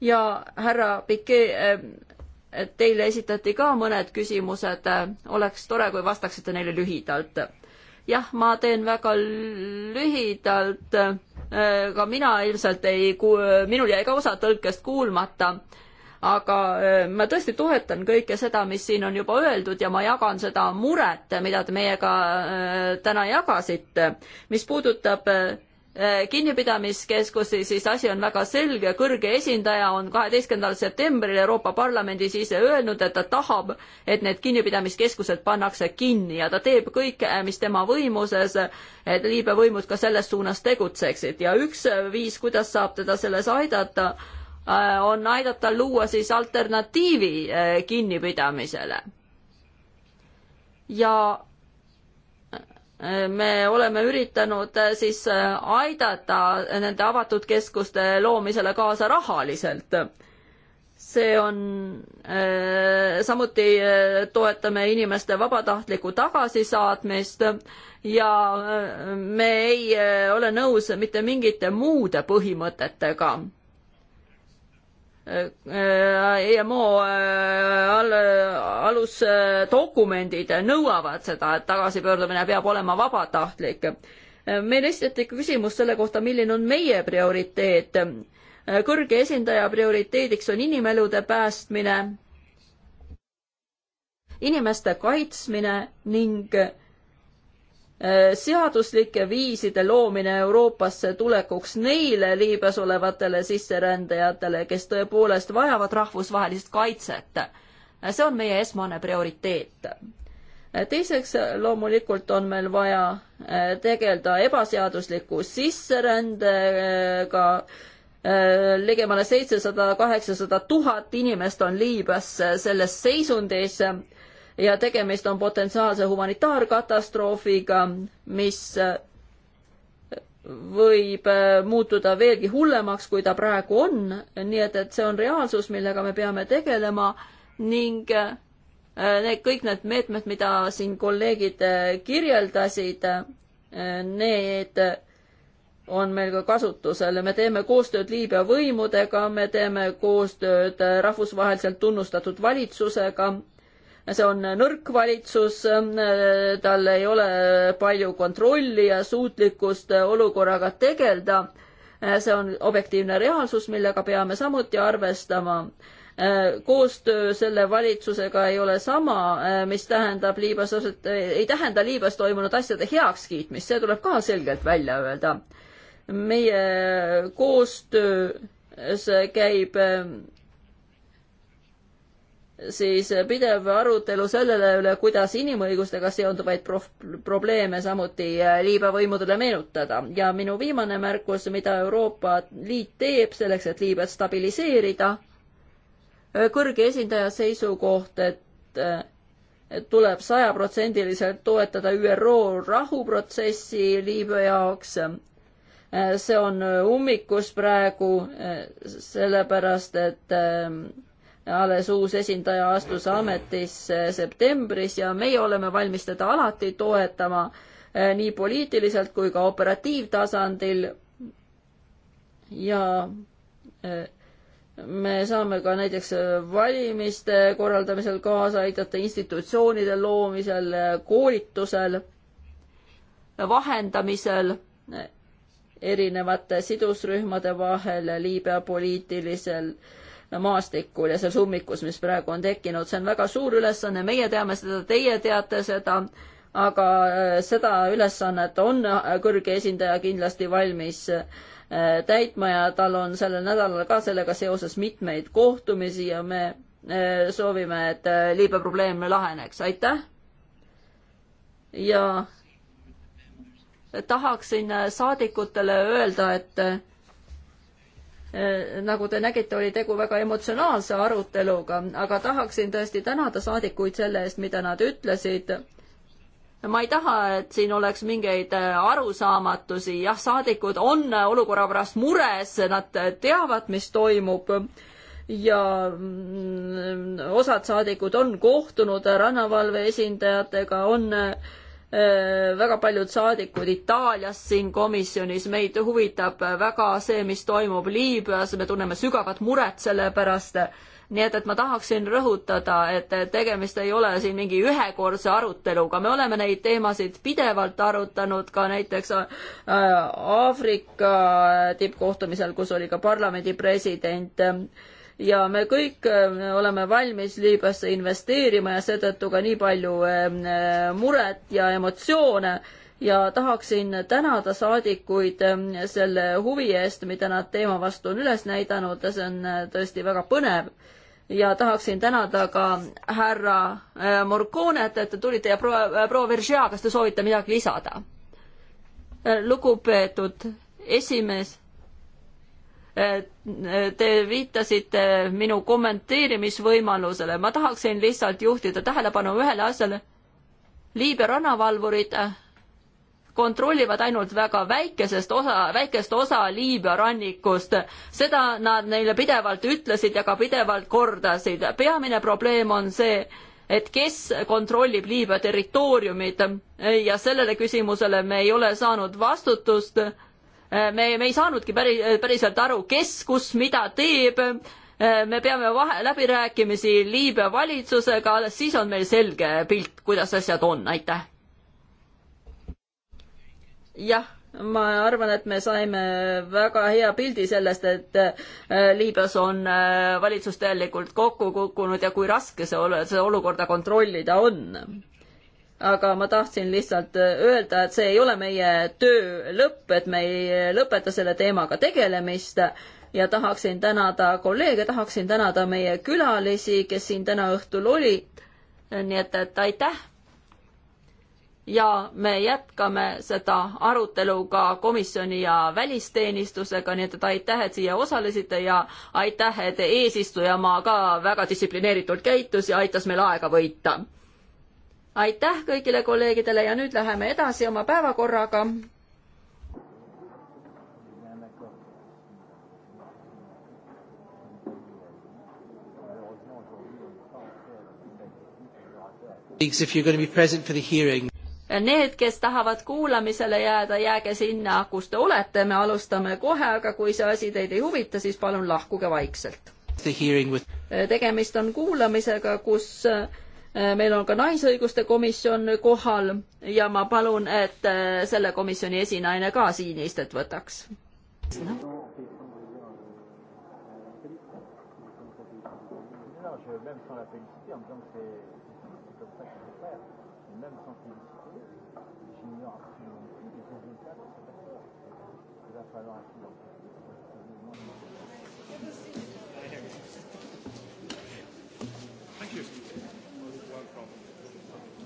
ja härra Piquet äh, Teile esitati ka mõned küsimused, oleks tore, kui vastaksite neile lühidalt. jah, ma teen väga lühidalt, ka mina ilmselt ei, minul jäi ka osa tõlkest kuulmata aga eh, ma tõesti toetan kõike seda, mis siin on juba öeldud ja ma jagan seda muret, mida te meiega eh, täna jagasite. mis puudutab eh, Eh, kinnipidamiskeskusi, siis asi on väga selge, kõrge esindaja on kaheteistkümnendal septembril Euroopa Parlamendis ise öelnud, et ta tahab, et need kinnipidamiskeskused pannakse kinni ja ta teeb kõike, mis tema võimuses, et Liibüa võimud ka selles suunas tegutseksid ja üks viis, kuidas saab teda selles aidata, eh, on aidata luua siis alternatiivi eh, kinnipidamisele. ja me oleme üritanud äh, siis äh, aidata nende avatud keskuste loomisele kaasa rahaliselt. see on, äh, samuti toetame inimeste vabatahtlikku tagasisaatmist ja me ei ole nõus mitte mingite muude põhimõtetega IMO äh, äh, äh, al, alusdokumendid nõuavad seda, et tagasipöördumine peab olema vabatahtlik. meile esitati küsimus selle kohta, milline on meie prioriteet. kõrge esindaja prioriteediks on inimelude päästmine, inimeste kaitsmine ning Äh, seaduslike viiside loomine Euroopasse tulekuks neile Liibüas olevatele sisserändajatele, kes tõepoolest vajavad rahvusvahelist kaitset. Äh, see on meie esmane prioriteet. Äh, teiseks loomulikult on meil vaja tegeleda ebaseadusliku sisserändega, ligemale seitsesada, kaheksasada tuhat inimest on Liibüas selles seisundis ja tegemist on potentsiaalse humanitaarkatastroofiga, mis eh, võib eh, muutuda veelgi hullemaks, kui ta praegu on, nii et, et see on reaalsus, millega me peame tegelema ning eh, need, kõik need meetmed, mida siin kolleegid kirjeldasid, need on meil ka kasutusel. me teeme koostööd Liibüa võimudega, me teeme koostööd rahvusvaheliselt tunnustatud valitsusega see on nõrk valitsus, tal ei ole palju kontrolli ja suutlikkust olukorraga tegeleda. see on objektiivne reaalsus, millega peame samuti arvestama. koostöö selle valitsusega ei ole sama, mis tähendab Liibüas, ei tähenda Liibüas toimunud asjade heakskiitmist, see tuleb ka selgelt välja öelda. meie koostöö see käib siis pidev arutelu sellele üle, kuidas inimõigustega seonduvaid prof-, probleeme samuti äh, Liibüa võimudele meenutada. ja minu viimane märkus, mida Euroopa Liit teeb selleks, et Liibüat stabiliseerida, äh, kõrge esindaja seisukoht, et äh, tuleb sajaprotsendiliselt toetada ÜRO rahuprotsessi Liibüa jaoks. see on ummikus praegu, sellepärast et alles uus esindaja astus ametisse septembris ja meie oleme valmis teda alati toetama eh, nii poliitiliselt kui ka operatiivtasandil. ja eh, me saame ka näiteks valimiste korraldamisel kaasa aidata, institutsioonide loomisel, koolitusel, vahendamisel eh, erinevate sidusrühmade vahel Liibüa poliitilisel äh, maastikul ja selles ummikus, mis praegu on tekkinud, see on väga suur ülesanne, meie teame seda, teie teate seda, aga äh, seda ülesannet on äh, kõrge esindaja kindlasti valmis äh, täitma ja tal on sellel nädalal ka sellega seoses mitmeid kohtumisi ja me soovime, et liibe probleem laheneks, aitäh! ja tahaksin saadikutele öelda, et Äh, nagu te nägite, oli tegu väga emotsionaalse aruteluga, aga tahaksin tõesti tänada saadikuid selle eest, mida nad ütlesid. ma ei taha, et siin oleks mingeid äh, arusaamatusi, jah, saadikud on äh, olukorra pärast mures, nad teavad, mis toimub ja mm, osad saadikud on kohtunud rannavalve esindajatega, on äh, Äh, väga paljud saadikud Itaaliast siin komisjonis, meid huvitab väga see, mis toimub Liibüas, me tunneme sügavat muret selle pärast. nii et, et ma tahaksin rõhutada, et tegemist ei ole siin mingi ühekordse aruteluga, me oleme neid teemasid pidevalt arutanud ka näiteks äh, Aafrika tippkohtumisel, kus oli ka parlamendi president ja me kõik äh, oleme valmis Liibüasse investeerima ja seetõttu ka nii palju ähm, äh, muret ja emotsioone ja tahaksin tänada saadikuid ähm, selle huvi eest, mida nad teema vastu on üles näidanud ja see on äh, tõesti väga põnev. ja tahaksin tänada ka härra Morconet, et te tulite ja proua, proua Veržea, kas te soovite midagi lisada? lugupeetud esimees Te viitasite minu kommenteerimisvõimalusele, ma tahaksin lihtsalt juhtida tähelepanu ühele asjale. Liibüa rannavalvurid kontrollivad ainult väga väikesest osa, väikest osa Liibüa rannikust. seda nad neile pidevalt ütlesid ja ka pidevalt kordasid. peamine probleem on see, et kes kontrollib Liibüa territooriumit ja sellele küsimusele me ei ole saanud vastutust me, me ei saanudki päris, päriselt aru, kes kus mida teeb. me peame vahe, läbirääkimisi Liibüa valitsusega, alles siis on meil selge pilt, kuidas asjad on, aitäh. jah ma arvan, et me saime väga hea pildi sellest, et äh, Liibüas on äh, valitsus täielikult kokku kukkunud ja kui raske see, ol see olukorda kontrollida on aga ma tahtsin lihtsalt äh, öelda, et see ei ole meie töö lõpp, et me ei äh, lõpeta selle teemaga tegelemist ja tahaksin tänada kolleege, tahaksin tänada meie külalisi, kes siin täna õhtul olid. nii et, et aitäh. ja me jätkame seda arutelu ka komisjoni ja välisteenistusega, nii et, et aitäh, et siia osalesite ja aitäh, et eesistujamaa ka väga distsiplineeritult käitus ja aitas meil aega võita aitäh kõigile kolleegidele ja nüüd läheme edasi oma päevakorraga. Need, kes tahavad kuulamisele jääda, jääge sinna, kus te olete, me alustame kohe, aga kui see asi teid ei huvita, siis palun lahkuge vaikselt. With... tegemist on kuulamisega, kus äh, Äh, meil on ka Naisõiguste Komisjon kohal ja ma palun, et äh, selle komisjoni esinaine ka siin istet võtaks no.. même sans la féliciter en disant que c'est c'est comme ça qu'il faut faire, et même sans féliciter, j'ignore absolument plus les résultats de cette affaire. Il va falloir un silence.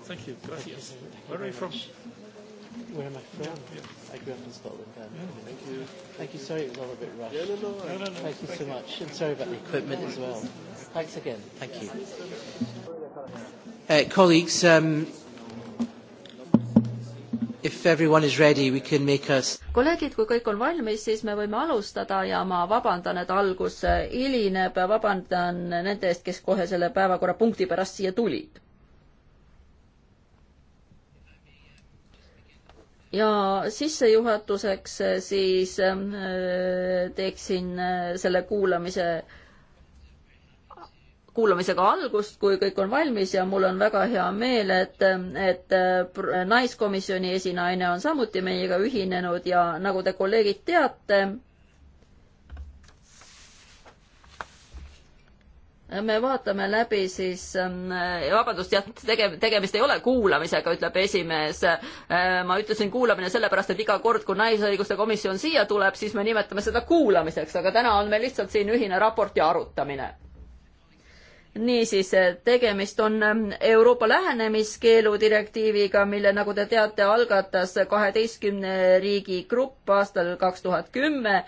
Thank you. Gracias. Where are you from? Where am I from? Yeah, yeah. I grew up in Scotland. Um, yeah. Thank you. Thank you. Sorry it was all a bit rushed. Yeah, no, no, no, no, no. Thank you thank so you. much. And sorry about the equipment as well. Thanks again. Thank you. Uh, colleagues, um, if everyone is ready, we can make us kolleegid, kui kõik on valmis, siis me võime alustada ja ma vabandan, et algus hilineb ja vabandan nende eest, kes kohe selle päevakorrapunkti pärast siia tulid ja sissejuhatuseks eh, siis eh, teeksin eh, selle kuulamise, kuulamisega algust, kui kõik on valmis ja mul on väga hea meel, et, et naiskomisjoni esinaine on samuti meiega ühinenud ja nagu te kolleegid teate, me vaatame läbi siis, ähm, vabandust, jah, tege-, tegemist ei ole kuulamisega, ütleb esimees. Äh, ma ütlesin kuulamine sellepärast, et iga kord, kui Naisõiguste Komisjon siia tuleb, siis me nimetame seda kuulamiseks, aga täna on meil lihtsalt siin ühine raport ja arutamine. niisiis, äh, tegemist on ähm, Euroopa lähenemiskeelu direktiiviga, mille, nagu te teate, algatas kaheteistkümne riigi grupp aastal kaks tuhat kümme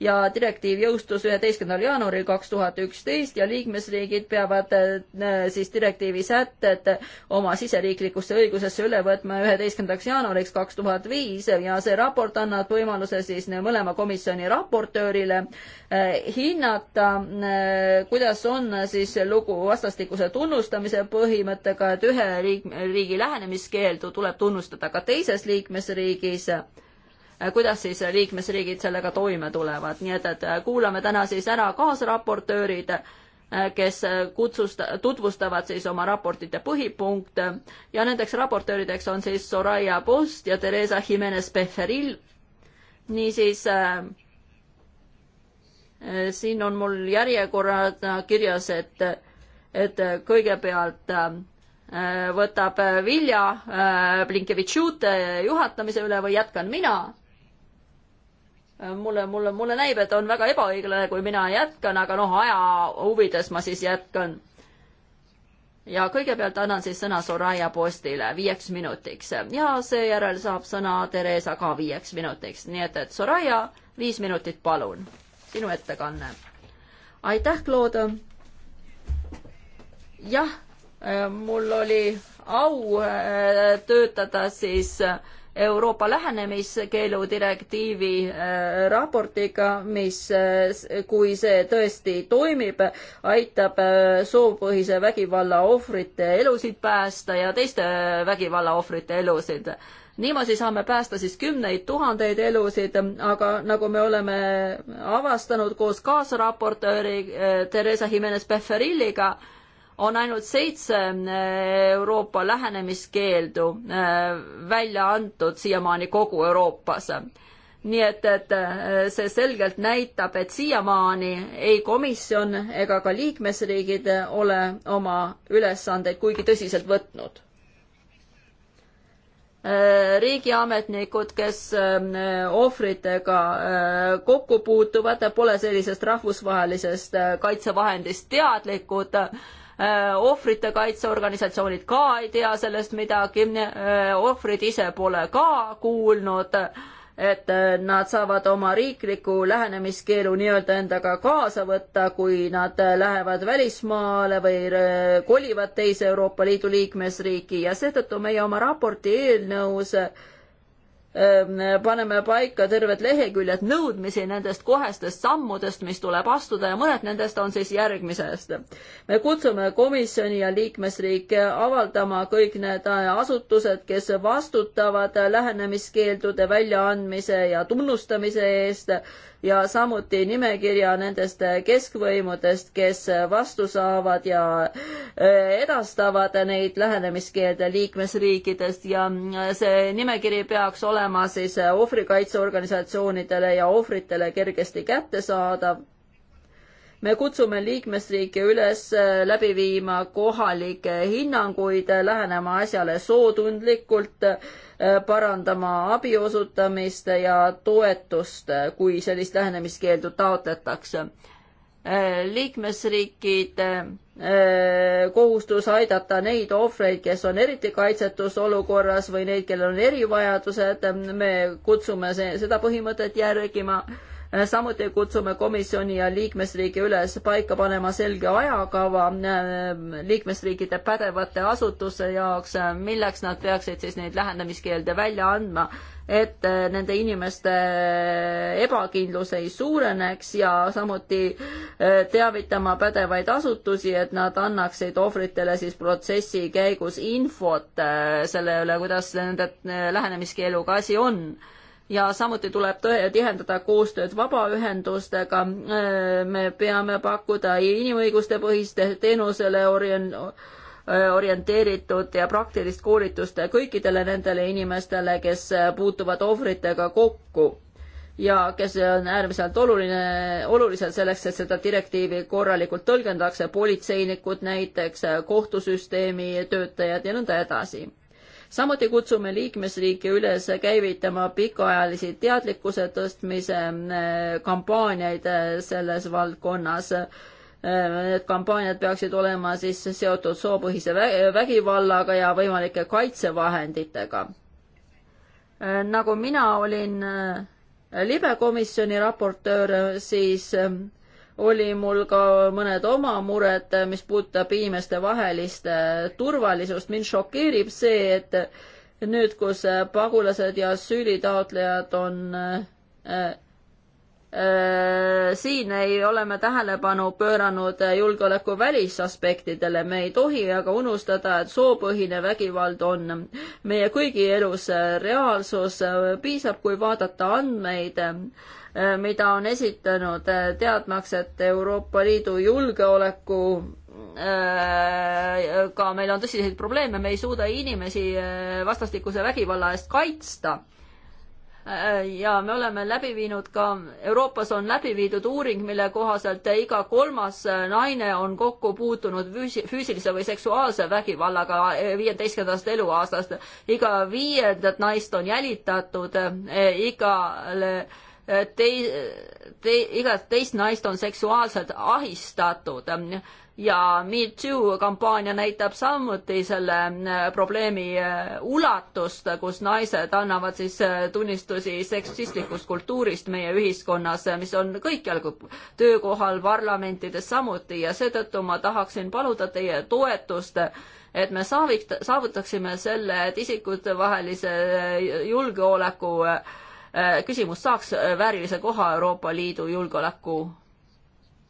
ja direktiiv jõustus üheteistkümnendal jaanuaril kaks tuhat üksteist ja liikmesriigid peavad äh, siis direktiivi sätted oma siseriiklikusse õigusesse üle võtma üheteistkümnendaks jaanuariks kaks tuhat viis ja see raport annab võimaluse siis mõlema komisjoni raportöörile äh, hinnata, äh, kuidas on siis lugu vastastikuse tunnustamise põhimõttega, et ühe riigi lähenemiskeeldu tuleb tunnustada ka teises liikmesriigis riigis Äh, kuidas siis liikmesriigid sellega toime tulevad, nii et, et äh, kuulame täna siis ära kaasraportöörid, äh, kes kutsust-, tutvustavad siis oma raportite põhipunkte ja nendeks raportöörideks on siis Soraya Post ja Theresa Jimenez Beferil. niisiis äh, siin on mul järjekorrana kirjas, et, et kõigepealt võtab Vilja Blinkevitšute juhatamise üle või jätkan mina? Äh, mulle, mulle, mulle näib, et on väga ebaõiglane, kui mina jätkan, aga noh, aja huvides ma siis jätkan. ja kõigepealt annan siis sõna Soraya Postile viieks minutiks ja seejärel saab sõna Theresa ka viieks minutiks, nii et, et Soraya, viis minutit, palun, sinu ettekanne. aitäh, Claude. jah, äh, mul oli au äh, töötada siis Euroopa lähenemiskeelu direktiivi äh, raportiga, mis, äh, kui see tõesti toimib, aitab äh, soopõhise vägivalla ohvrite elusid päästa ja teiste vägivalla ohvrite elusid. niimoodi saame päästa siis kümneid tuhandeid elusid, aga nagu me oleme avastanud koos kaasraportööri Theresa Jimenez-Beferilliga, on ainult seitse äh, Euroopa lähenemiskeeldu äh, välja antud siiamaani kogu Euroopas nii et, et äh, see selgelt näitab, et siiamaani ei komisjon ega ka liikmesriigid ole oma ülesandeid kuigi tõsiselt võtnud. riigiametnikud, kes ohvritega kokku puutuvad, pole sellisest rahvusvahelisest kaitsevahendist teadlikud Äh, ohvrite kaitseorganisatsioonid ka ei tea sellest midagi, äh, ohvrid ise pole ka kuulnud, et äh, nad saavad oma riikliku lähenemiskeelu nii-öelda endaga kaasa võtta, kui nad lähevad välismaale või kolivad teise Euroopa Liidu liikmesriiki ja seetõttu meie oma raporti eelnõus Ehm, paneme paika terved leheküljed nõudmisi nendest kohestest sammudest, mis tuleb astuda ja mõned nendest on siis järgmisest. me kutsume komisjoni ja liikmesriike avaldama kõik need asutused, kes vastutavad lähenemiskeeldude väljaandmise ja tunnustamise eest ja samuti nimekirja nendest keskvõimudest, kes vastu saavad ja eh, edastavad neid lähenemiskeelde liikmesriikidest ja eh, see nimekiri peaks olema siis eh, ohvrikaitseorganisatsioonidele ja ohvritele kergesti kättesaadav me kutsume liikmesriike üles läbi viima kohalikke hinnanguid, lähenema asjale sootundlikult Äh, parandama abi osutamist ja toetust, äh, kui sellist lähenemiskeeldu taotletakse. Äh, liikmesriikide kohustus aidata neid ohvreid, kes on eriti kaitsetus olukorras või neid, kellel on erivajadused, me kutsume see, seda põhimõtet järgima samuti kutsume komisjoni ja liikmesriigi üles paika panema selge ajakava äh, liikmesriikide pädevate asutuste jaoks, äh, milleks nad peaksid siis neid lähendamiskeelde välja andma, et äh, nende inimeste ebakindlus ei suureneks ja samuti teavitama pädevaid asutusi, et nad annaksid ohvritele siis protsessi käigus infot selle üle, kuidas nende lähenemiskeeluga asi on ja samuti tuleb tihendada koostööd vabaühendustega. me peame pakkuda inimõiguste põhiste teenusele orien-, orienteeritud ja praktilist koolitust kõikidele nendele inimestele, kes puutuvad ohvritega kokku ja kes on äärmiselt oluline, olulised selleks, et seda direktiivi korralikult tõlgendatakse, politseinikud näiteks, kohtusüsteemi töötajad ja nõnda edasi samuti kutsume liikmesriike üles käivitama pikaajalisi teadlikkuse tõstmise eh, kampaaniaid eh, selles valdkonnas eh, need kampaaniad peaksid olema siis seotud soopõhise vägivallaga ja võimalike kaitsevahenditega. nagu mina olin libekomisjoni raportöör, siis oli mul ka mõned oma mured, mis puudutab inimestevahelist äh, turvalisust. mind šokeerib see, et nüüd, kus äh, pagulased ja asüülitaotlejad on äh, äh, äh, siin ei ole me tähelepanu pööranud julgeoleku välisaspektidele, me ei tohi aga unustada, et soopõhine vägivald on meie kõigi elus reaalsus, piisab, kui vaadata andmeid äh, Äh, mida on esitanud äh, teadmaks, et Euroopa Liidu julgeoleku äh, ka meil on tõsiseid probleeme, me ei suuda inimesi vastastikuse vägivalla eest kaitsta. ja me oleme läbi viinud ka, Euroopas on läbi viidud uuring, mille kohaselt iga kolmas naine on kokku puutunud füüsilise või seksuaalse vägivallaga viieteistkümnendast eluaastast. iga viiendat naist on jälitatud, igale tei-, tei-, igat teist naist on seksuaalselt ahistatud ja Me Too kampaania näitab samuti selle äh, probleemi äh, ulatust, kus naised annavad siis äh, tunnistusi seksistlikust kultuurist meie ühiskonnas, mis on kõikjal töökohal, parlamentides samuti ja seetõttu ma tahaksin paluda teie toetust et me saavik-, saavutaksime selle, et isikutevahelise julgeoleku äh, Äh, küsimus saaks äh, väärilise koha Euroopa Liidu julgeoleku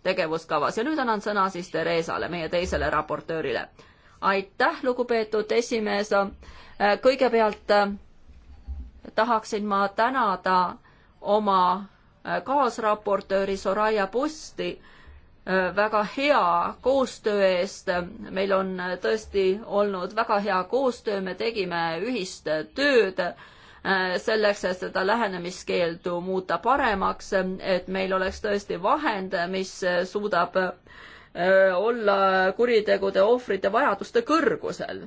tegevuskavas ja nüüd annan sõna siis Theresale, meie teisele raportöörile. aitäh, lugupeetud esimees. Äh, kõigepealt tahaksin ma tänada oma kaasraportööri Soraya Posti väga hea koostöö eest. meil on tõesti olnud väga hea koostöö, me tegime ühist tööd Äh, selleks, et seda lähenemiskeeldu muuta paremaks, et meil oleks tõesti vahend, mis suudab äh, olla kuritegude ohvrite vajaduste kõrgusel.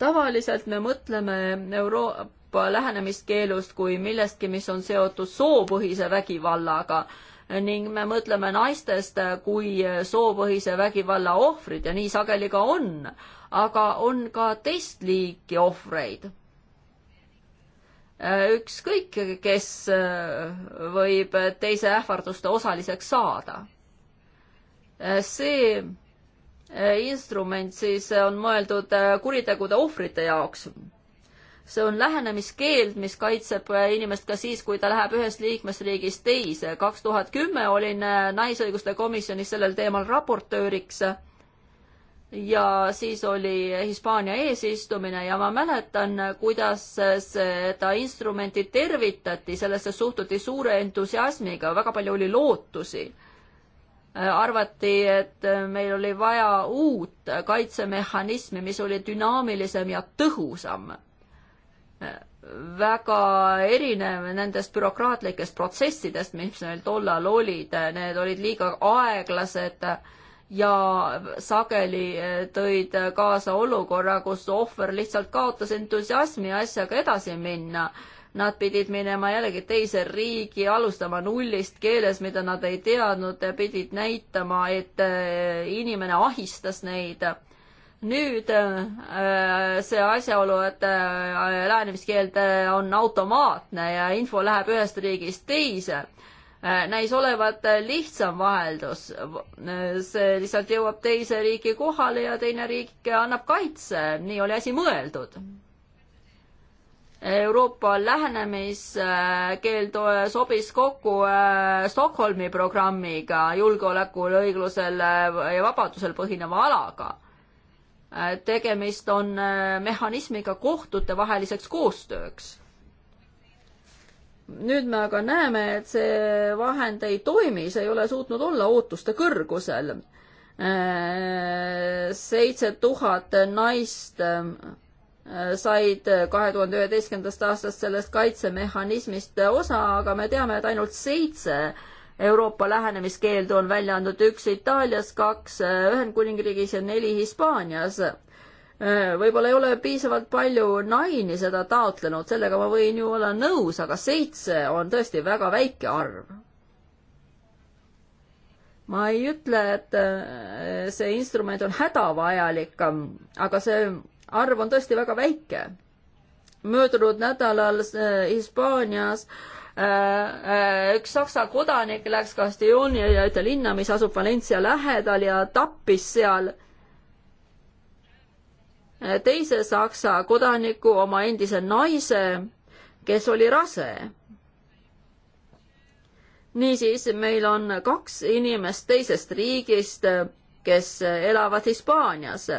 tavaliselt me mõtleme Euroopa lähenemiskeelust kui millestki, mis on seotud soopõhise vägivallaga ning me mõtleme naistest kui soopõhise vägivalla ohvrid ja nii sageli ka on, aga on ka teist liiki ohvreid. ükskõik, kes võib teise ähvarduste osaliseks saada. see instrument siis on mõeldud kuritegude ohvrite jaoks see on lähenemiskeeld, mis kaitseb inimest ka siis, kui ta läheb ühest liikmesriigist teise. kaks tuhat kümme olin äh, Naisõiguste komisjonis sellel teemal raportööriks ja siis oli Hispaania eesistumine ja ma mäletan, kuidas seda instrumenti tervitati, sellesse suhtuti suure entusiasmiga, väga palju oli lootusi arvati, et meil oli vaja uut kaitsemehhanismi, mis oli dünaamilisem ja tõhusam väga erinev nendest bürokraatlikest protsessidest, mis meil tollal olid, need olid liiga aeglased ja sageli tõid kaasa olukorra, kus ohver lihtsalt kaotas entusiasmi asjaga edasi minna. Nad pidid minema jällegi teise riigi, alustama nullist keeles, mida nad ei teadnud ja pidid näitama, et inimene ahistas neid nüüd äh, see asjaolu, et lähenemiskeeld äh, on automaatne ja info läheb ühest riigist teise, äh, näis olevat lihtsam vaheldus. see lihtsalt jõuab teise riigi kohale ja teine riik annab kaitse, nii oli asi mõeldud. Euroopa lähenemiskeeld sobis kokku Stockholmi programmiga julgeolekul, õiglusel ja vabadusel põhineva alaga Äh, tegemist on äh, mehhanismiga kohtutevaheliseks koostööks. nüüd me aga näeme, et see vahend ei toimi, see ei ole suutnud olla ootuste kõrgusel. Äh, seitse tuhat naist said kahe tuhande üheteistkümnendast aastast sellest kaitsemehhanismist osa, aga me teame, et ainult seitse Euroopa lähenemiskeeldu on välja andnud üks Itaalias, kaks äh, Ühendkuningriigis ja neli Hispaanias. Äh, võib-olla ei ole piisavalt palju naini seda taotlenud, sellega ma võin ju olla nõus, aga seitse on tõesti väga väike arv ma ei ütle, et äh, see instrument on hädavajalik, aga see arv on tõesti väga väike. möödunud nädalal Hispaanias äh, Äh, äh, üks Saksa kodanik läks Castelloni ja ühte linna, mis asub Valencia lähedal ja tappis seal äh, teise Saksa kodaniku, oma endise naise, kes oli rase. niisiis, meil on kaks inimest teisest riigist kes elavad Hispaanias.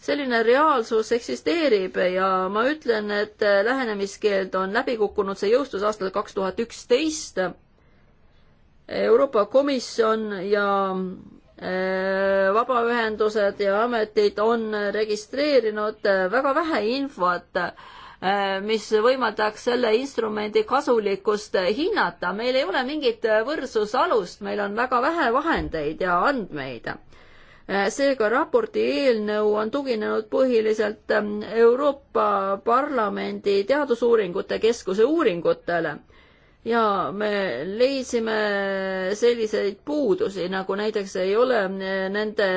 selline reaalsus eksisteerib ja ma ütlen, et lähenemiskeeld on läbi kukkunud, see jõustus aastal kaks tuhat üksteist. Euroopa Komisjon ja äh, vabaühendused ja ametid on registreerinud äh, väga vähe infot, äh, mis võimaldaks selle instrumendi kasulikkust hinnata. meil ei ole mingit võrdsusalust, meil on väga vähe vahendeid ja andmeid Äh, seega raporti eelnõu on tuginenud põhiliselt ähm, Euroopa Parlamendi Teadusuuringute Keskuse uuringutele ja me leidsime selliseid puudusi, nagu näiteks ei ole äh, nende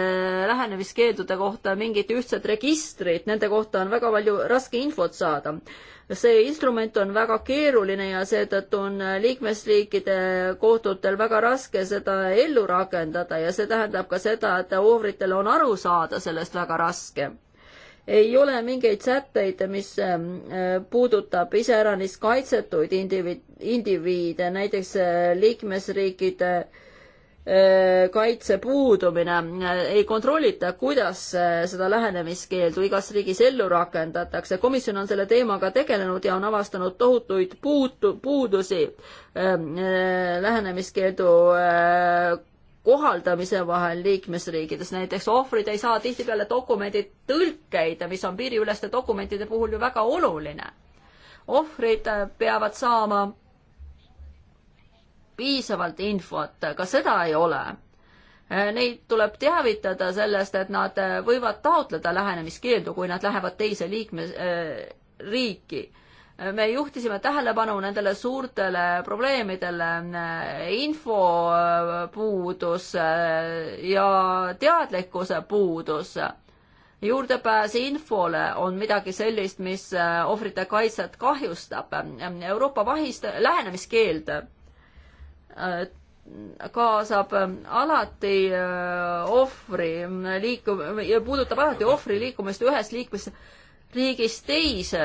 lähenemiskeeldude kohta mingit ühtset registrit, nende kohta on väga palju raske infot saada see instrument on väga keeruline ja seetõttu on liikmesriikide kohtutel väga raske seda ellu rakendada ja see tähendab ka seda, et ohvritel on aru saada sellest väga raske ei ole mingeid sätteid, mis ähm, puudutab iseäranis kaitsetuid indiviid, indiviide, näiteks äh, liikmesriikide äh, Äh, kaitse puudumine, äh, ei kontrollita, kuidas äh, seda lähenemiskeeldu igas riigis ellu rakendatakse. komisjon on selle teemaga tegelenud ja on avastanud tohutuid puutu, puudusi ähm, lähenemiskeeldu kohaldamise vahel liikmesriikides, näiteks ohvrid ei saa tihtipeale dokumendi tõlkeid, mis on piiriüleste dokumentide puhul ju väga oluline. ohvrid peavad saama piisavalt infot, ka seda ei ole. Eh, neid tuleb teavitada sellest, et nad eh, võivad taotleda lähenemiskeeldu, kui nad lähevad teise liikmesriiki eh, me juhtisime tähelepanu nendele suurtele probleemidele, infopuudus ja teadlikkuse puudus. juurdepääs infole on midagi sellist, mis ohvrite kaitset kahjustab. Euroopa vahist-, lähenemiskeeld Äh, kaasab äh, alati äh, ohvri liikum-, puudutab alati ohvri liikumist ühest liikmesriigist teise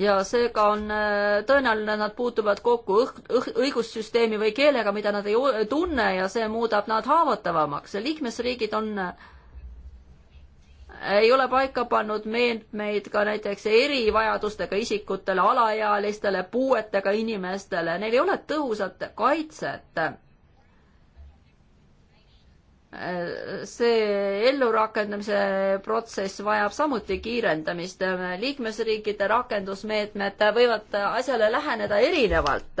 ja seega on tõenäoline, et nad puutuvad kokku õh-, õigussüsteemi või keelega, mida nad ei tunne ja see muudab nad haavatavamaks. liikmesriigid on äh, ei ole paika pannud meetmeid ka näiteks erivajadustega isikutele, alaealistele, puuetega inimestele, neil ei ole tõhusat kaitset. see ellurakendamise protsess vajab samuti kiirendamist, liikmesriikide rakendusmeetmed võivad asjale läheneda erinevalt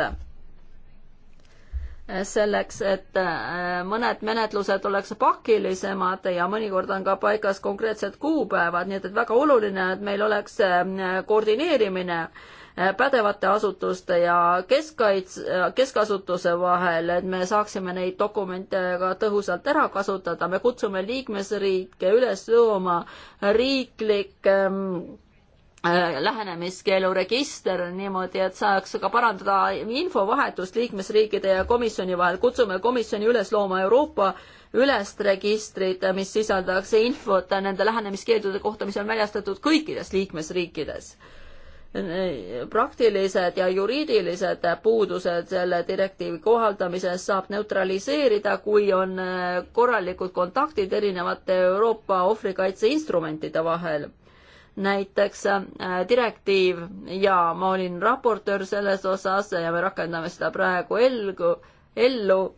selleks, et äh, mõned menetlused oleks pakilisemad ja mõnikord on ka paigas konkreetsed kuupäevad, nii et, et väga oluline, et meil oleks äh, koordineerimine äh, pädevate asutuste ja keskkaits-, keskasutuse vahel, et me saaksime neid dokumente ka tõhusalt ära kasutada, me kutsume liikmesriike üles looma riiklik ähm, Äh, lähenemiskeeluregister niimoodi, et saaks ka parandada infovahetust liikmesriikide ja komisjoni vahel. kutsume komisjoni üles looma Euroopa ülest registrit, mis sisaldaks infot nende lähenemiskeeldude kohta, mis on väljastatud kõikides liikmesriikides. praktilised ja juriidilised puudused selle direktiivi kohaldamises saab neutraliseerida, kui on äh, korralikud kontaktid erinevate Euroopa ohvrikaitse instrumentide vahel näiteks äh, direktiiv ja ma olin raportöör selles osas ja me rakendame seda praegu elgu, ellu.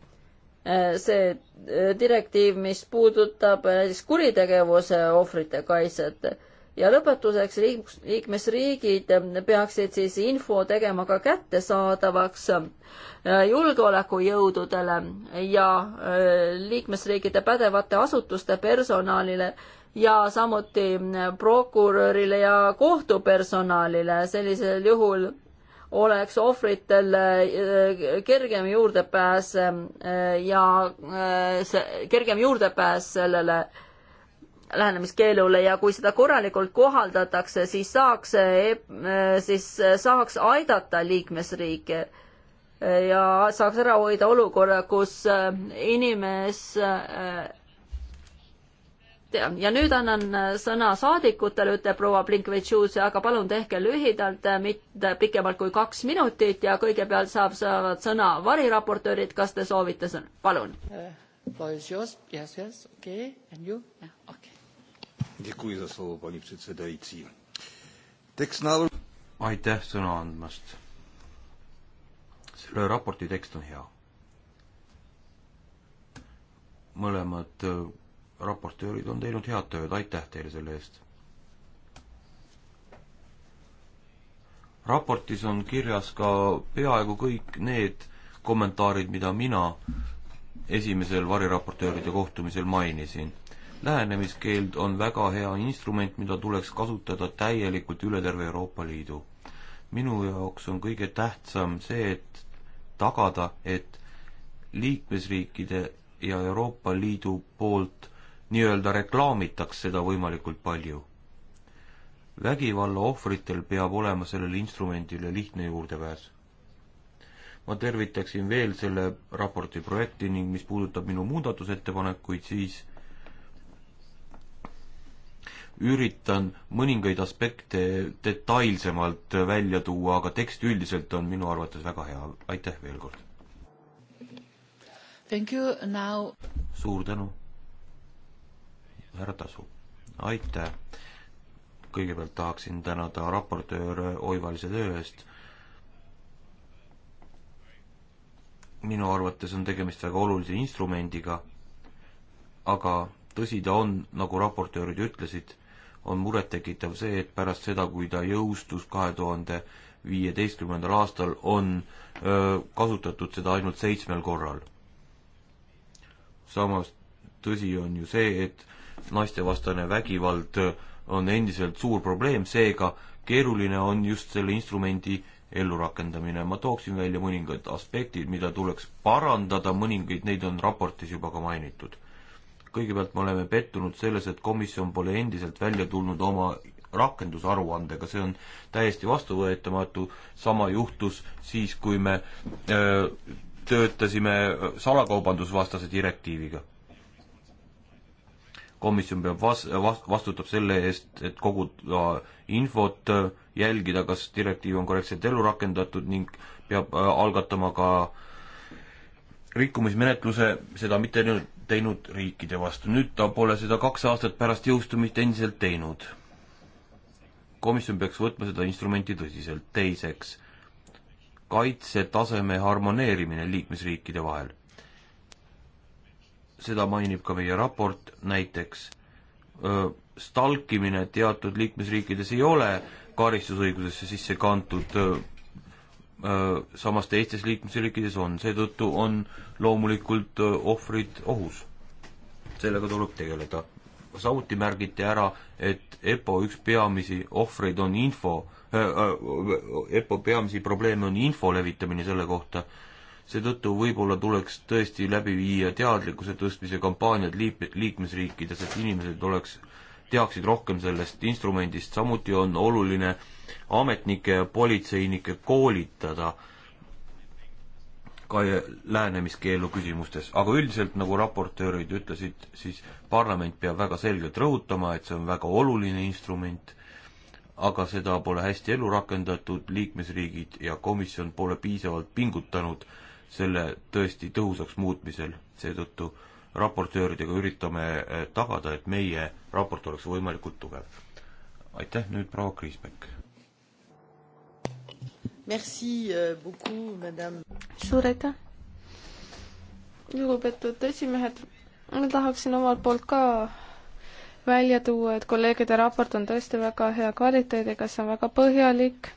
Äh, see äh, direktiiv, mis puudutab siis kuritegevuse ohvrite kaitset ja lõpetuseks liik-, liikmesriigid peaksid siis info tegema ka kättesaadavaks julgeolekujõududele ja liikmesriikide pädevate asutuste personalile ja samuti prokurörile ja kohtupersonalile. sellisel juhul oleks ohvritel äh, kergem juurdepääs äh, ja äh, see kergem juurdepääs sellele lähenemiskeelule ja kui seda korralikult kohaldatakse, siis saaks, siis saaks aidata liikmesriike ja saaks ära hoida olukorra, kus inimes ja nüüd annan äh, sõna saadikutele, ütleb proua Blinkvitšus, aga palun tehke lühidalt, äh, mitte äh, pikemalt kui kaks minutit ja kõigepealt saab, saavad sõna variraportöörid, kas te soovite sõna, palun uh,. aitäh sõna andmast. selle raporti tekst on hea. mõlemad raportöörid on teinud head tööd, aitäh teile selle eest. raportis on kirjas ka peaaegu kõik need kommentaarid, mida mina esimesel variraportööride kohtumisel mainisin. lähenemiskeeld on väga hea instrument, mida tuleks kasutada täielikult üle terve Euroopa Liidu. minu jaoks on kõige tähtsam see, et tagada, et liikmesriikide ja Euroopa Liidu poolt nii-öelda reklaamitaks seda võimalikult palju. vägivalla ohvritel peab olema sellele instrumendile lihtne juurdepääs. ma tervitaksin veel selle raporti projekti ning mis puudutab minu muudatusettepanekuid, siis üritan mõningaid aspekte detailsemalt välja tuua, aga tekst üldiselt on minu arvates väga hea, aitäh veel kord! suur tänu! härra Tasu. aitäh! kõigepealt tahaksin tänada raportööre oivalise töö eest. minu arvates on tegemist väga olulise instrumendiga, aga tõsi ta on, nagu raportöörid ütlesid, on murettekitav see, et pärast seda, kui ta jõustus kahe tuhande viieteistkümnendal aastal, on öö, kasutatud seda ainult seitsmel korral. samas tõsi on ju see, et naistevastane vägivald äh, on endiselt suur probleem, seega keeruline on just selle instrumendi ellurakendamine. ma tooksin välja mõningad aspektid, mida tuleks parandada, mõningaid neid on raportis juba ka mainitud. kõigepealt me oleme pettunud selles, et komisjon pole endiselt välja tulnud oma rakendusaruandega, see on täiesti vastuvõetamatu, sama juhtus siis, kui me öö, äh, töötasime salakaubandusvastase direktiiviga komisjon peab vas-, vastutab selle eest, et koguda infot, jälgida, kas direktiiv on korrektselt ellu rakendatud ning peab äh, algatama ka rikkumismenetluse, seda mitte teinud riikide vastu. nüüd ta pole seda kaks aastat pärast jõustumist endiselt teinud. komisjon peaks võtma seda instrumenti tõsiselt. teiseks, kaitsetaseme harmoneerimine liikmesriikide vahel seda mainib ka meie raport, näiteks stalkimine teatud liikmesriikides ei ole karistusõigusesse sisse kantud, samas teistes liikmesriikides on, seetõttu on loomulikult ohvrid ohus. sellega tuleb tegeleda. samuti märgiti ära, et EPO üks peamisi ohvreid on info äh,, äh, EPO peamisi probleeme on info levitamine selle kohta äh,, seetõttu võib-olla tuleks tõesti läbi viia teadlikkuse tõstmise kampaaniad liip-, liikmesriikides, et inimesed oleks, teaksid rohkem sellest instrumendist, samuti on oluline ametnikke ja politseinikke koolitada ka läänemiskeelu küsimustes, aga üldiselt, nagu raportöörid ütlesid, siis parlament peab väga selgelt rõhutama, et see on väga oluline instrument, aga seda pole hästi ellu rakendatud, liikmesriigid ja komisjon pole piisavalt pingutanud selle tõesti tõhusaks muutmisel, seetõttu raportööridega üritame eh, tagada, et meie raport oleks võimalikult tugev. aitäh, nüüd proua Kriisbeck. Merci euh, beaucoup, madame. suur aitäh. lugupeetud esimehed, ma tahaksin omalt poolt ka välja tuua, et kolleegide raport on tõesti väga hea kvaliteediga, see on väga põhjalik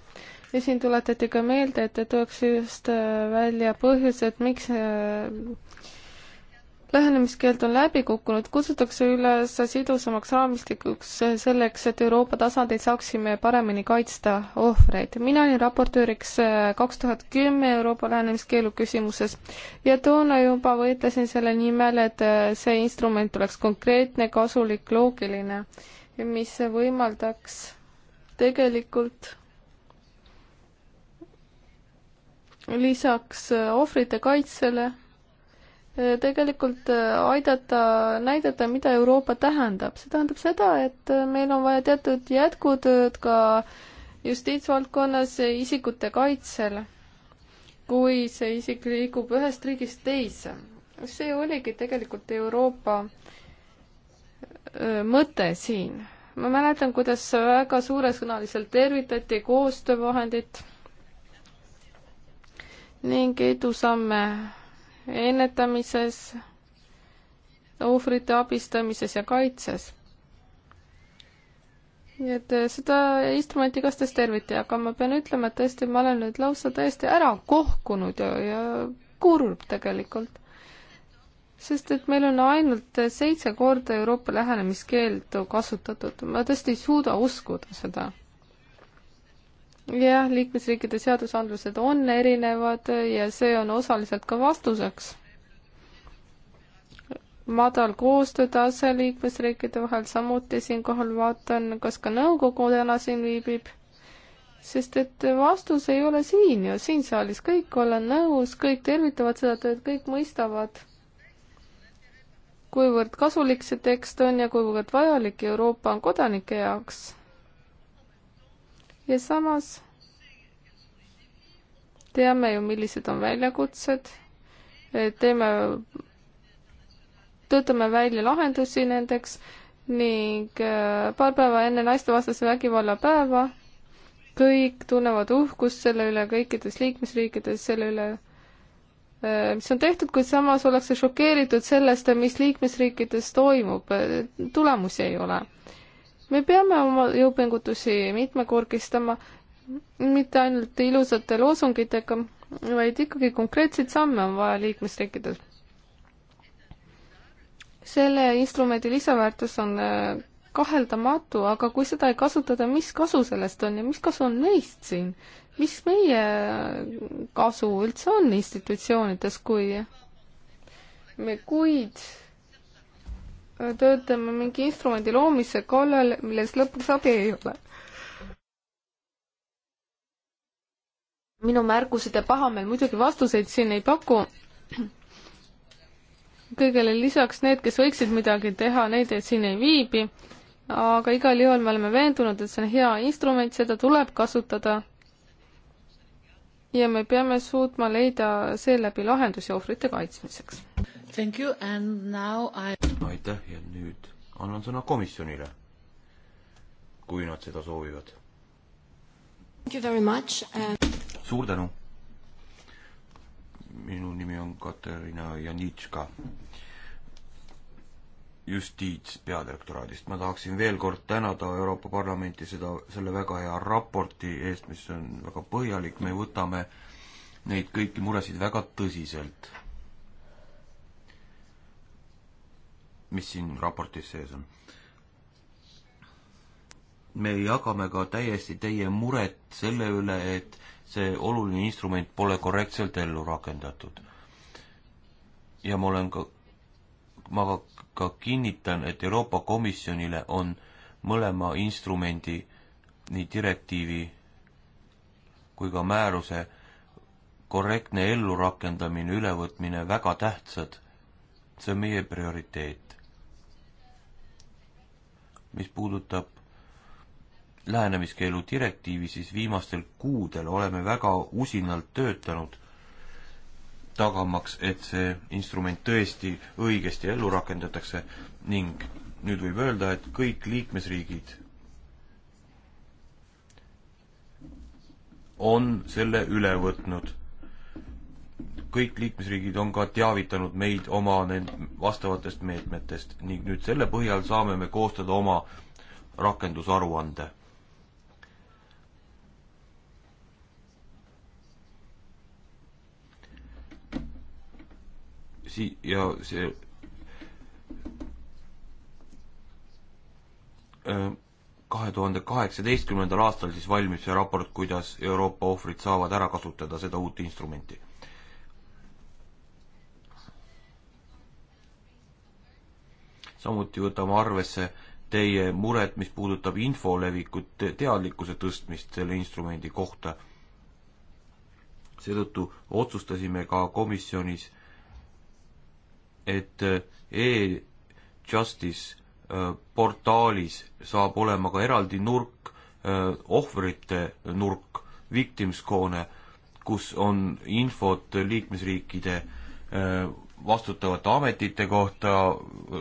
ja siin tuletati ka meelde, et tuuakse just äh, välja põhjused, miks äh, lähenemiskeeld on läbi kukkunud, kutsutakse üles sidusamaks raamistikuks äh, selleks, et Euroopa tasandil saaksime paremini kaitsta ohvreid. mina olin raportööriks kaks tuhat kümme Euroopa lähenemiskeelu küsimuses ja toona juba võitlesin selle nimel, et see instrument oleks konkreetne, kasulik, loogiline, mis võimaldaks tegelikult lisaks äh, ohvrite kaitsele äh, tegelikult äh, aidata näidata, mida Euroopa tähendab. see tähendab seda, et meil on vaja teatud jätkutööd ka justiitsvaldkonnas isikute kaitsel, kui see isik liigub ühest riigist teise. see oligi tegelikult Euroopa mõte siin. ma mäletan, kuidas väga suuresõnaliselt tervitati koostöövahendit ning edusamme ennetamises, ohvrite abistamises ja kaitses. nii et eh, seda instrumenti kastas terviti, aga ma pean ütlema, et tõesti, ma olen nüüd lausa täiesti ära kohkunud ja, ja kurb tegelikult. sest et meil on ainult seitse korda Euroopa lähenemiskeeldu kasutatud, ma tõesti ei suuda uskuda seda jah, liikmesriikide seadusandlused on erinevad ja see on osaliselt ka vastuseks. madal koostöötase liikmesriikide vahel, samuti siinkohal vaatan, kas ka nõukogu täna siin viibib, sest et vastus ei ole siin ju, siin saalis kõik olen nõus, kõik tervitavad seda tööd, kõik mõistavad, kuivõrd kasulik see tekst on ja kuivõrd vajalik Euroopa on kodanike jaoks ja samas teame ju, millised on väljakutsed, teeme, töötame välja lahendusi nendeks ning äh, paar päeva enne naistevastase vägivalla päeva kõik tunnevad uhkust selle üle kõikides liikmesriikides, selle üle, äh, mis on tehtud, kuid samas ollakse šokeeritud sellest, mis liikmesriikides toimub, äh, tulemusi ei ole me peame oma jõupingutusi mitmekordistama, mitte ainult ilusate loosungitega, vaid ikkagi konkreetseid samme on vaja liikmesriikides. selle instrumendi lisaväärtus on äh, kaheldamatu, aga kui seda ei kasutata, mis kasu sellest on ja mis kasu on meist siin? mis meie äh, kasu üldse on institutsioonides, kui me kuid töötame mingi instrumendi loomise kallal, millest lõpuks abi ei ole. minu märkused ja pahameel muidugi vastuseid siin ei paku. kõigele lisaks need, kes võiksid midagi teha, need siin ei viibi, aga igal juhul me oleme veendunud, et see on hea instrument, seda tuleb kasutada. ja me peame suutma leida seeläbi lahendusi ohvrite kaitsmiseks Thank you and now I... aitäh ja nüüd annan sõna komisjonile, kui nad seda soovivad. Thank you very much and... suur tänu. minu nimi on Katariina Janitška justiitspeadirektoraadist. ma tahaksin veel kord tänada Euroopa Parlamenti seda, selle väga hea raporti eest, mis on väga põhjalik, me võtame neid kõiki muresid väga tõsiselt mis siin raportis sees on. me jagame ka täiesti teie muret selle üle, et see oluline instrument pole korrektselt ellu rakendatud. ja ma olen ka, ma ka, ka kinnitan, et Euroopa Komisjonile on mõlema instrumendi, nii direktiivi kui ka määruse korrektne ellurakendamine, ülevõtmine väga tähtsad. see on meie prioriteet mis puudutab lähenemiskeelu direktiivi, siis viimastel kuudel oleme väga usinalt töötanud, tagamaks, et see instrument tõesti õigesti ellu rakendatakse ning nüüd võib öelda, et kõik liikmesriigid on selle üle võtnud kõik liikmesriigid on ka teavitanud meid oma need vastavatest meetmetest ning nüüd selle põhjal saame me koostada oma rakendusaruande. Si- ja see äh, kahe tuhande kaheksateistkümnendal aastal siis valmib see raport, kuidas Euroopa ohvrid saavad ära kasutada seda uut instrumenti samuti võtame arvesse teie muret, mis puudutab info levikut, teadlikkuse tõstmist selle instrumendi kohta. seetõttu otsustasime ka komisjonis, et äh, e-justice äh, portaalis saab olema ka eraldi nurk, äh, ohvrite nurk, victims corner, kus on infot liikmesriikide vastutavate ametite kohta,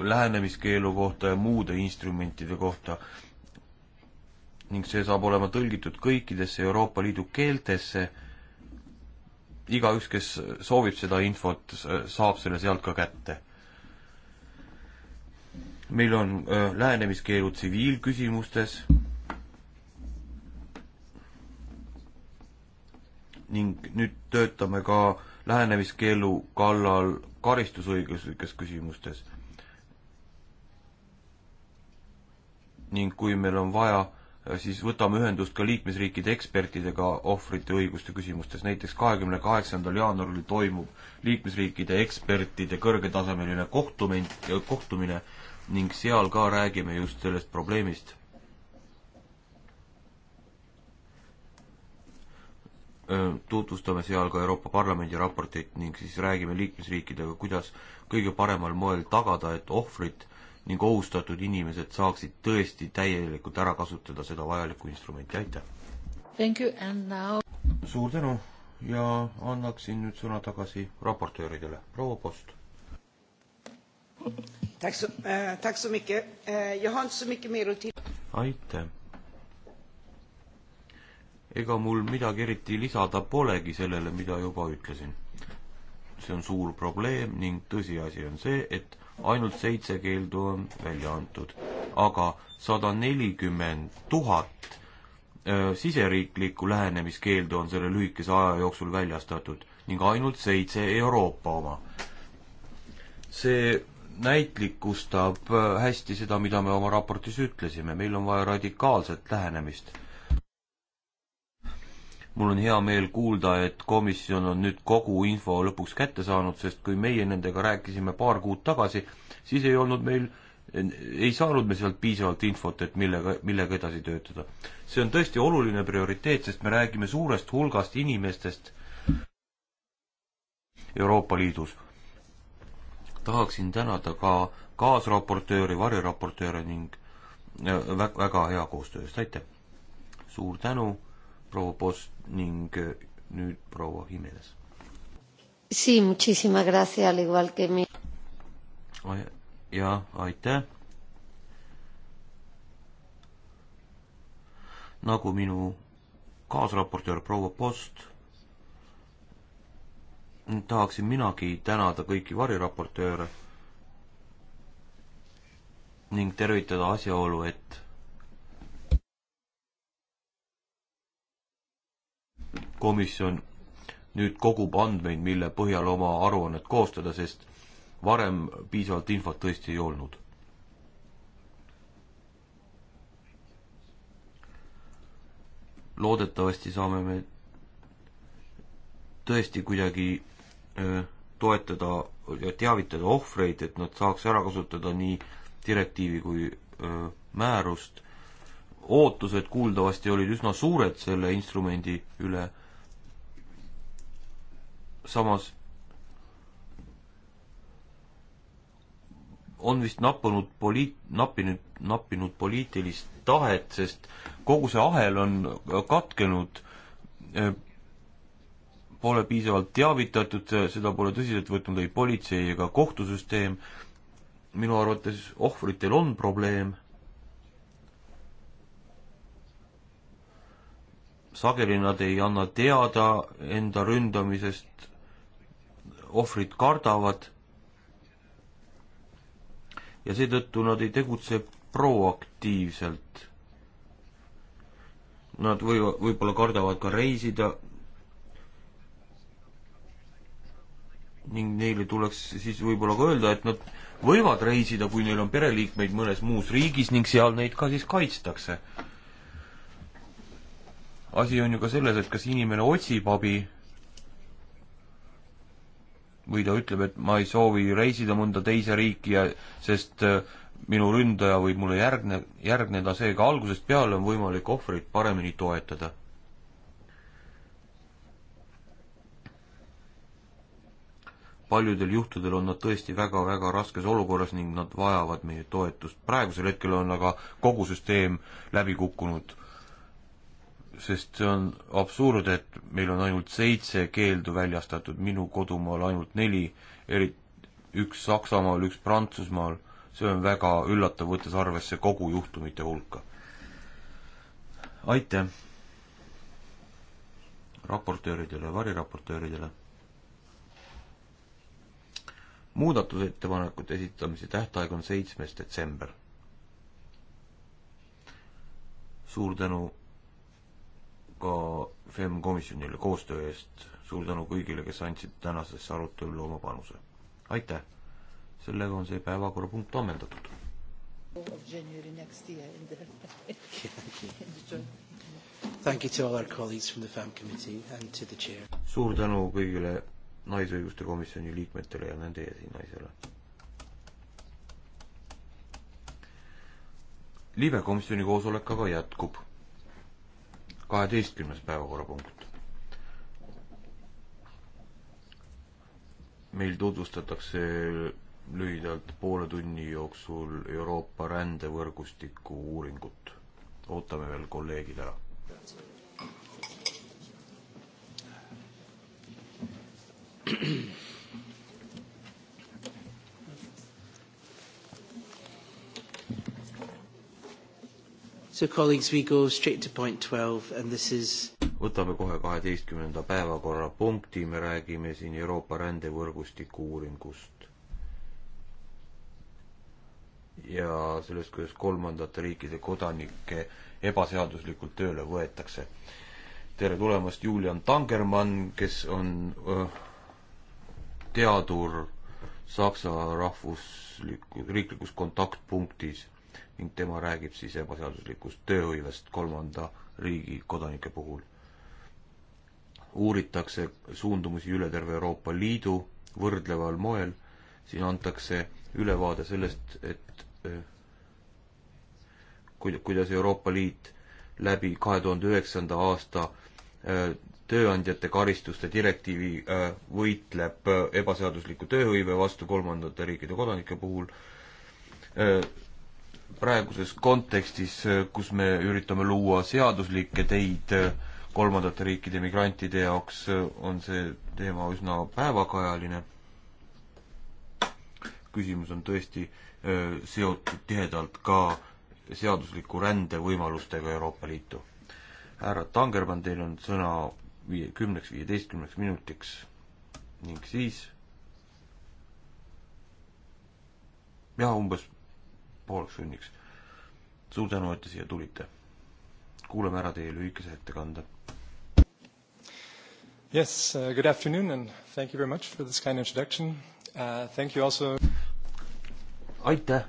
lähenemiskeelu kohta ja muude instrumentide kohta. ning see saab olema tõlgitud kõikidesse Euroopa Liidu keeltesse. igaüks, kes soovib seda infot, saab selle sealt ka kätte. meil on äh, lähenemiskeelu tsiviilküsimustes ning nüüd töötame ka lähenemiskeelu kallal karistusõiguslikes küsimustes. ning kui meil on vaja, äh, siis võtame ühendust ka liikmesriikide ekspertidega ohvrite õiguste küsimustes, näiteks kahekümne kaheksandal jaanuaril toimub liikmesriikide ekspertide kõrgetasemeline kohtumine, kohtumine ning seal ka räägime just sellest probleemist tutvustame seal ka Euroopa Parlamendi raportit ning siis räägime liikmesriikidega, kuidas kõige paremal moel tagada, et ohvrid ning ohustatud inimesed saaksid tõesti täielikult ära kasutada seda vajalikku instrumenti, aitäh! Now... suur tänu ja annaksin nüüd sõna tagasi raportööridele, proua Post. Eh, eh, aitäh! ega mul midagi eriti lisada polegi sellele, mida juba ütlesin. see on suur probleem ning tõsiasi on see, et ainult seitse keeldu on välja antud, aga sada nelikümmend tuhat siseriiklikku lähenemiskeeldu on selle lühikese aja jooksul väljastatud ning ainult seitse Euroopa oma. see näitlikustab hästi seda, mida me oma raportis ütlesime, meil on vaja radikaalset lähenemist mul on hea meel kuulda, et komisjon on nüüd kogu info lõpuks kätte saanud, sest kui meie nendega rääkisime paar kuud tagasi, siis ei olnud meil, ei saanud me sealt piisavalt infot, et millega, millega edasi töötada. see on tõesti oluline prioriteet, sest me räägime suurest hulgast inimestest Euroopa Liidus. tahaksin tänada ka kaasraportööri, variraportööre ning äh, väga, väga hea koostöö eest, aitäh! suur tänu! proua Post ning eh, nüüd proua Jimenez. Sí, muchísimas gracias, al igual que mi... jah, aitäh. nagu minu kaasraportöör proua Post, tahaksin minagi tänada kõiki variraportööre ning tervitada asjaolu, et komisjon nüüd kogub andmeid, mille põhjal oma aruannet koostada, sest varem piisavalt infot tõesti ei olnud. loodetavasti saame me tõesti kuidagi öö, toetada ja teavitada ohvreid, et nad saaks ära kasutada nii direktiivi kui öö, määrust. ootused kuuldavasti olid üsna suured selle instrumendi üle samas on vist nappunud poliit-, nappinud, nappinud poliitilist tahet, sest kogu see ahel on äh, katkenud, äh, pole piisavalt teavitatud, seda pole tõsiselt võtnud ei politsei ega kohtusüsteem, minu arvates ohvritel on probleem, sageli nad ei anna teada enda ründamisest ohvrid kardavad ja seetõttu nad ei tegutse proaktiivselt. Nad või, võib-olla kardavad ka reisida ning neile tuleks siis võib-olla ka öelda, et nad võivad reisida, kui neil on pereliikmeid mõnes muus riigis ning seal neid ka siis kaitstakse. asi on ju ka selles, et kas inimene otsib abi või ta ütleb, et ma ei soovi reisida mõnda teise riiki ja sest äh, minu ründaja võib mulle järgne, järgneda, seega algusest peale on võimalik ohvrit paremini toetada. paljudel juhtudel on nad tõesti väga-väga raskes olukorras ning nad vajavad meie toetust. praegusel hetkel on aga kogu süsteem läbi kukkunud sest see on absurd, et meil on ainult seitse keeldu väljastatud, minu kodumaal ainult neli, eri, üks Saksamaal, üks Prantsusmaal, see on väga üllatav, võttes arvesse kogu juhtumite hulka. aitäh raportööridele, variraportööridele. muudatusettepanekute esitamise tähtaeg on seitsmes detsember. suur tänu ka FEM komisjonile koostöö eest, suur tänu kõigile, kes andsid tänasesse arutelule oma panuse. aitäh! sellega on see päevakorrapunkt ammendatud. suur tänu kõigile naisõiguste komisjoni liikmetele ja nende esinaisele. libekomisjoni koosolek aga jätkub kaheteistkümnes päevakorrapunkt. meil tutvustatakse lühidalt poole tunni jooksul Euroopa rändevõrgustiku uuringut. ootame veel kolleegid ära. Mm-hmm. So colleagues, we go straight to point twelve and this is võtame kohe kaheteistkümnenda päevakorrapunkti, me räägime siin Euroopa rändevõrgustiku uuringust. ja sellest, kuidas kolmandate riikide kodanikke ebaseaduslikult tööle võetakse. tere tulemast, Julian Tangermann, kes on öö, teadur Saksa rahvusliku, riiklikus kontaktpunktis ning tema räägib siis ebaseaduslikust tööhõivest kolmanda riigi kodanike puhul. uuritakse suundumusi üle terve Euroopa Liidu võrdleval moel, siin antakse ülevaade sellest, et äh, kuidas Euroopa Liit läbi kahe tuhande üheksanda aasta äh, tööandjate karistuste direktiivi äh, võitleb ebaseadusliku tööhõive vastu kolmandate riikide kodanike puhul, praeguses kontekstis, kus me üritame luua seaduslikke teid kolmandate riikide migrantide jaoks, on see teema üsna päevakajaline. küsimus on tõesti äh, seotud tihedalt ka seadusliku rände võimalustega Euroopa Liitu. härra Tangermann, teil on sõna viie, kümneks, viieteistkümneks minutiks ning siis jah, umbes pooleks tunniks. suur tänu, et te siia tulite. kuulame ära teie lühikese ettekande. Yes, uh, good afternoon and thank you very much for this kind introduction uh,. Thank you also. aitäh,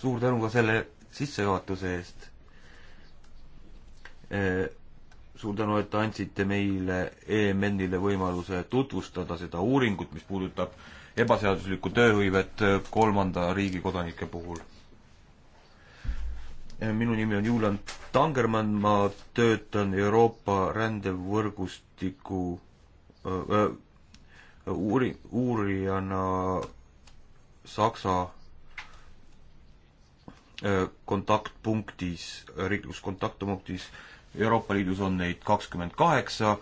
suur tänu ka selle sissejuhatuse eest uh, suur tänu, et andsite meile, EMN-ile võimaluse tutvustada seda uuringut, mis puudutab ebaseaduslikku tööhõivet uh, kolmanda riigi kodanike puhul minu nimi on Julian Tangermann, ma töötan Euroopa rändevõrgustiku äh, uuri-, uurijana Saksa äh, kontaktpunktis, riiklikus kontaktpunktis, Euroopa Liidus on neid kakskümmend kaheksa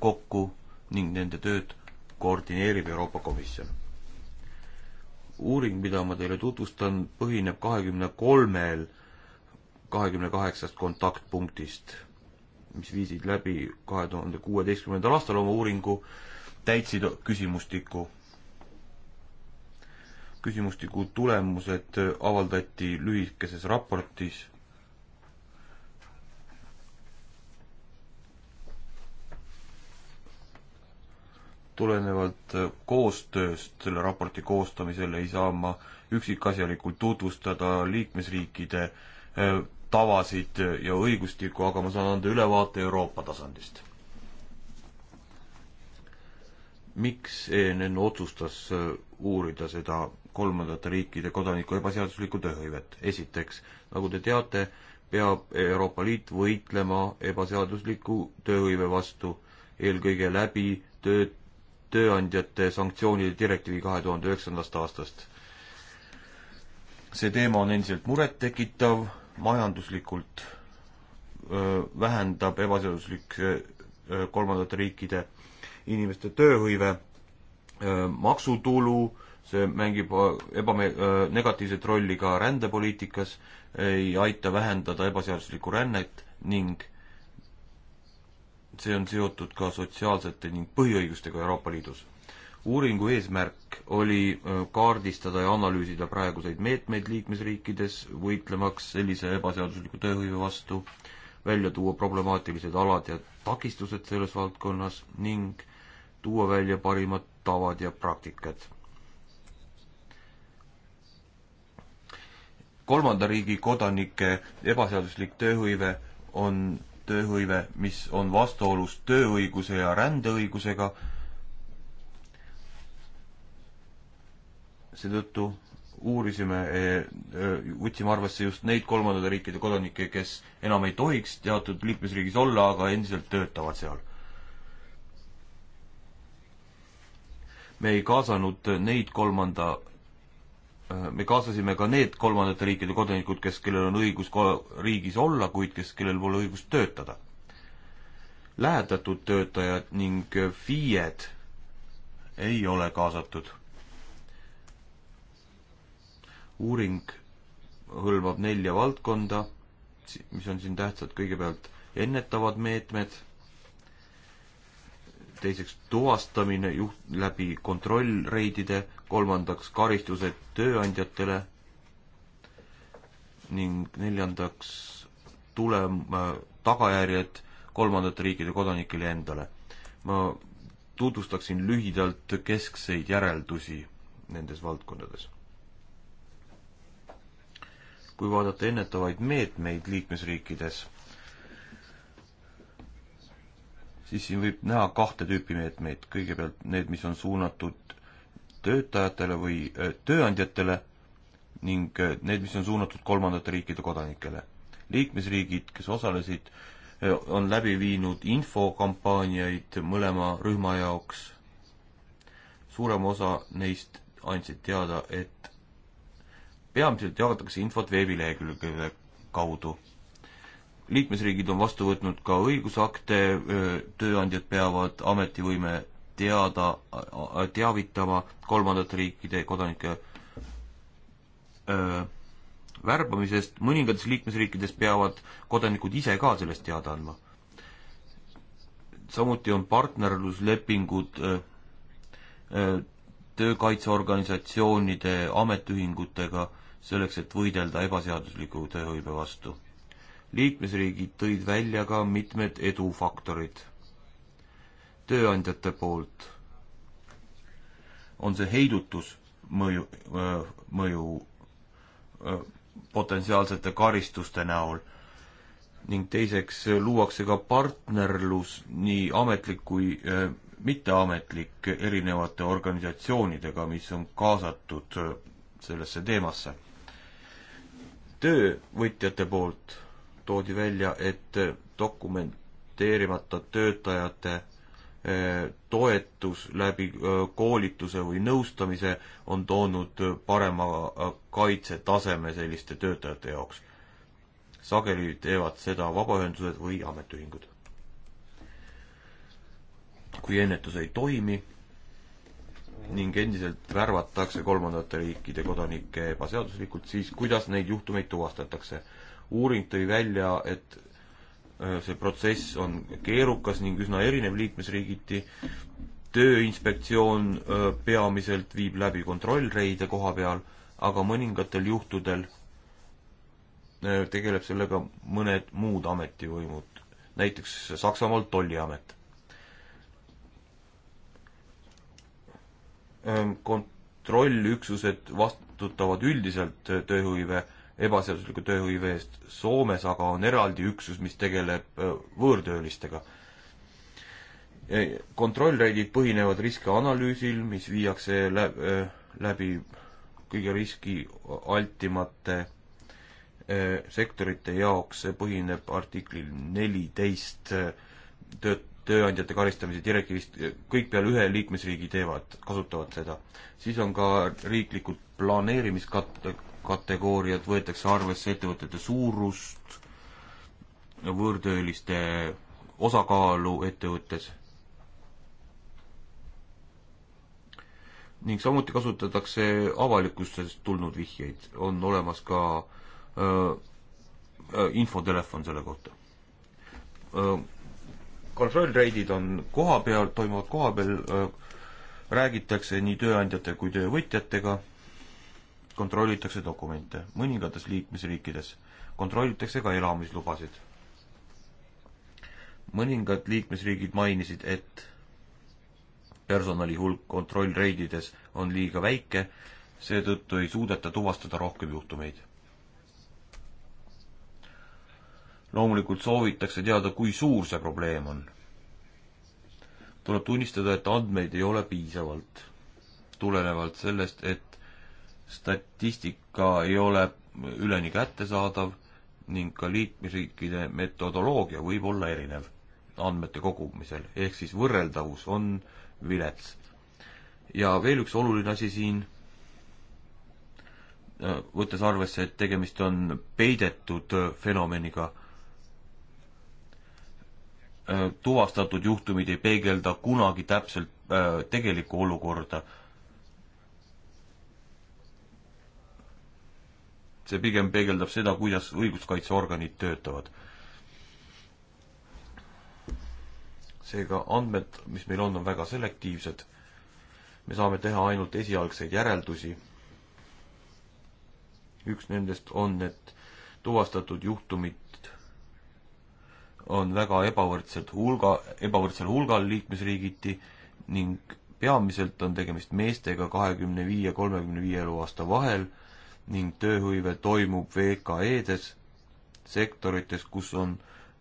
kokku ning nende tööd koordineerib Euroopa Komisjon uuring, mida ma teile tutvustan, põhineb kahekümne kolmel kahekümne kaheksast kontaktpunktist, mis viisid läbi kahe tuhande kuueteistkümnendal aastal oma uuringu, täitsid küsimustiku. küsimustiku tulemused avaldati lühikeses raportis tulenevalt äh, koostööst selle raporti koostamisel ei saa ma üksikasjalikult tutvustada liikmesriikide äh, tavasid ja õigustikku, aga ma saan anda ülevaate Euroopa tasandist. miks ENN otsustas äh, uurida seda kolmandate riikide kodaniku ebaseaduslikku tööhõivet? esiteks, nagu te teate, peab Euroopa Liit võitlema ebaseadusliku tööhõive vastu, eelkõige läbi tööd tööandjate sanktsioonide direktiivi kahe tuhande üheksandast aastast. see teema on endiselt murettekitav, majanduslikult öö, vähendab ebaseaduslik kolmandate riikide inimeste tööhõive, maksutulu, see mängib ebame-, negatiivset rolli ka rändepoliitikas, ei aita vähendada ebaseaduslikku rännet ning see on seotud ka sotsiaalsete ning põhiõigustega Euroopa Liidus. uuringu eesmärk oli äh, kaardistada ja analüüsida praeguseid meetmeid liikmesriikides, võitlemaks sellise ebaseadusliku tööhõive vastu, välja tuua problemaatilised alad ja takistused selles valdkonnas ning tuua välja parimad tavad ja praktikad. kolmanda riigi kodanike ebaseaduslik tööhõive on tööhõive, mis on vastuolus tööõiguse ja rändeõigusega. seetõttu uurisime, eh, eh, võtsime arvesse just neid kolmandate riikide kodanikke, kes enam ei tohiks teatud liikmesriigis olla, aga endiselt töötavad seal. me ei kaasanud neid kolmanda Äh, me kaasasime ka need kolmandate riikide kodanikud, kes, kellel on õigus ko-, riigis olla, kuid kes, kellel pole õigust töötada. lähetatud töötajad ning FIE-d ei ole kaasatud. uuring hõlmab nelja valdkonda, mis on siin tähtsad, kõigepealt ennetavad meetmed teiseks tuvastamine juht-, läbi kontrollreidide, kolmandaks karistused tööandjatele ning neljandaks tulem-, äh, tagajärjed kolmandate riikide kodanikele endale. ma tutvustaksin lühidalt keskseid järeldusi nendes valdkondades. kui vaadata ennetavaid meetmeid liikmesriikides siis siin võib näha kahte tüüpi meetmeid, kõigepealt need, mis on suunatud töötajatele või äh, tööandjatele ning äh, need, mis on suunatud kolmandate riikide kodanikele. liikmesriigid, kes osalesid, äh, on läbi viinud infokampaaniaid mõlema rühma jaoks. suurem osa neist andsid teada, et peamiselt jagatakse infot veebilehekülgede kaudu liikmesriigid on vastu võtnud ka õigusakte, tööandjad peavad ametivõime teada, teavitama kolmandate riikide kodanike öö, värbamisest, mõningates liikmesriikides peavad kodanikud ise ka sellest teada andma. samuti on partnerluslepingud öö, öö, töökaitseorganisatsioonide, ametiühingutega, selleks et võidelda ebaseadusliku tööhõive vastu liikmesriigid tõid välja ka mitmed edufaktorid. tööandjate poolt on see heidutusmõju, mõju äh, äh, potentsiaalsete karistuste näol ning teiseks äh, luuakse ka partnerlus nii ametlik kui mitteametlik erinevate organisatsioonidega, mis on kaasatud sellesse teemasse. töövõtjate poolt toodi välja, et dokumenteerimata töötajate eh, toetus läbi eh, koolituse või nõustamise on toonud parema eh, kaitsetaseme selliste töötajate jaoks. sageli teevad seda vabaühendused või ametiühingud. kui ennetus ei toimi ning endiselt värvatakse kolmandate riikide kodanikke ebaseaduslikult, siis kuidas neid juhtumeid tuvastatakse? uuring tõi välja, et äh, see protsess on keerukas ning üsna erinev liikmesriigiti. tööinspektsioon äh, peamiselt viib läbi kontrollreide koha peal, aga mõningatel juhtudel äh, tegeleb sellega mõned muud ametivõimud, näiteks Saksamaal tolliamet. kontrollüksused vastutavad üldiselt tööhõive ebaseadusliku tööhõive eest. Soomes aga on eraldi üksus, mis tegeleb äh, võõrtöölistega. E, kontrollreeglid põhinevad riskianalüüsil, mis viiakse äh, läbi kõige riskialtimate äh, sektorite jaoks, see põhineb artiklil neliteist töö, tööandjate karistamise direktiivist, kõik peale ühe liikmesriigi teevad, kasutavad seda. siis on ka riiklikud planeerimiskate-, kategooriat, võetakse arvesse ettevõtete suurust, võõrtööliste osakaalu ettevõttes. ning samuti kasutatakse avalikkusest tulnud vihjeid, on olemas ka öö, infotelefon selle kohta. kontrollreidid on koha peal, toimuvad koha peal, räägitakse nii tööandjate kui töövõtjatega kontrollitakse dokumente, mõningates liikmesriikides kontrollitakse ka elamislubasid. mõningad liikmesriigid mainisid, et personali hulk kontrollreidides on liiga väike, seetõttu ei suudeta tuvastada rohkem juhtumeid. loomulikult soovitakse teada, kui suur see probleem on. tuleb tunnistada, et andmeid ei ole piisavalt, tulenevalt sellest, et statistika ei ole üleni kättesaadav ning ka liikmesriikide metodoloogia võib olla erinev andmete kogumisel, ehk siis võrreldavus on vilets. ja veel üks oluline asi siin, äh, võttes arvesse, et tegemist on peidetud äh, fenomeniga, äh, tuvastatud juhtumid ei peegelda kunagi täpselt tegelikku olukorda see pigem peegeldab seda, kuidas õiguskaitseorganid töötavad. seega andmed, mis meil on, on väga selektiivsed, me saame teha ainult esialgseid järeldusi, üks nendest on, et tuvastatud juhtumid on väga ebavõrdselt hulga, ebavõrdsel hulgal liikmesriigiti ning peamiselt on tegemist meestega kahekümne viie, kolmekümne viie eluaasta vahel ning tööhõive toimub VKE-des, sektorites, kus on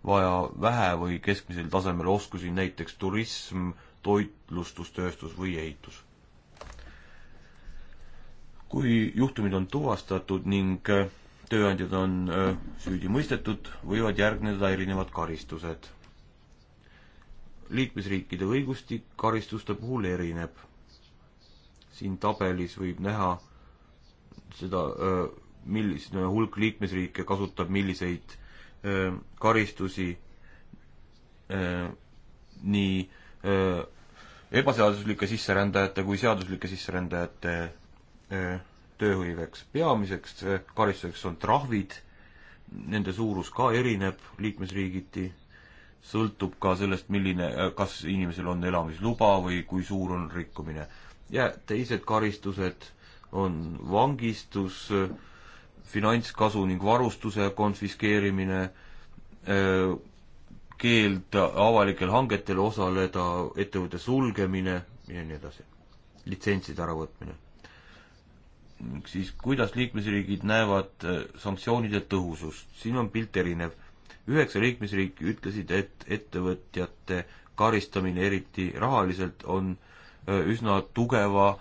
vaja vähe või keskmisel tasemel oskusi, näiteks turism, toitlustustööstus või ehitus. kui juhtumid on tuvastatud ning äh, tööandjad on äh, süüdi mõistetud, võivad järgneda erinevad karistused. liikmesriikide õigustik karistuste puhul erineb. siin tabelis võib näha seda, äh, milline hulk liikmesriike kasutab milliseid äh, karistusi äh, nii ebaseaduslike sisserändajate kui seaduslike sisserändajate tööhõiveks. peamiseks karistuseks on trahvid, nende suurus ka erineb liikmesriigiti, sõltub ka sellest, milline, kas inimesel on elamisluba või kui suur on rikkumine. ja teised karistused on vangistus, finantskasu ning varustuse konfiskeerimine, keeld avalikel hangetel osaleda, ettevõtte sulgemine ja nii edasi, litsentside äravõtmine. siis kuidas liikmesriigid näevad sanktsioonide tõhusust, siin on pilt erinev. üheksa liikmesriiki ütlesid, et ettevõtjate karistamine, eriti rahaliselt, on üsna tugeva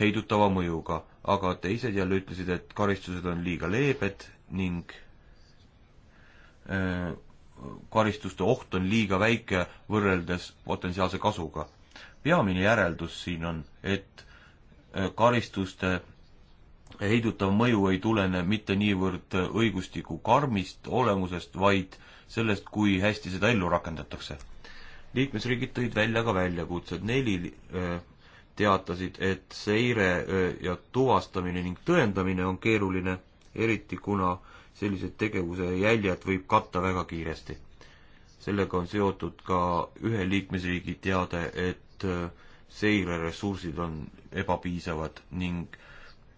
heidutava mõjuga aga teised jälle ütlesid, et karistused on liiga leebed ning äh, karistuste oht on liiga väike võrreldes potentsiaalse kasuga. peamine järeldus siin on, et äh, karistuste heidutav mõju ei tulene mitte niivõrd äh, õigustiku karmist olemusest, vaid sellest, kui hästi seda ellu rakendatakse. liikmesriigid tõid välja ka väljakutsed, neli teatasid, et seire ja tuvastamine ning tõendamine on keeruline, eriti kuna sellise tegevuse jäljed võib katta väga kiiresti. sellega on seotud ka ühe liikmesriigi teade, et seireressursid on ebapiisavad ning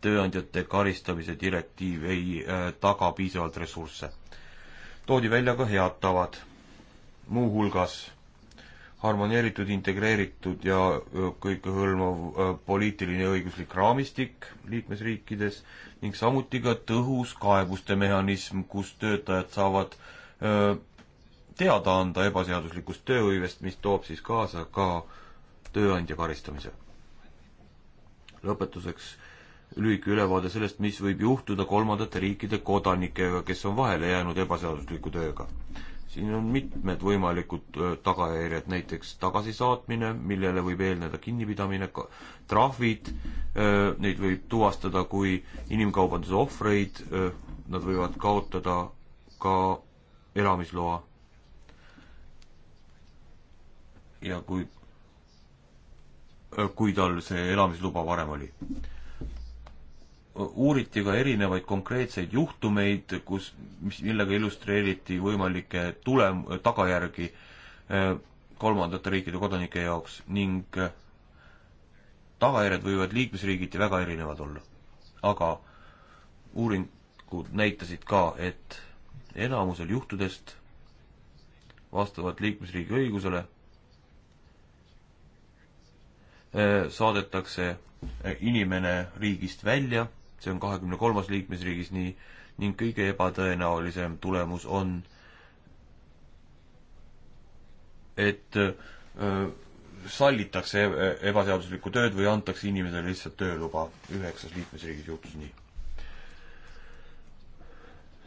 tööandjate karistamise direktiiv ei taga piisavalt ressursse. toodi välja ka head tavad, muuhulgas harmoneeritud, integreeritud ja kõikehõlmav poliitiline ja õiguslik raamistik liikmesriikides ning samuti ka tõhus kaebuste mehhanism, kus töötajad saavad öö, teada anda ebaseaduslikust tööhõivest, mis toob siis kaasa ka tööandja karistamise. lõpetuseks lühike ülevaade sellest, mis võib juhtuda kolmandate riikide kodanikega, kes on vahele jäänud ebaseadusliku tööga siin on mitmed võimalikud tagajärjed, näiteks tagasisaatmine, millele võib eelneda kinnipidamine, trahvid, neid võib tuvastada kui inimkaubanduse ohvreid, nad võivad kaotada ka elamisloa. ja kui, kui tal see elamisluba varem oli uuriti ka erinevaid konkreetseid juhtumeid, kus, mis, millega illustreeriti võimalikke tulem-, tagajärgi äh, kolmandate riikide kodanike jaoks ning äh, tagajärjed võivad liikmesriigiti väga erinevad olla. aga uuringud näitasid ka, et enamusel juhtudest vastavalt liikmesriigi õigusele äh, saadetakse inimene riigist välja see on kahekümne kolmas liikmesriigis nii, ning kõige ebatõenäolisem tulemus on, et sallitakse e-, ebaseaduslikku tööd või antakse inimesele lihtsalt tööluba. üheksas liikmesriigis juhtus nii.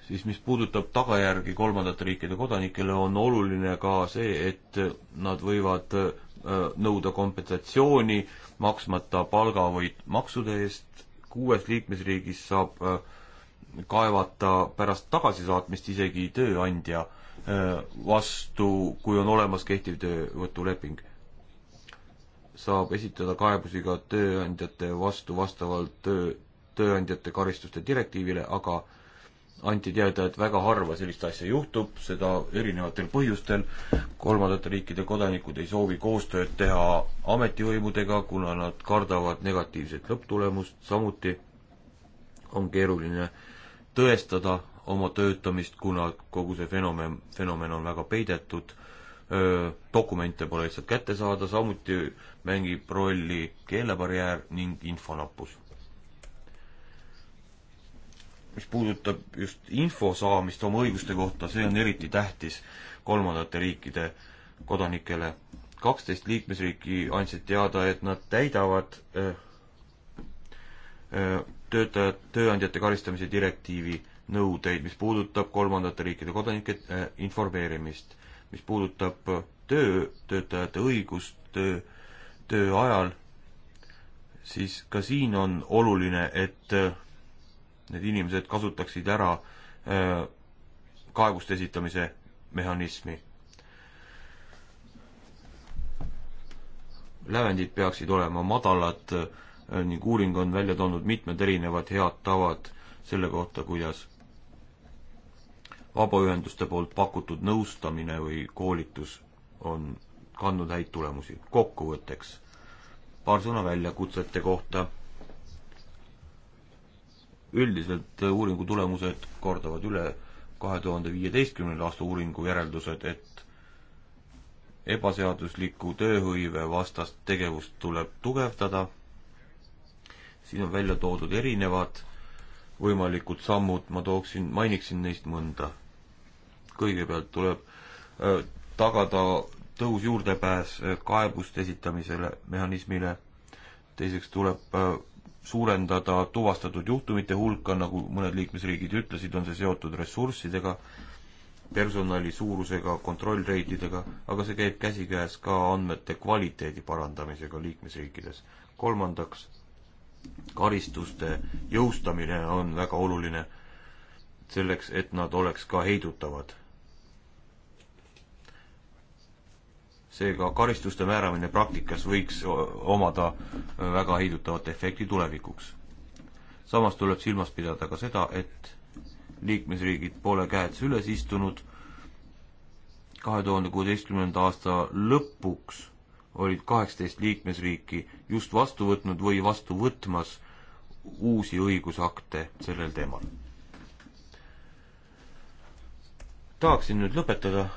siis mis puudutab tagajärgi kolmandate riikide kodanikele, on oluline ka see, et nad võivad nõuda kompensatsiooni maksmata palga või maksude eest kuues liikmesriigis saab äh, kaevata pärast tagasisaatmist isegi tööandja äh, vastu, kui on olemas kehtiv töövõtuleping. saab esitada kaebusi ka tööandjate vastu vastavalt töö, tööandjate karistuste direktiivile, aga äh, anti teada, et väga harva sellist asja juhtub, seda erinevatel põhjustel. kolmandate riikide kodanikud ei soovi koostööd teha ametivõimudega, kuna nad kardavad negatiivset lõpptulemust, samuti on keeruline tõestada oma töötamist, kuna kogu see fenomen, fenomen on väga peidetud, dokumente pole lihtsalt kätte saada, samuti mängib rolli keelebarjäär ning infonappus mis puudutab just info saamist oma õiguste kohta, see on eriti tähtis kolmandate riikide kodanikele. kaksteist liikmesriiki andsid teada, et nad täidavad öö, eh, öö, eh, töötajad, tööandjate karistamise direktiivi nõudeid, mis puudutab kolmandate riikide kodanike äh, informeerimist, mis puudutab töö, töötajate õigust töö, töö ajal, siis ka siin on oluline, et äh, need inimesed kasutaksid ära kaebuste esitamise mehhanismi. lävendid peaksid olema madalad ning uuring on välja toonud mitmed erinevad head tavad selle kohta, kuidas vabaühenduste poolt pakutud nõustamine või koolitus on kandnud häid tulemusi. kokkuvõtteks paar sõna väljakutsete kohta üldiselt äh, uuringu tulemused kordavad üle kahe tuhande viieteistkümnenda aasta uuringu järeldused, et ebaseadusliku tööhõive vastast tegevust tuleb tugevdada. siin on välja toodud erinevad võimalikud sammud, ma tooksin, mainiksin neist mõnda. kõigepealt tuleb öö, äh, tagada tõhus juurdepääs äh, kaebuste esitamisele mehhanismile, teiseks tuleb öö, suurendada tuvastatud juhtumite hulka, nagu mõned liikmesriigid ütlesid, on see seotud ressurssidega, personali suurusega, kontrollreididega, aga see käib käsikäes ka andmete kvaliteedi parandamisega liikmesriikides. kolmandaks, karistuste jõustamine on väga oluline selleks, et nad oleks ka heidutavad seega karistuste määramine praktikas võiks omada äh, väga heidutavat efekti tulevikuks. samas tuleb silmas pidada ka seda, et liikmesriigid pole käed süles istunud, kahe tuhande kuueteistkümnenda aasta lõpuks olid kaheksateist liikmesriiki just vastu võtnud või vastu võtmas uusi õigusakte sellel teemal. tahaksin nüüd lõpetada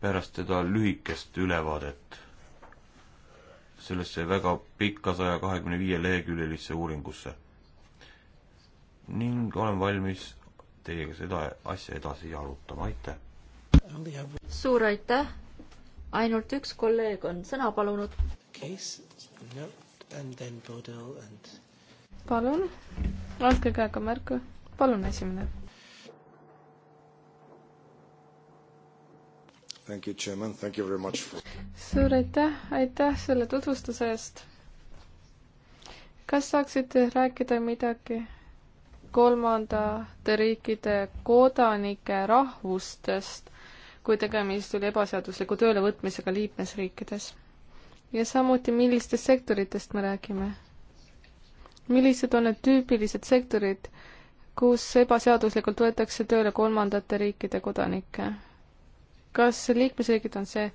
pärast seda lühikest ülevaadet sellesse väga pikka saja kahekümne viie leheküljelisse uuringusse. ning olen valmis teiega seda asja edasi arutama, aitäh! suur aitäh! ainult üks kolleeg on sõna palunud. No. And... palun, andke käega märku. palun, esimene Thank you, Chairman, thank you very much for... suur aitäh, aitäh selle tutvustuse eest. kas saaksite rääkida midagi kolmandate riikide kodanike rahvustest, kui tegemist oli ebaseadusliku töölevõtmisega liikmesriikides? ja samuti, millistest sektoritest me räägime? millised on need tüüpilised sektorid, kus ebaseaduslikult võetakse tööle kolmandate riikide kodanikke? kas liikmesriigid on see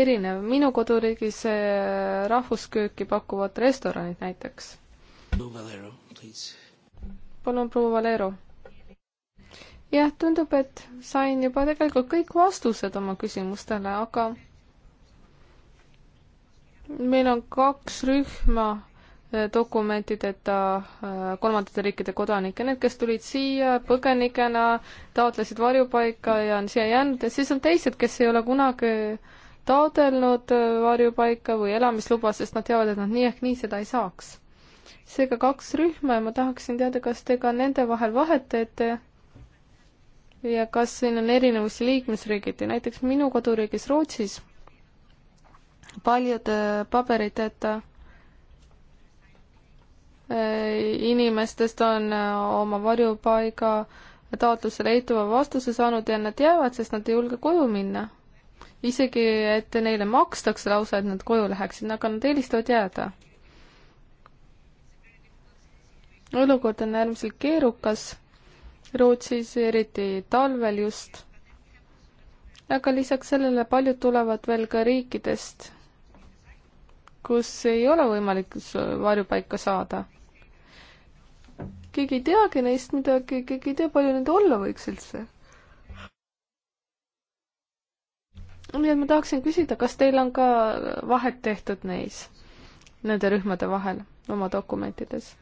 erinev, minu koduriigis äh, rahvuskööki pakuvad restoranid näiteks. palun, proua Valero. jah, tundub, et sain juba tegelikult kõik vastused oma küsimustele, aga meil on kaks rühma Äh, dokumentideta äh, kolmandate riikide kodanikke, need, kes tulid siia põgenikena, taotlesid varjupaika ja on siia jäänud ja siis on teised, kes ei ole kunagi taodelnud äh, varjupaika või elamisluba, sest nad teavad, et nad nii ehk nii seda ei saaks. seega kaks rühma ja ma tahaksin teada, kas te ka nende vahel vahet teete ja kas siin on erinevusi liikmesriigiti, näiteks minu koduriigis Rootsis paljud paberiteta äh, Äh, inimestest on äh, oma varjupaiga taotlusele eitava vastuse saanud ja nad jäävad, sest nad ei julge koju minna. isegi, et neile makstakse lausa, et nad koju läheksid, aga nad eelistavad jääda. olukord on äärmiselt keerukas Rootsis, eriti talvel just. aga lisaks sellele paljud tulevad veel ka riikidest, kus ei ole võimalik varjupaika saada keegi ei teagi neist midagi, keegi ei tea, palju neid olla võiks üldse. nii et ma tahaksin küsida, kas teil on ka vahet tehtud neis, nende rühmade vahel oma dokumentides?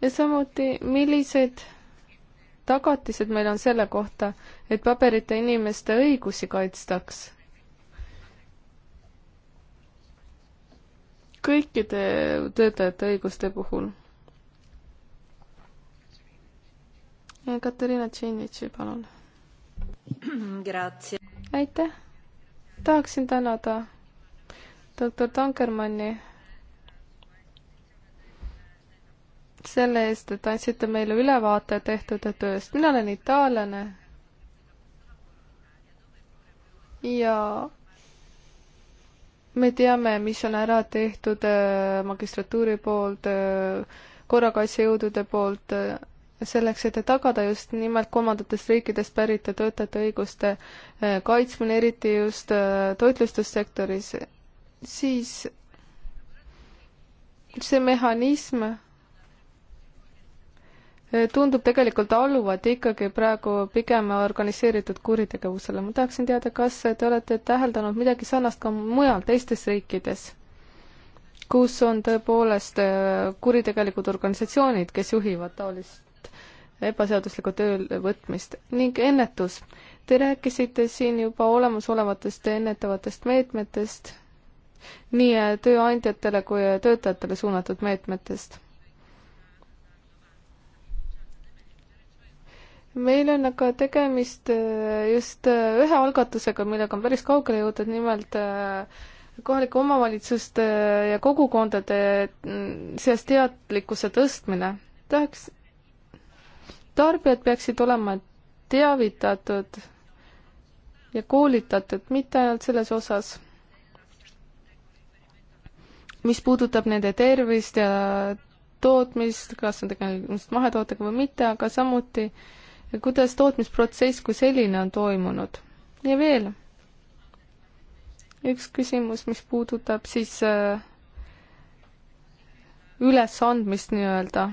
ja samuti, millised tagatised meil on selle kohta, et paberita inimeste õigusi kaitstaks? kõikide töötajate õiguste puhul Katariina Tšinitši, palun. aitäh. tahaksin tänada doktor Tankermanni selle eest, et andsite meile ülevaate tehtud tööst. mina olen itaallane. ja me teame, mis on ära tehtud äh, magistratuuri poolt, äh, korrakaitsejõudude poolt äh, selleks, et tagada just nimelt kolmandatest riikidest pärit töötajate õiguste eh, kaitsmine, eriti just eh, toitlustussektoris, siis see mehhanism eh, tundub tegelikult alluvat ikkagi praegu pigem organiseeritud kuritegevusele. ma tahaksin teada, kas te olete täheldanud midagi sarnast ka mujal, teistes riikides, kus on tõepoolest kuritegelikud organisatsioonid, kes juhivad taolist ebaseaduslikku töövõtmist ning ennetus. Te rääkisite siin juba olemasolevatest ennetavatest meetmetest, nii äh, tööandjatele kui äh, töötajatele suunatud meetmetest. meil on aga tegemist äh, just ühe algatusega, millega on päris kaugele jõudnud, nimelt kohalike omavalitsuste ja kogukondade mm, seas teadlikkuse tõstmine tahaks tarbijad peaksid olema teavitatud ja koolitatud mitte ainult selles osas, mis puudutab nende tervist ja tootmist, kas on tegemist mahetootega või mitte, aga samuti kuidas tootmisprotsess kui selline on toimunud. ja veel üks küsimus, mis puudutab siis äh, ülesandmist nii-öelda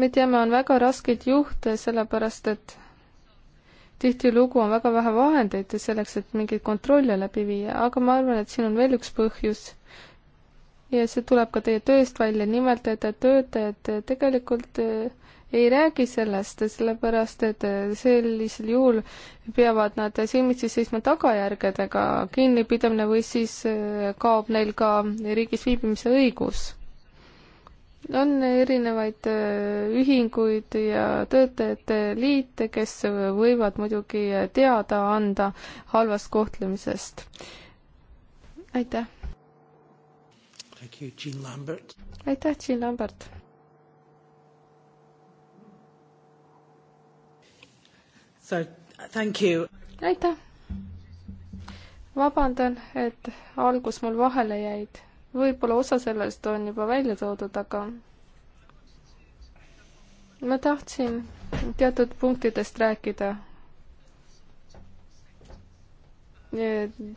me teame, on väga raskeid juhte, sellepärast et tihtilugu on väga vähe vahendeid selleks, et mingeid kontrolle läbi viia, aga ma arvan, et siin on veel üks põhjus. ja see tuleb ka teie tööst välja, nimelt, et töötajad tegelikult eh, ei räägi sellest, sellepärast et eh, sellisel juhul peavad nad silmitsi seisma tagajärgedega, kinnipidamine või siis eh, kaob neil ka riigis viibimise õigus on erinevaid äh, ühinguid ja töötajate liite, kes võivad muidugi teada anda halvast kohtlemisest. aitäh. aitäh, Jean Lambert. aitäh. vabandan, et algus mul vahele jäid võib-olla osa sellest on juba välja toodud, aga ma tahtsin teatud punktidest rääkida.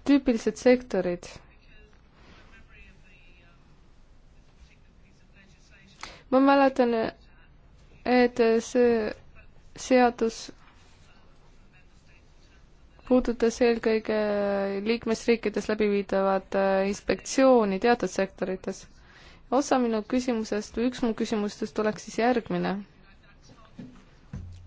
tüüpilised sektorid. ma mäletan, et see seadus puudutas eelkõige liikmesriikides läbiviidavat äh, inspektsiooni teatud sektorites. osa minu küsimusest või üks mu küsimustest oleks siis järgmine.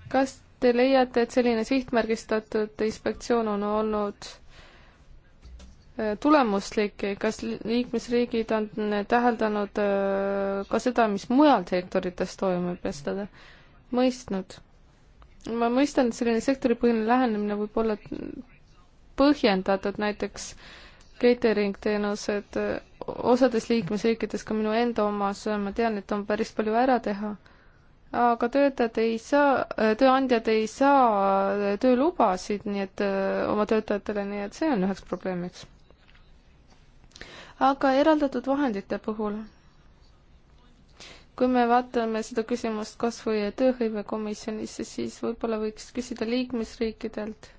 kas te leiate, et selline sihtmärgistatud inspektsioon on olnud äh, tulemuslik, kas liikmesriigid on täheldanud äh, ka seda, mis mujal sektorites toimub ja seda mõistnud? ma mõistan, et selline sektoripõhine lähenemine võib olla põhjendatud, näiteks catering teenused osades liikmesriikides, ka minu enda omas, ma tean, et on päris palju ära teha, aga töötajad ei saa, tööandjad ei saa töölubasid, nii et oma töötajatele, nii et see on üheks probleemiks. aga eraldatud vahendite puhul kui me vaatame seda küsimust kas või tööhõivekomisjonisse, siis võib-olla võiks küsida liikmesriikidelt.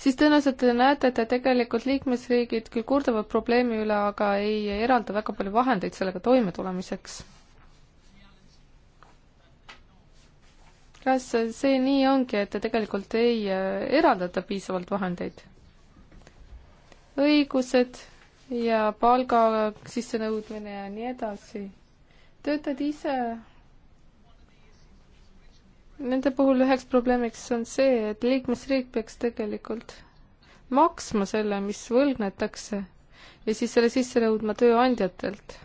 siis tõenäoliselt te näete, et tegelikult liikmesriigid küll kurdavad probleemi üle, aga ei eralda väga palju vahendeid sellega toimetulemiseks kas see nii ongi, et tegelikult ei äh, eraldata piisavalt vahendeid? õigused ja palga sissenõudmine ja nii edasi. töötajad ise, nende puhul üheks probleemiks on see, et liikmesriik peaks tegelikult maksma selle, mis võlgnetakse ja siis selle sisse nõudma tööandjatelt.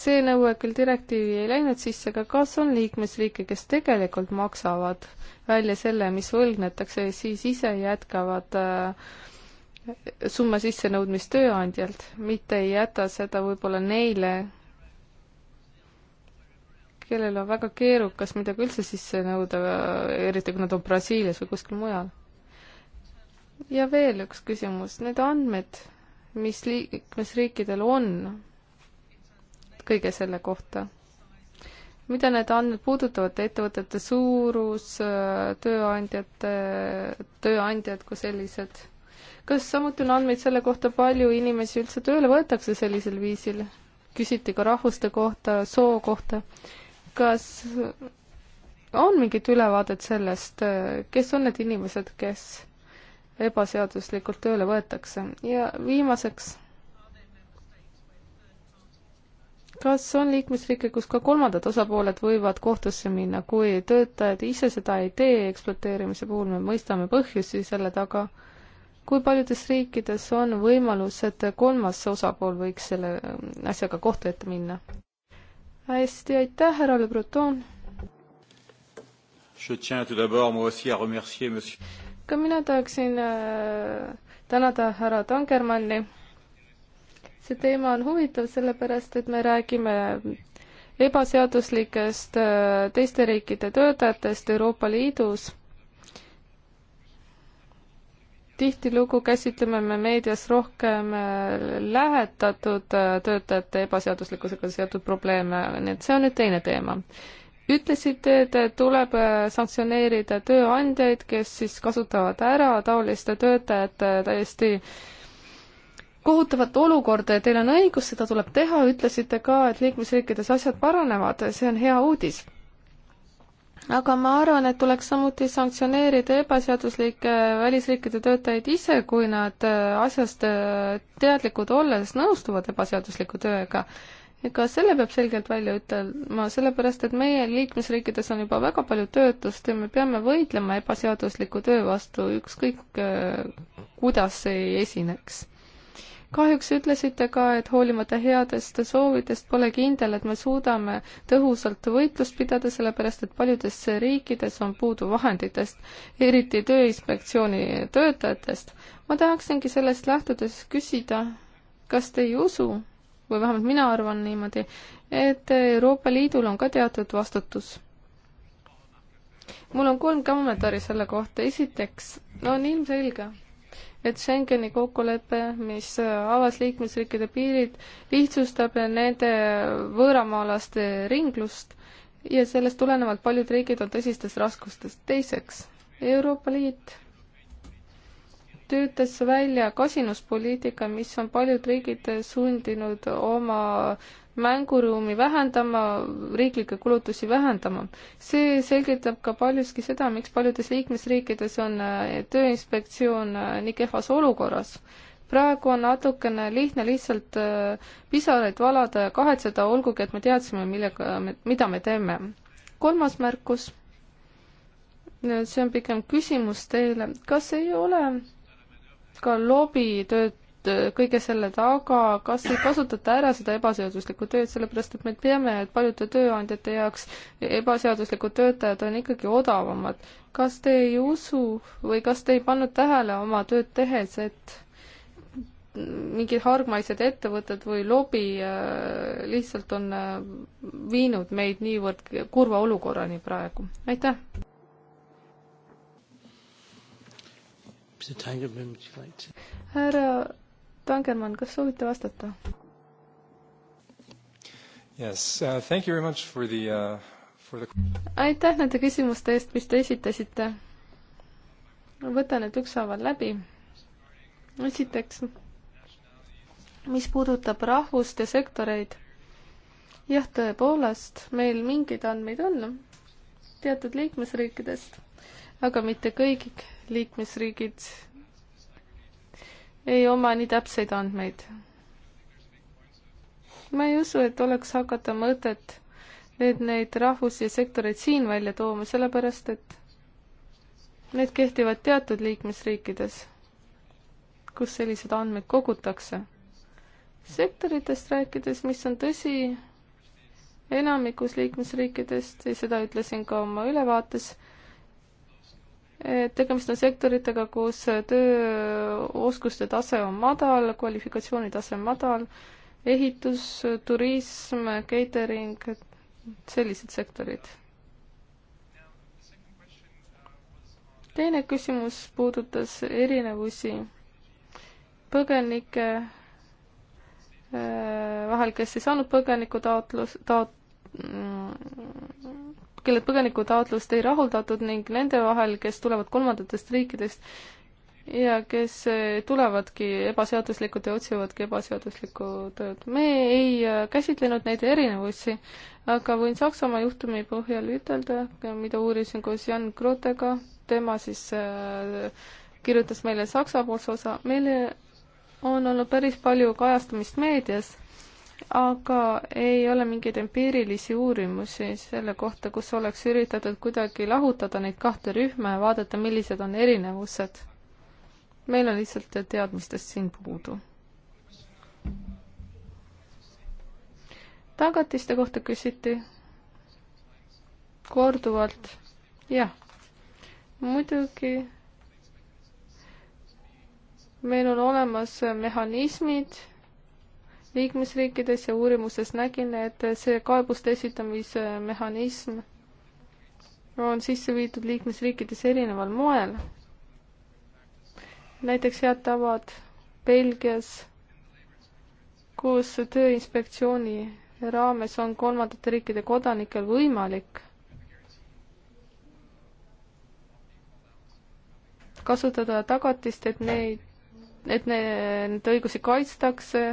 see nõue küll direktiivi ei läinud sisse, aga kas on liikmesriike, kes tegelikult maksavad välja selle, mis võlgnetakse ja siis ise jätkavad äh, summa sissenõudmist tööandjalt, mitte ei jäta seda võib-olla neile, kellel on väga keerukas midagi üldse sisse nõuda, eriti kui nad on Brasiilias või kuskil mujal. ja veel üks küsimus, need andmed, mis liikmesriikidel on kõige selle kohta, mida need andmed puudutavad, ettevõtete suurus, tööandjate, tööandjad kui sellised kas samuti on andmeid selle kohta, palju inimesi üldse tööle võetakse sellisel viisil? küsiti ka rahvuste kohta, soo kohta. kas on mingit ülevaadet sellest, kes on need inimesed, kes ebaseaduslikult tööle võetakse ja viimaseks, kas on liikmesriike, kus ka kolmandad osapooled võivad kohtusse minna, kui töötajad ise seda ei tee ekspluateerimise puhul, me mõistame põhjusi selle taga, kui paljudes riikides on võimalus, et kolmas osapool võiks selle ähm, asjaga kohtu ette minna? hästi, aitäh, härra Le Breton! ka mina tahaksin äh, tänada härra Tangermanni. see teema on huvitav, sellepärast et me räägime ebaseaduslikest äh, teiste riikide töötajatest Euroopa Liidus tihtilugu käsitleme me meedias rohkem äh, lähetatud äh, töötajate ebaseaduslikkusega seotud probleeme, nii et see on nüüd teine teema. ütlesite, et tuleb äh, sanktsioneerida tööandjaid, kes siis kasutavad ära taoliste töötajate täiesti kohutavat olukorda ja teil on õigus, seda tuleb teha, ütlesite ka, et liikmesriikides asjad paranevad, see on hea uudis aga ma arvan, et tuleks samuti sanktsioneerida ebaseaduslikke välisriikide töötajaid ise, kui nad äh, asjast äh, teadlikud olles nõustuvad ebaseadusliku tööga. ega selle peab selgelt välja ütlema, sellepärast et meie liikmesriikides on juba väga palju töötust ja me peame võitlema ebaseadusliku töö vastu, ükskõik äh, kuidas see ei esineks kahjuks ütlesite ka, et hoolimata headest soovidest pole kindel, et me suudame tõhusalt võitlust pidada, sellepärast et paljudes riikides on puudu vahenditest, eriti Tööinspektsiooni töötajatest. ma tahaksingi sellest lähtudes küsida, kas te ei usu või vähemalt mina arvan niimoodi, et Euroopa Liidul on ka teatud vastutus. mul on kolm kommentaari selle kohta, esiteks on ilmselge, et Schengeni kokkulepe, mis avas liikmesriikide piirid, lihtsustab nende võõramaalaste ringlust ja sellest tulenevalt paljud riigid on tõsistes raskustes. teiseks, Euroopa Liit töötas välja kasinuspoliitika, mis on paljud riigid sundinud oma mänguruumi vähendama, riiklikke kulutusi vähendama. see selgitab ka paljuski seda, miks paljudes liikmesriikides on äh, Tööinspektsioon äh, nii kehvas olukorras. praegu on natukene lihtne lihtsalt äh, pisaraid valada ja kahetseda, olgugi et me teadsime, millega me, mida me teeme. kolmas märkus, see on pigem küsimus teile, kas ei ole ka lobitööd äh, kõige selle taga, kas ei kasutata ära seda ebaseaduslikku tööd, sellepärast et me teame, et paljude tööandjate jaoks ebaseaduslikud töötajad on ikkagi odavamad. kas te ei usu või kas te ei pannud tähele oma tööd tehes, et mingid hargmaised ettevõtted või lobi äh, lihtsalt on äh, viinud meid niivõrd kurva olukorrani praegu? aitäh! härra Tangermann, kas soovite vastata? Yes, uh, thank you very much for the uh, for the aitäh nende küsimuste eest, mis te esitasite. ma võtan need ükshaaval läbi. esiteks, mis puudutab rahvust ja sektoreid. jah, tõepoolest, meil mingeid andmeid on teatud liikmesriikidest aga mitte kõik liikmesriigid ei oma nii täpseid andmeid. ma ei usu, et oleks hakata mõtet nüüd neid rahvusi ja sektoreid siin välja tooma, sellepärast et need kehtivad teatud liikmesriikides, kus sellised andmed kogutakse. sektoritest rääkides, mis on tõsi, enamikus liikmesriikidest ja seda ütlesin ka oma ülevaates tegemist on sektoritega, kus tööoskuste tase on madal, kvalifikatsiooni tase on madal, ehitus, turism, catering, sellised sektorid teine küsimus puudutas erinevusi põgenike äh, vahel, kes ei saanud põgenikutaotlus, taot-, kelle põgenikutaotlust ei rahuldatud ning nende vahel, kes tulevad kolmandatest riikidest ja kes eh, tulevadki ebaseaduslikult ja otsivadki ebaseaduslikku tööd. me ei eh, käsitlenud neid erinevusi, aga võin Saksamaa juhtumi põhjal ütelda, mida uurisin koos Jan Krotega, tema siis eh, kirjutas meile Saksa poolse osa, meile on olnud päris palju kajastamist meedias aga ei ole mingeid empiirilisi uurimusi selle kohta, kus oleks üritatud kuidagi lahutada neid kahte rühma ja vaadata, millised on erinevused. meil on lihtsalt teadmistest siin puudu. tagatiste kohta küsiti korduvalt. jah, muidugi meil on olemas mehhanismid liikmesriikides ja uurimuses nägin, et see kaebuste esitamise mehhanism on sisse viidud liikmesriikides erineval moel. näiteks head tavad Belgias, kus Tööinspektsiooni raames on kolmandate riikide kodanikel võimalik kasutada tagatist, et neid, et nende õigusi kaitstakse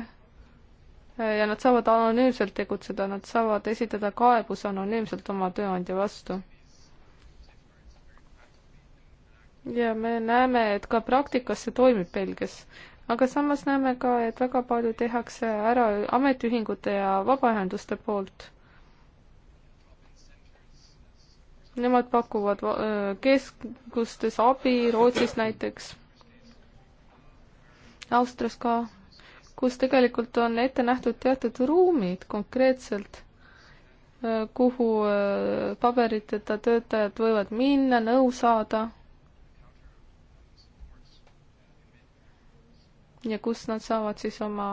ja nad saavad anonüümselt tegutseda, nad saavad esitada kaebuse anonüümselt oma tööandja vastu. ja me näeme, et ka praktikas see toimib Belgias, aga samas näeme ka, et väga palju tehakse ära ametiühingute ja vabaühenduste poolt. Nemad pakuvad äh, keskustes abi, Rootsis näiteks, Austrias ka kus tegelikult on ette nähtud teatud ruumid konkreetselt, äh, kuhu äh, paberiteta töötajad võivad minna, nõu saada ja kus nad saavad siis oma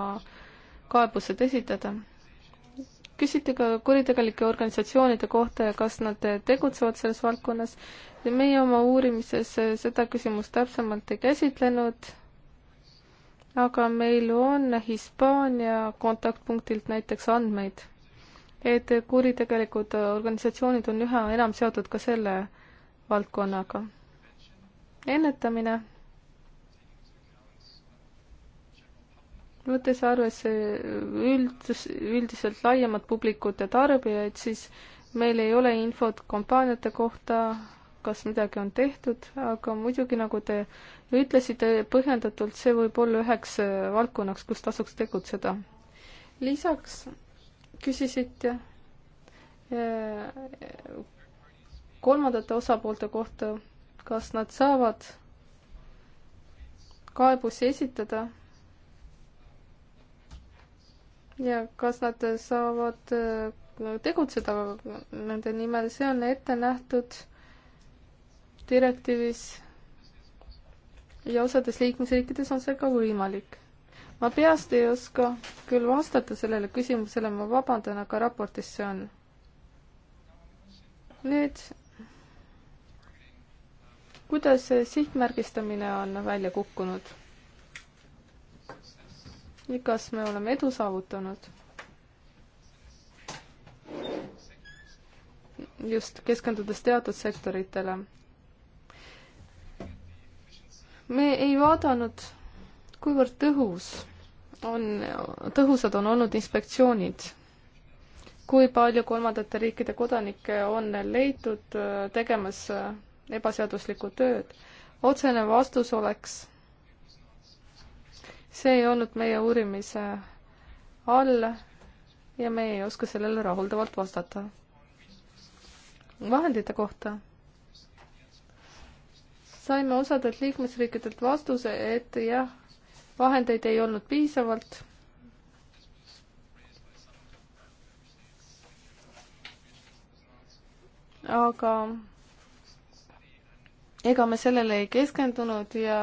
kaebused esitada. küsiti ka kuritegelike organisatsioonide kohta ja kas nad tegutsevad selles valdkonnas ja meie oma uurimises äh, seda küsimust täpsemalt ei käsitlenud aga meil on Hispaania kontaktpunktilt näiteks andmeid, et kuritegelikud organisatsioonid on üha enam seotud ka selle valdkonnaga. ennetamine, võttes arvesse üldus, üldiselt laiemat publikut ja tarbijaid, siis meil ei ole infot kampaaniate kohta, kas midagi on tehtud, aga muidugi, nagu te ütlesite põhjendatult, see võib olla üheks äh, valdkonnaks, kus tasuks tegutseda. lisaks küsisite äh, kolmandate osapoolte kohta, kas nad saavad kaebusi esitada ja kas nad saavad äh, tegutseda nende nimel, see on ette nähtud direktiivis ja osades liikmesriikides on see ka võimalik. ma peast ei oska küll vastata sellele küsimusele, ma vabandan, aga raportis see on. nüüd, kuidas sihtmärgistamine on välja kukkunud? kas me oleme edu saavutanud? just, keskendudes teatud sektoritele me ei vaadanud, kuivõrd tõhus on, tõhusad on olnud inspektsioonid, kui palju kolmandate riikide kodanikke on leitud äh, tegemas äh, ebaseaduslikku tööd. otsene vastus oleks, see ei olnud meie uurimise all ja me ei oska sellele rahuldavalt vastata. vahendite kohta saime osadelt liikmesriikidelt vastuse, et jah, vahendeid ei olnud piisavalt. aga ega me sellele ei keskendunud ja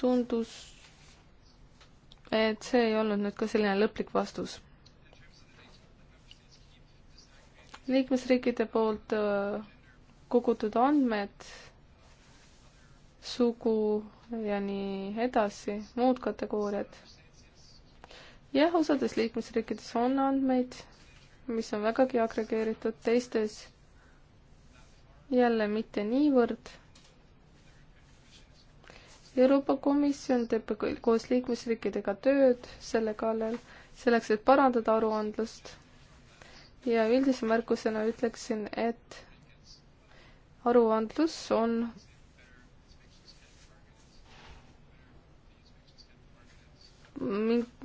tundus, et see ei olnud nüüd ka selline lõplik vastus. liikmesriikide poolt äh, kogutud andmed sugu ja nii edasi, muud kategooriad. jah, osades liikmesriikides on andmeid, mis on vägagi agregeeritud, teistes jälle mitte niivõrd. Euroopa Komisjon teeb koos liikmesriikidega tööd selle kallal, selleks, et parandada aruandlust. ja üldise märkusena ütleksin, et aruandlus on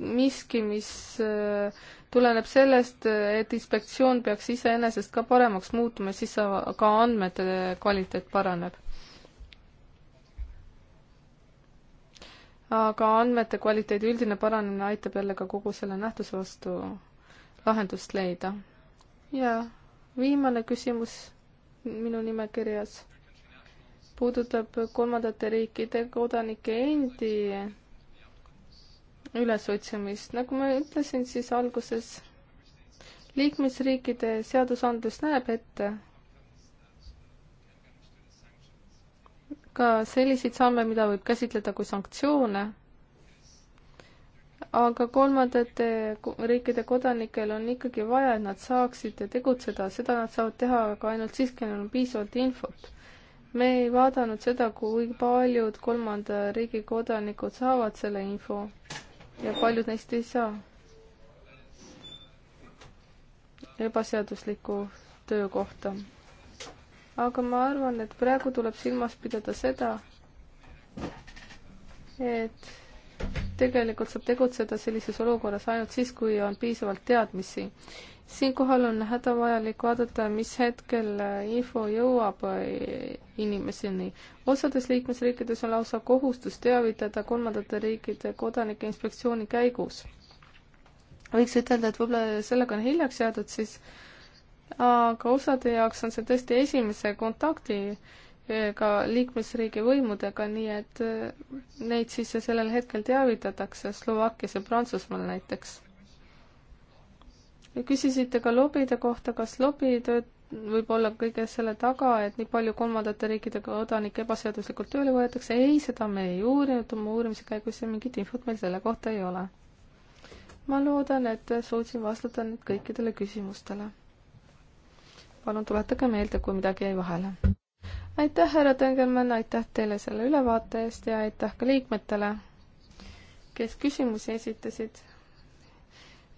miski, mis äh, tuleneb sellest, et inspektsioon peaks iseenesest ka paremaks muutuma, siis ka andmete kvaliteet paraneb. aga andmete kvaliteedi üldine paranemine aitab jälle ka kogu selle nähtuse vastu lahendust leida. ja viimane küsimus minu nimekirjas puudutab kolmandate riikide kodanike endi ülesotsimist. nagu ma ütlesin, siis alguses liikmesriikide seadusandlus näeb ette ka selliseid samme, mida võib käsitleda kui sanktsioone, aga kolmandate riikide kodanikel on ikkagi vaja, et nad saaksid tegutseda, seda nad saavad teha aga ainult siis, kui neil on piisavalt infot. me ei vaadanud seda, kui paljud kolmanda riigi kodanikud saavad selle info ja paljud neist ei saa ebaseaduslikku töökohta. aga ma arvan, et praegu tuleb silmas pidada seda, et tegelikult saab tegutseda sellises olukorras ainult siis, kui on piisavalt teadmisi. siinkohal on hädavajalik vaadata, mis hetkel äh, info jõuab äh, inimeseni. osades liikmesriikides on lausa kohustus teavitada kolmandate riikide kodanike inspektsiooni käigus. võiks ütelda, et võib-olla sellega on hiljaks jäädud siis, aga osade jaoks on see tõesti esimese kontakti ka liikmesriigi võimudega, nii et äh, neid siis sellel hetkel teavitatakse, Slovakkias ja Prantsusmaal näiteks. küsisite ka lobide kohta, kas lobitööd võib olla kõige selle taga, et nii palju kolmandate riikide kodanikke ebaseaduslikult tööle võetakse, ei, seda me ei uurinud, oma uurimise käigus mingit infot meil selle kohta ei ole. ma loodan, et suutsin vastata nüüd kõikidele küsimustele. palun tuletage meelde, kui midagi jäi vahele aitäh, härra Tõngelmann, aitäh teile selle ülevaate eest ja aitäh ka liikmetele, kes küsimusi esitasid.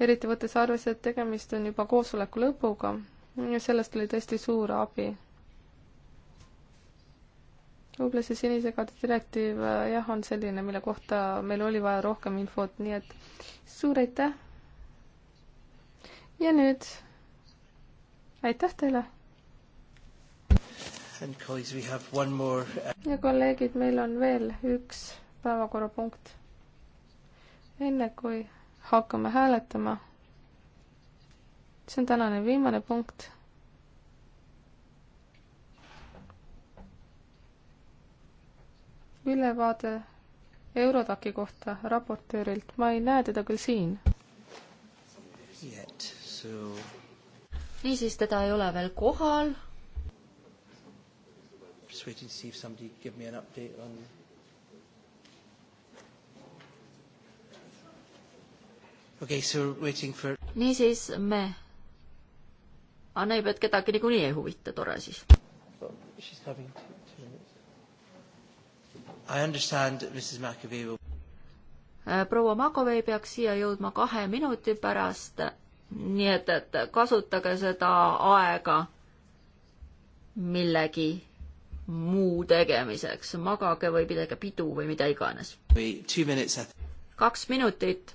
eriti võttes arvesse, et tegemist on juba koosoleku lõpuga ja sellest oli tõesti suur abi. võib-olla see sinisegade direktiiv jah, on selline, mille kohta meil oli vaja rohkem infot, nii et suur aitäh. ja nüüd aitäh teile Uh, ja kolleegid, meil on veel üks päevakorrapunkt. enne kui hakkame hääletama, see on tänane viimane punkt. ülevaade Eurodaki kohta raportöörilt, ma ei näe teda küll siin. niisiis, teda ei ole veel kohal just waiting to see if somebody could give me an update on okay, so waiting for niisiis me aga näib, et kedagi niikuinii ei huvita, tore siis. Äh, proua Makovei peaks siia jõudma kahe minuti pärast, nii et, et kasutage seda aega millegi muu tegemiseks, magage või pidage pidu või mida iganes. kaks minutit.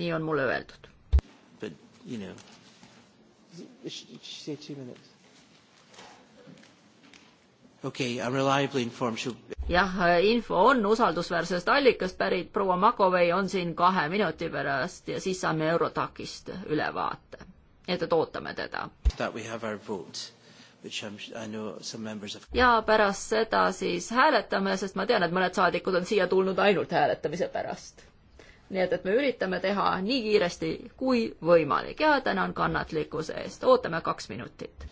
nii on mulle öeldud. But you know, did she say two minutes? Okay, I'm reliably informed she'll... jah, info on usaldusväärsest allikast pärit, proua Makovei on siin kahe minuti pärast ja siis saame Eurotakist ülevaate. nii et ootame teda. That we have our vote ja pärast seda siis hääletame, sest ma tean, et mõned saadikud on siia tulnud ainult hääletamise pärast. nii et, et me üritame teha nii kiiresti kui võimalik ja tänan kannatlikkuse eest, ootame kaks minutit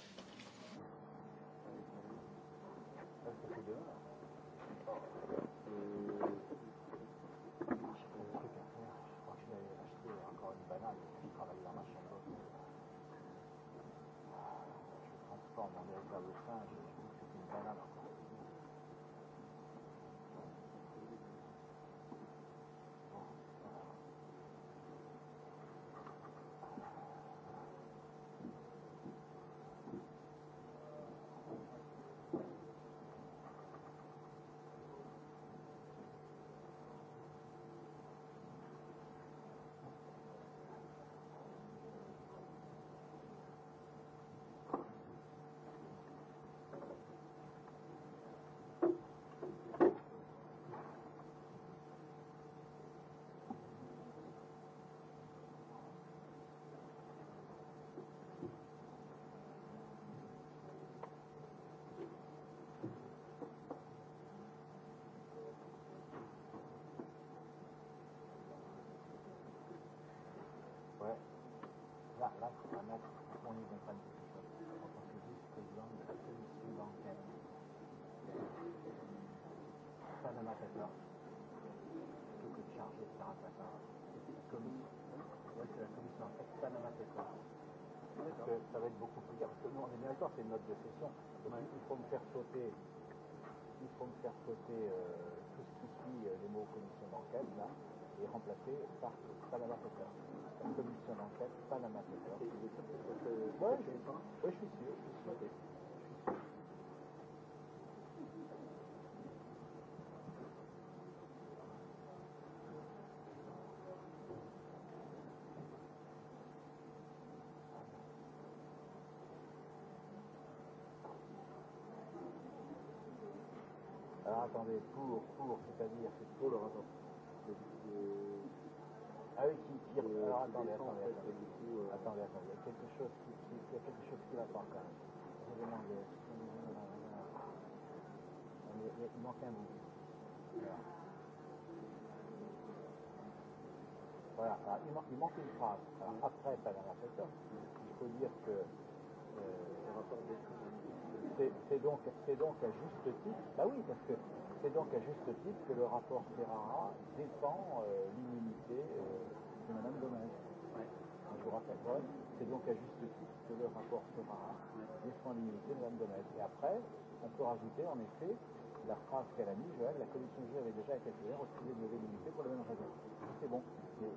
dans la tête-là. Tout que chargé de ça, ça, ça. C'est la commission. Ouais, c'est la commission. En fait, ça dans la tête-là. Parce que ça va être beaucoup plus dur. Parce que nous, on est bien d'accord, c'est une note de session. Donc, ouais. il faut me faire sauter, il faut me faire sauter euh, tout ce qui suit euh, les mots commission d'enquête, là, et remplacer par Panama Paper. Commission d'enquête, Panama Paper. Ouais, je, ouais, je suis sûr, je suis sûr. Okay. attendez, pour, pour, c'est-à-dire, c'est pour le rapport. De, de... Ah oui, qui tire. Euh, Alors attendez, attendez, attendez. Du coup, euh... attendez, attendez. Il y a quelque chose qui, qui, il y a quelque chose qui va pas quand même. Je vais demander. Euh, euh, euh, il manque un bout. Voilà. voilà. Alors, il, manque, il manque une phrase. Alors, après, ça va la Il faut dire que. Euh, le rapport des C'est donc, donc à juste titre, bah oui, parce que c'est donc à juste titre que le rapport Ferrara défend euh, l'immunité euh, de Madame Dommage. Ouais. Je vous rappelle, ouais. c'est donc à juste titre que le rapport Ferrara ouais. défend l'immunité de Madame Dommage. Et après, on peut rajouter en effet la phrase qu'elle a mise, Joël, la commission juive avait déjà été accélérée, refusé de lever l'immunité pour la même raison. C'est bon. Mais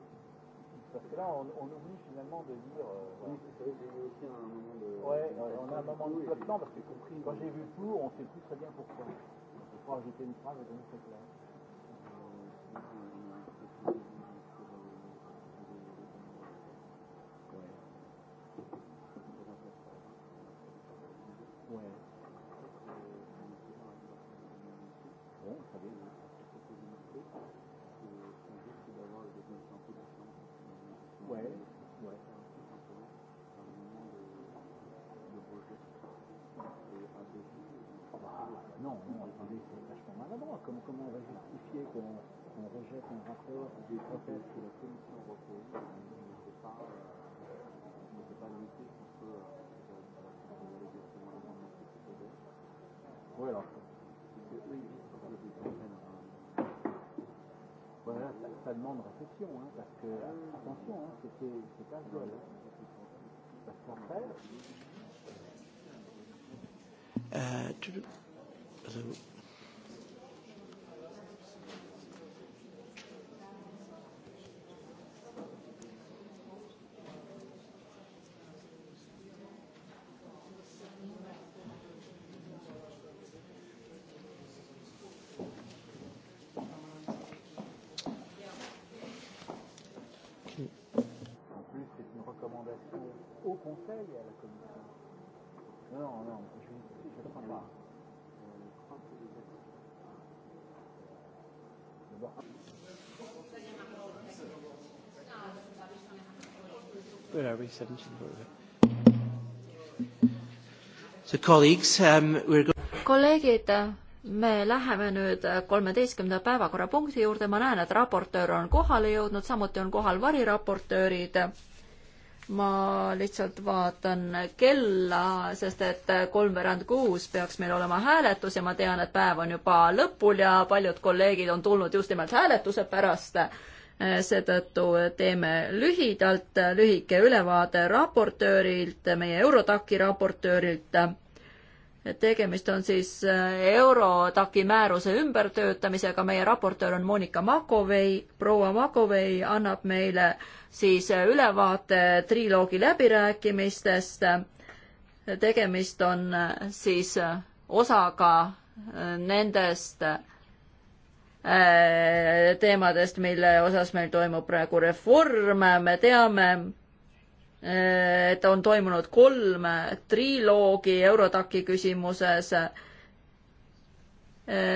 Parce que là, on, on oublie finalement de dire. Euh, voilà. Oui, c'est vrai que j'ai eu aussi un moment de. Ouais, ouais on a un moment de flottement parce que compris, quand j'ai vu tout, on sait plus très bien pourquoi. Il faut ajouter une phrase et donner très clair. Euh, grande réflexion, hein, parce que, attention, hein, c'est pas seul. Hein, parce qu'après. Euh, tu... Conseil et à la Commission. Non, non, non, je ne sais pas. pas. Where are we? 17. So colleagues, um, we're going... kolleegid, me läheme nüüd kolmeteistkümnenda päevakorrapunkti juurde, ma näen, et raportöör on kohale jõudnud, samuti on kohal variraportöörid ma lihtsalt vaatan kella, sest et kolmveerand kuus peaks meil olema hääletus ja ma tean, et päev on juba lõpul ja paljud kolleegid on tulnud just nimelt hääletuse pärast. seetõttu teeme lühidalt lühike ülevaade raportöörilt, meie Eurotaki raportöörilt tegemist on siis äh, Eurotaki määruse ümbertöötamisega, meie raportöör on Monika Makovei, proua Makovei annab meile siis äh, ülevaate triloogi läbirääkimistest. tegemist on äh, siis osaga nendest teemadest, mille osas meil toimub praegu reform, me teame, et on toimunud kolm triloogi Eurotaki küsimuses.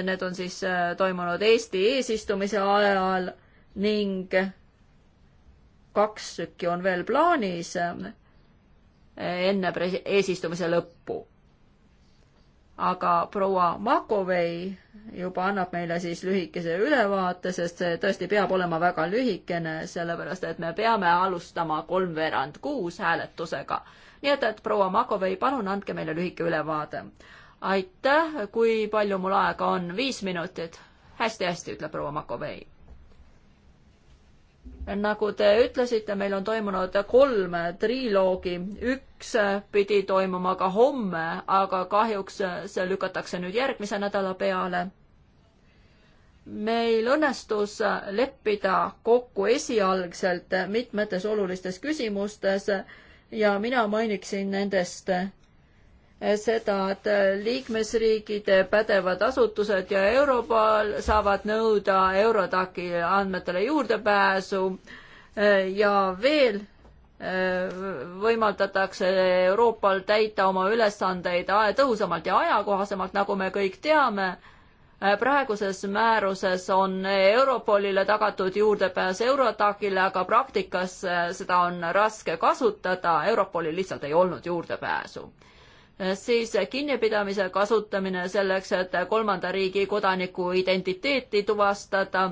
Need on siis toimunud Eesti eesistumise ajal ning kaks tükki on veel plaanis enne eesistumise lõppu aga proua Makovei juba annab meile siis lühikese ülevaate, sest see tõesti peab olema väga lühikene, sellepärast et me peame alustama kolmveerand kuus hääletusega. nii et, et proua Makovei, palun andke meile lühike ülevaade. aitäh, kui palju mul aega on, viis minutit hästi,? hästi-hästi, ütleb proua Makovei nagu te ütlesite, meil on toimunud kolm triloogi, üks pidi toimuma ka homme, aga kahjuks see lükatakse nüüd järgmise nädala peale. meil õnnestus leppida kokku esialgselt mitmetes olulistes küsimustes ja mina mainiksin nendest seda, et liikmesriigide pädevad asutused ja Europol saavad nõuda Eurodaki andmetele juurdepääsu ja veel äh, võimaldatakse Euroopal täita oma ülesandeid tõhusamalt ja ajakohasemalt, nagu me kõik teame. Äh, praeguses määruses on Europolile tagatud juurdepääs Eurodacile, aga praktikas äh, seda on raske kasutada, Europolil lihtsalt ei olnud juurdepääsu siis kinnipidamise kasutamine selleks, et kolmanda riigi kodaniku identiteeti tuvastada.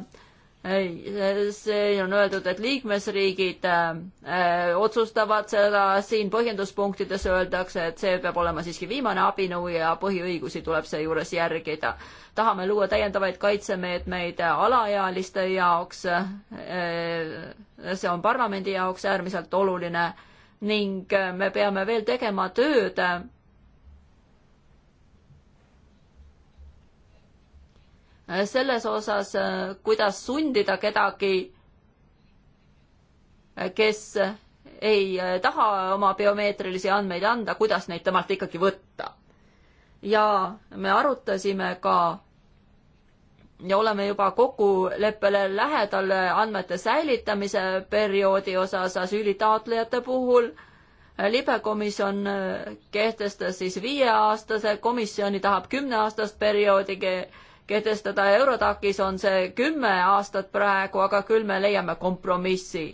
siin on öeldud, et liikmesriigid äh, otsustavad seda, siin põhjenduspunktides öeldakse, et see peab olema siiski viimane abinõu ja põhiõigusi tuleb seejuures järgida. tahame luua täiendavaid kaitsemeetmeid alaealiste jaoks. Äh, see on parlamendi jaoks äärmiselt oluline ning me peame veel tegema tööd Äh, selles osas, äh, kuidas sundida kedagi, äh, kes ei taha oma biomeetrilisi andmeid anda, kuidas neid temalt ikkagi võtta. ja me arutasime ka ja oleme juba kokkuleppele lähedal andmete säilitamise perioodi osas asüülitaotlejate puhul. libekomisjon kehtestas siis viieaastase, komisjoni tahab kümneaastast perioodi kehtestada Eurotakis on see kümme aastat praegu, aga küll me leiame kompromissi.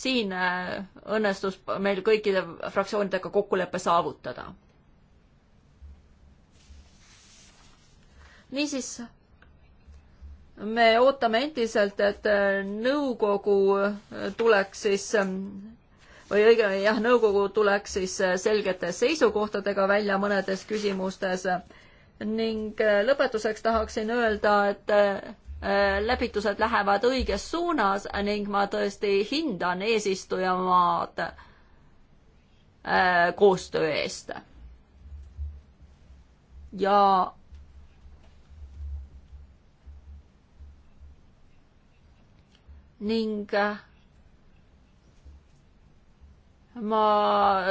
siin äh, õnnestus meil kõikide fraktsioonidega kokkulepe saavutada. niisiis, me ootame endiselt, et äh, nõukogu äh, tuleks siis ähm, või õigemini jah, nõukogu tuleks siis selgete seisukohtadega välja mõnedes küsimustes ning äh, lõpetuseks tahaksin öelda, et äh, läbitused lähevad õiges suunas ning ma tõesti hindan eesistujamaad äh, koostöö eest. ja ning ma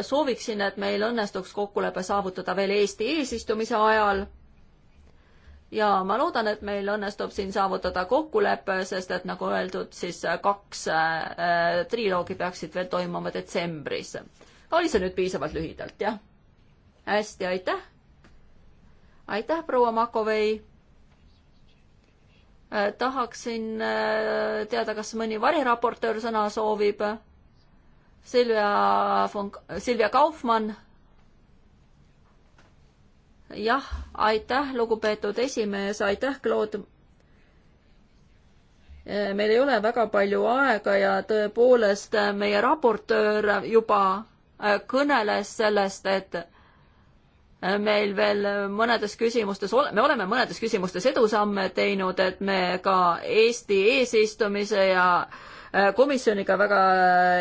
sooviksin, et meil õnnestuks kokkulepe saavutada veel Eesti eesistumise ajal ja ma loodan, et meil õnnestub siin saavutada kokkulepe, sest et nagu öeldud, siis kaks äh, triloogi peaksid veel toimuma detsembris. oli see nüüd piisavalt lühidalt, jah? hästi, aitäh. aitäh, proua Makovei äh,. tahaksin äh, teada, kas mõni variraportöör sõna soovib. Silvia von, Silvia Kaufmann jah, aitäh, lugupeetud esimees, aitäh, Claude. Eh, meil ei ole väga palju aega ja tõepoolest eh, meie raportöör juba eh, kõneles sellest, et meil veel mõnedes küsimustes, me oleme mõnedes küsimustes edusamme teinud, et me ka Eesti eesistumise ja äh, komisjoniga väga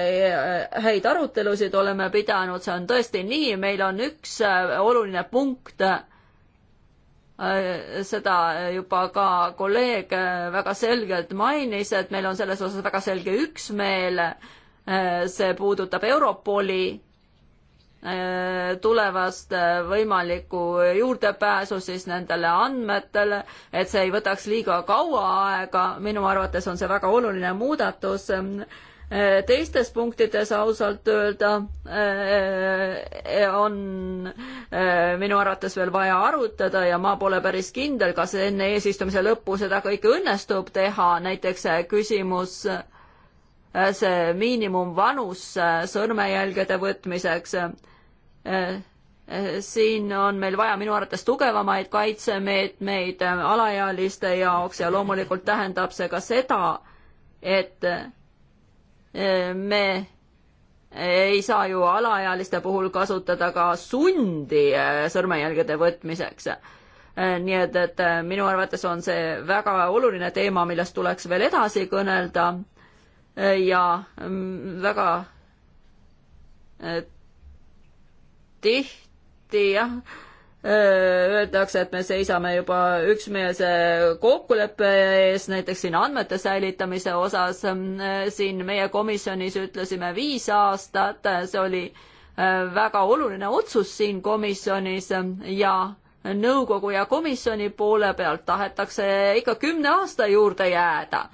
äh, häid arutelusid oleme pidanud, see on tõesti nii, meil on üks äh, oluline punkt, äh, seda juba ka kolleeg väga selgelt mainis, et meil on selles osas väga selge üksmeel, see puudutab Europoli Äh, tulevast äh, võimalikku juurdepääsu siis nendele andmetele, et see ei võtaks liiga kaua aega, minu arvates on see väga oluline muudatus. Äh, teistes punktides ausalt öelda on minu arvates veel vaja arutada ja ma pole päris kindel, kas enne eesistumise lõppu seda kõike õnnestub teha, näiteks küsimus Äh, see miinimumvanus äh, sõrmejälgede võtmiseks. Äh, siin on meil vaja minu arvates tugevamaid kaitsemeetmeid alaealiste jaoks ja loomulikult tähendab see ka seda, et me ei saa ju alaealiste puhul kasutada ka sundi sõrmejälgede võtmiseks nii et, et minu arvates on see väga oluline teema, millest tuleks veel edasi kõnelda ja mm, väga äh, tihti jah, äh, öeldakse, et me seisame juba üksmeelse kokkuleppe ees, näiteks siin andmete säilitamise osas, äh, siin meie komisjonis ütlesime viis aastat, see oli väga oluline otsus siin komisjonis ja nõukogu ja komisjoni poole pealt tahetakse ikka kümne aasta juurde jääda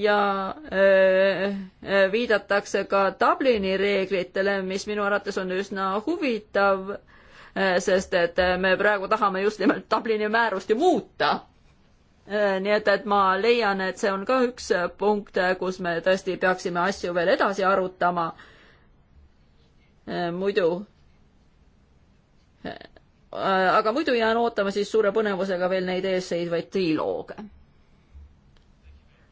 ja äh, äh, viidatakse ka Dublini reeglitele, mis minu arvates on üsna huvitav, äh, sest et me praegu tahame just nimelt Dublini määrust ju muuta. nii et, et ma leian, et see on ka üks punkt, kus me tõesti peaksime asju veel edasi arutama. muidu aga muidu jään ootama siis suure põnevusega veel neid eesseisvaid triloog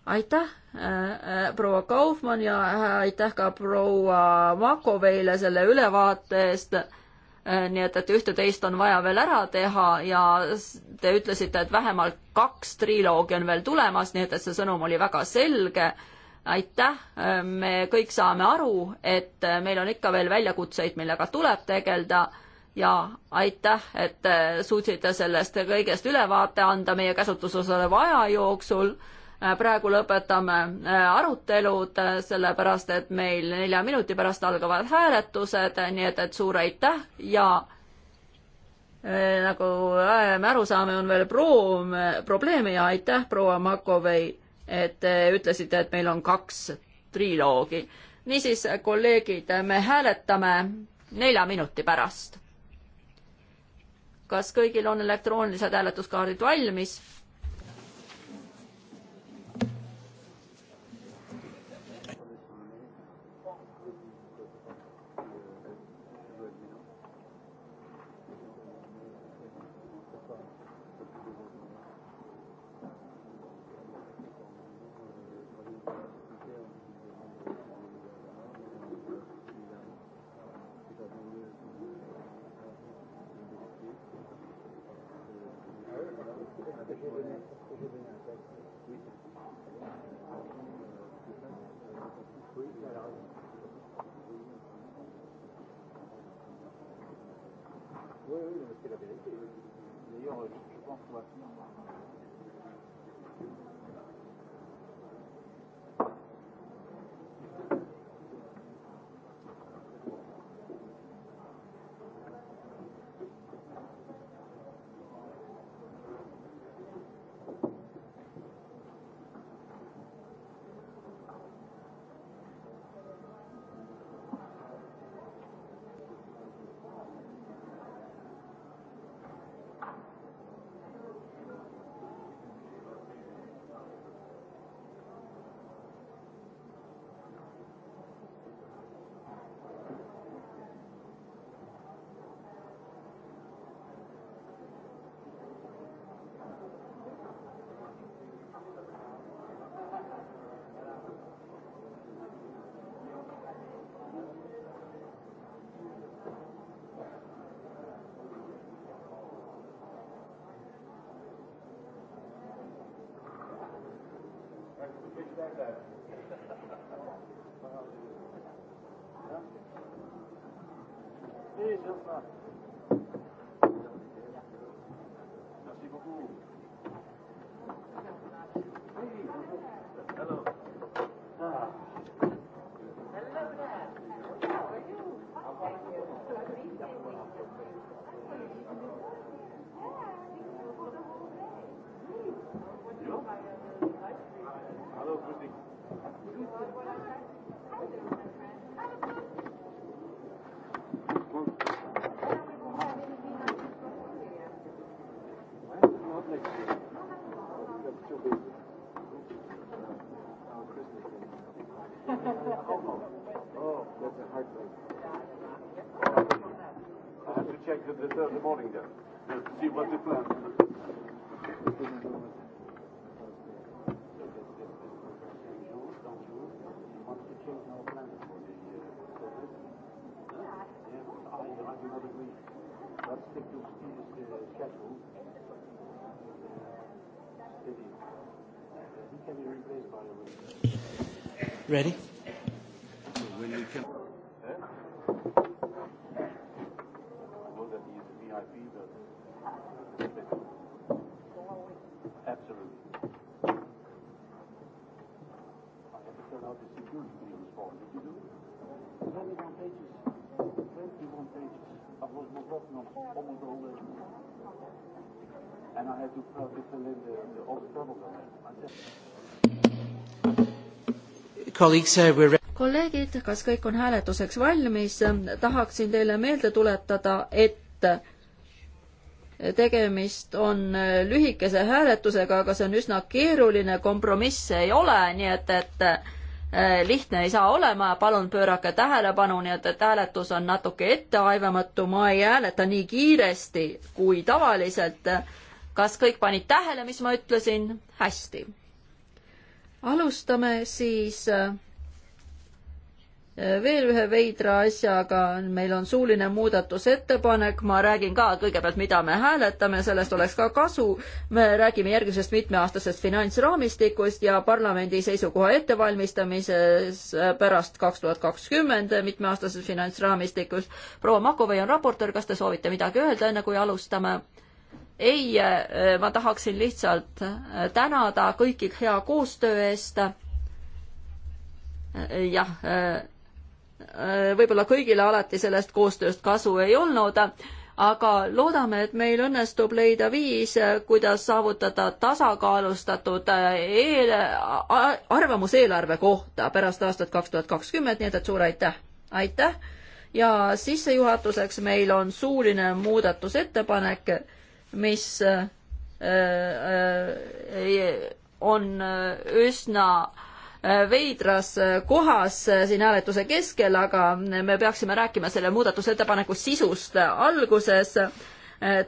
aitäh äh, äh,, proua Kaufmann ja äh, aitäh ka proua Makoveile selle ülevaate eest äh, nii et, et ühte-teist on vaja veel ära teha ja te ütlesite, et vähemalt kaks triloogi on veel tulemas, nii et, et see sõnum oli väga selge. aitäh, me kõik saame aru, et meil on ikka veel väljakutseid, millega tuleb tegeleda ja aitäh, et suutsite sellest kõigest ülevaate anda meie käsutuses oleva aja jooksul Äh, praegu lõpetame äh, arutelud, äh, sellepärast et meil nelja minuti pärast algavad hääletused, nii et, et suur aitäh ja nagu me aru saame, on veel proov, probleeme ja aitäh, proua Makovei, et te ütlesite, et meil on kaks triloogi. niisiis, kolleegid, me hääletame nelja minuti pärast. kas kõigil on elektroonilised hääletuskaardid valmis? Merci beaucoup. Hello. Uh, kolleegid, kas kõik on hääletuseks valmis? tahaksin teile meelde tuletada, et tegemist on lühikese hääletusega, aga see on üsna keeruline, kompromisse ei ole, nii et, et äh, lihtne ei saa olema, palun pöörake tähelepanu, nii et, et hääletus on natuke etteaimamatu, ma ei hääleta nii kiiresti kui tavaliselt kas kõik panid tähele, mis ma ütlesin? hästi. alustame siis äh, veel ühe veidra asjaga, meil on suuline muudatusettepanek, ma räägin ka kõigepealt, mida me hääletame, sellest oleks ka kasu. me räägime järgmisest mitmeaastasest finantsraamistikust ja parlamendi seisukoha ettevalmistamises pärast kaks tuhat kakskümmend mitmeaastases finantsraamistikus. proua Makovõi on raportöör, kas te soovite midagi öelda, enne kui alustame? ei, äh, ma tahaksin lihtsalt äh, tänada kõiki hea koostöö eest. Äh, jah, võib-olla kõigile alati sellest koostööst kasu ei olnud, aga loodame, et meil õnnestub leida viis, kuidas saavutada tasakaalustatud eel, arvamus eelarve kohta pärast aastat kaks tuhat kakskümmend, nii et, et suur aitäh! aitäh! ja sissejuhatuseks meil on suuline muudatusettepanek mis äh, äh, äh, on üsna veidras kohas siin hääletuse keskel, aga me peaksime rääkima selle muudatusettepaneku sisust alguses.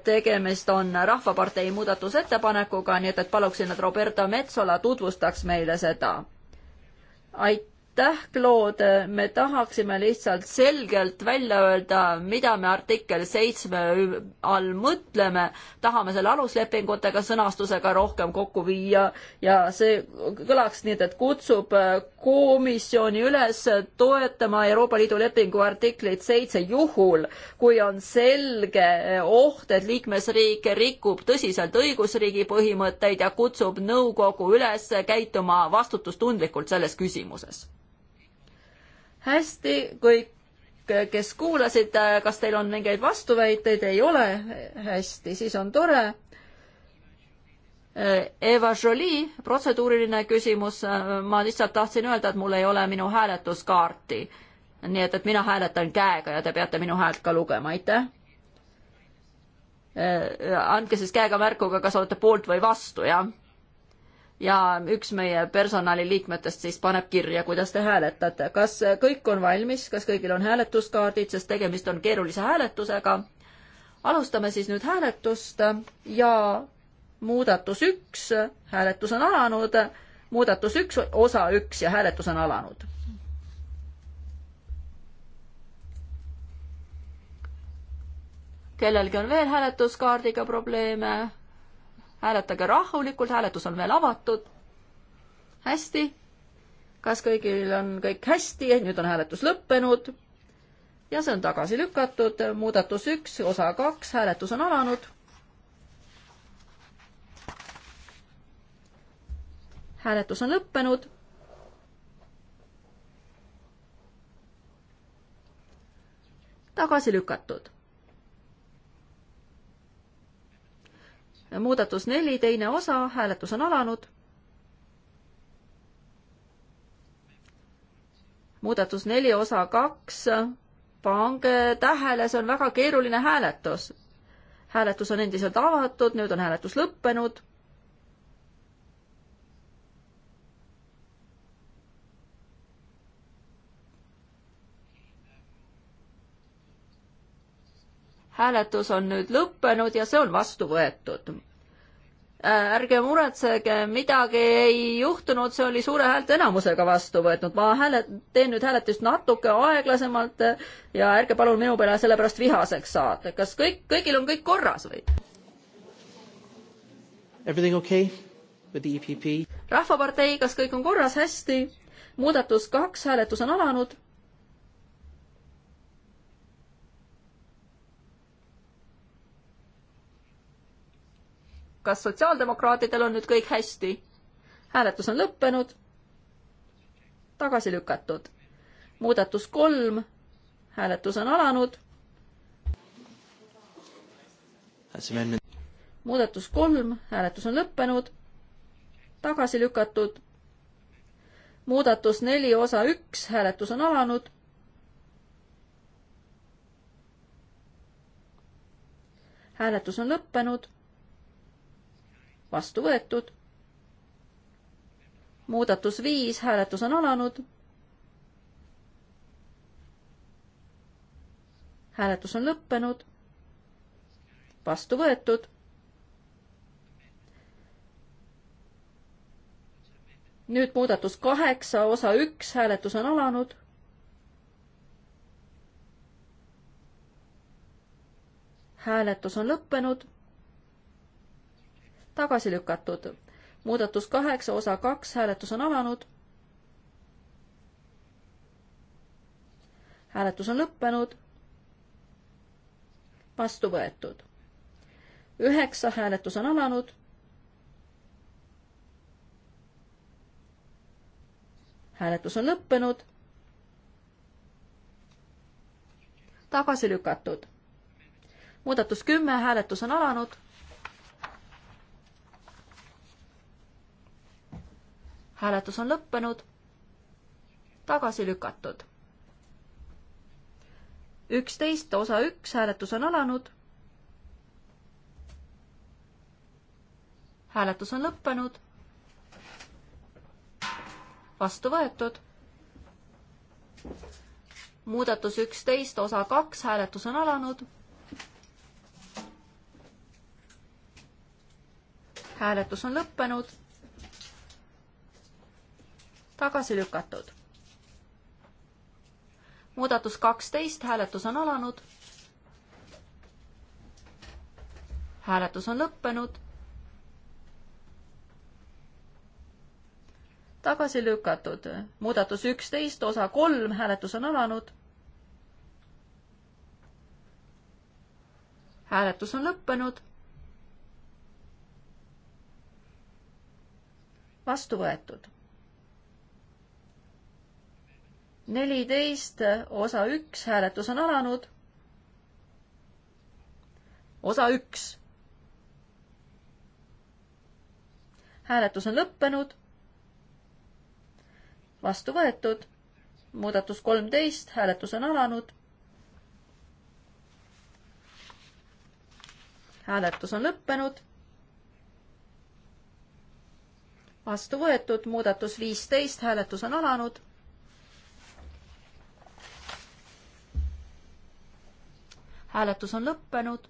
tegemist on Rahvapartei muudatusettepanekuga, nii et, et paluksin, et Roberta Metsola tutvustaks meile seda. aitäh tähklood, me tahaksime lihtsalt selgelt välja öelda, mida me artikkel seitsme all mõtleme, tahame selle aluslepingutega sõnastusega rohkem kokku viia ja see kõlaks nii, et kutsub äh, komisjoni üles toetama Euroopa Liidu lepingu artiklit seitse juhul, kui on selge äh, oht, et liikmesriik rikub tõsiselt õigusriigi põhimõtteid ja kutsub nõukogu üles käituma vastutustundlikult selles küsimuses hästi, kõik, kes kuulasid, äh, kas teil on mingeid vastuväiteid, ei ole, hästi, siis on tore. Äh, Eva Jolie, protseduuriline küsimus, äh, ma lihtsalt tahtsin öelda, et mul ei ole minu hääletuskaarti. nii et, et mina hääletan käega ja te peate minu häält ka lugema, aitäh andke siis käega märku, kas olete poolt või vastu, jah ja üks meie personaliliikmetest siis paneb kirja, kuidas te hääletate. kas kõik on valmis, kas kõigil on hääletuskaardid, sest tegemist on keerulise hääletusega? alustame siis nüüd hääletust ja muudatus üks, hääletus on alanud, muudatus üks, osa üks ja hääletus on alanud. kellelgi on veel hääletuskaardiga probleeme? hääletage rahulikult, hääletus on veel avatud. hästi. kas kõigil on kõik hästi, nüüd on hääletus lõppenud. ja see on tagasi lükatud, muudatus üks, osa kaks, hääletus on alanud. hääletus on lõppenud. tagasi lükatud muudatus neli, teine osa, hääletus on alanud. muudatus neli, osa kaks, pange tähele, see on väga keeruline hääletus. hääletus on endiselt avatud, nüüd on hääletus lõppenud hääletus on nüüd lõppenud ja see on vastu võetud. Äh, ärge muretsege, midagi ei juhtunud, see oli suure häälteenamusega vastu võetud. ma hääle-, teen nüüd hääletust natuke aeglasemalt ja ärge palun minu peale selle pärast vihaseks saada. kas kõik, kõigil on kõik korras või? Everything okay with the EPP? rahvapartei, kas kõik on korras, hästi? muudatus kaks, hääletus on alanud kas sotsiaaldemokraatidel on nüüd kõik hästi? hääletus on lõppenud, tagasi lükatud. muudatus kolm, hääletus on alanud. muudatus kolm, hääletus on lõppenud, tagasi lükatud. muudatus neli, osa üks, hääletus on alanud hääletus on lõppenud vastu võetud. muudatus viis, hääletus on alanud. hääletus on lõppenud. vastu võetud. nüüd muudatus kaheksa, osa üks, hääletus on alanud. hääletus on lõppenud tagasi lükatud. muudatus kaheksa, osa kaks, hääletus on alanud. hääletus on lõppenud. vastu võetud. üheksa, hääletus on alanud. hääletus on lõppenud. tagasi lükatud. muudatus kümme, hääletus on alanud hääletus on lõppenud, tagasi lükatud. üksteist osa üks, hääletus on alanud. hääletus on lõppenud. vastu võetud. muudatus üksteist osa kaks, hääletus on alanud hääletus on lõppenud tagasi lükatud. muudatus kaksteist, hääletus on alanud. hääletus on lõppenud. tagasi lükatud. muudatus üksteist, osa kolm, hääletus on alanud. hääletus on lõppenud. vastu võetud neliteist, osa üks, hääletus on alanud. osa üks. hääletus on lõppenud. vastu võetud. muudatus kolmteist, hääletus on alanud. hääletus on lõppenud. vastu võetud, muudatus viisteist, hääletus on alanud hääletus on lõppenud,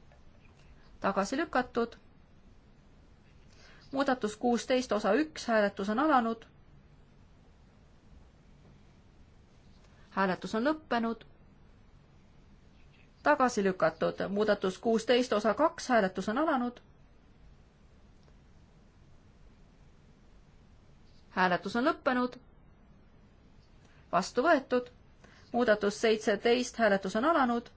tagasi lükatud. muudatus kuusteist osa üks, hääletus on alanud. hääletus on lõppenud, tagasi lükatud. muudatus kuusteist osa kaks, hääletus on alanud hääletus on lõppenud. vastu võetud. muudatus seitseteist, hääletus on alanud.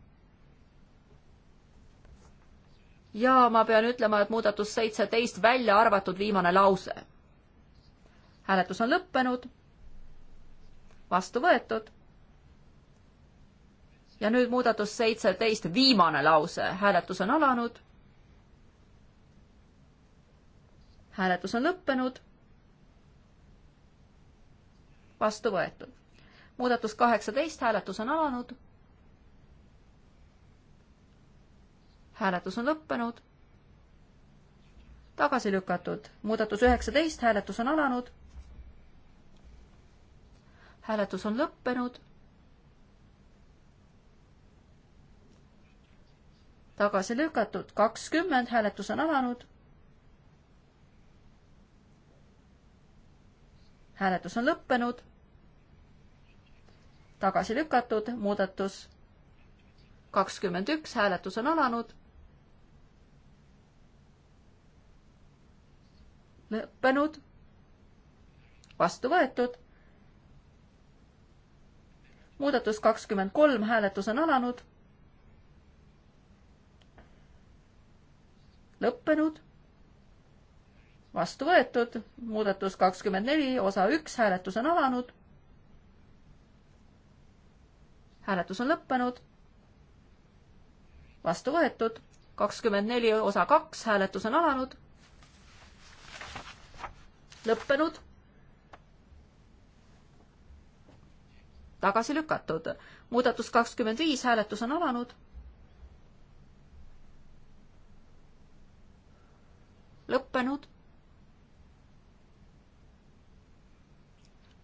ja ma pean ütlema, et muudatus seitseteist välja arvatud viimane lause. hääletus on lõppenud, vastu võetud. ja nüüd muudatus seitseteist viimane lause, hääletus on alanud. hääletus on lõppenud, vastu võetud. muudatus kaheksateist, hääletus on alanud hääletus on lõppenud. tagasi lükatud. muudatus üheksateist, hääletus on alanud. hääletus on lõppenud. tagasi lükatud. kakskümmend, hääletus on alanud. hääletus on lõppenud. tagasi lükatud, muudatus kakskümmend üks, hääletus on alanud lõppenud, vastu võetud. muudatus kakskümmend kolm, hääletus on alanud. lõppenud, vastu võetud, muudatus kakskümmend neli, osa üks, hääletus on alanud. hääletus on lõppenud, vastu võetud, kakskümmend neli, osa kaks, hääletus on alanud lõppenud. tagasi lükatud. muudatus kakskümmend viis, hääletus on alanud. lõppenud.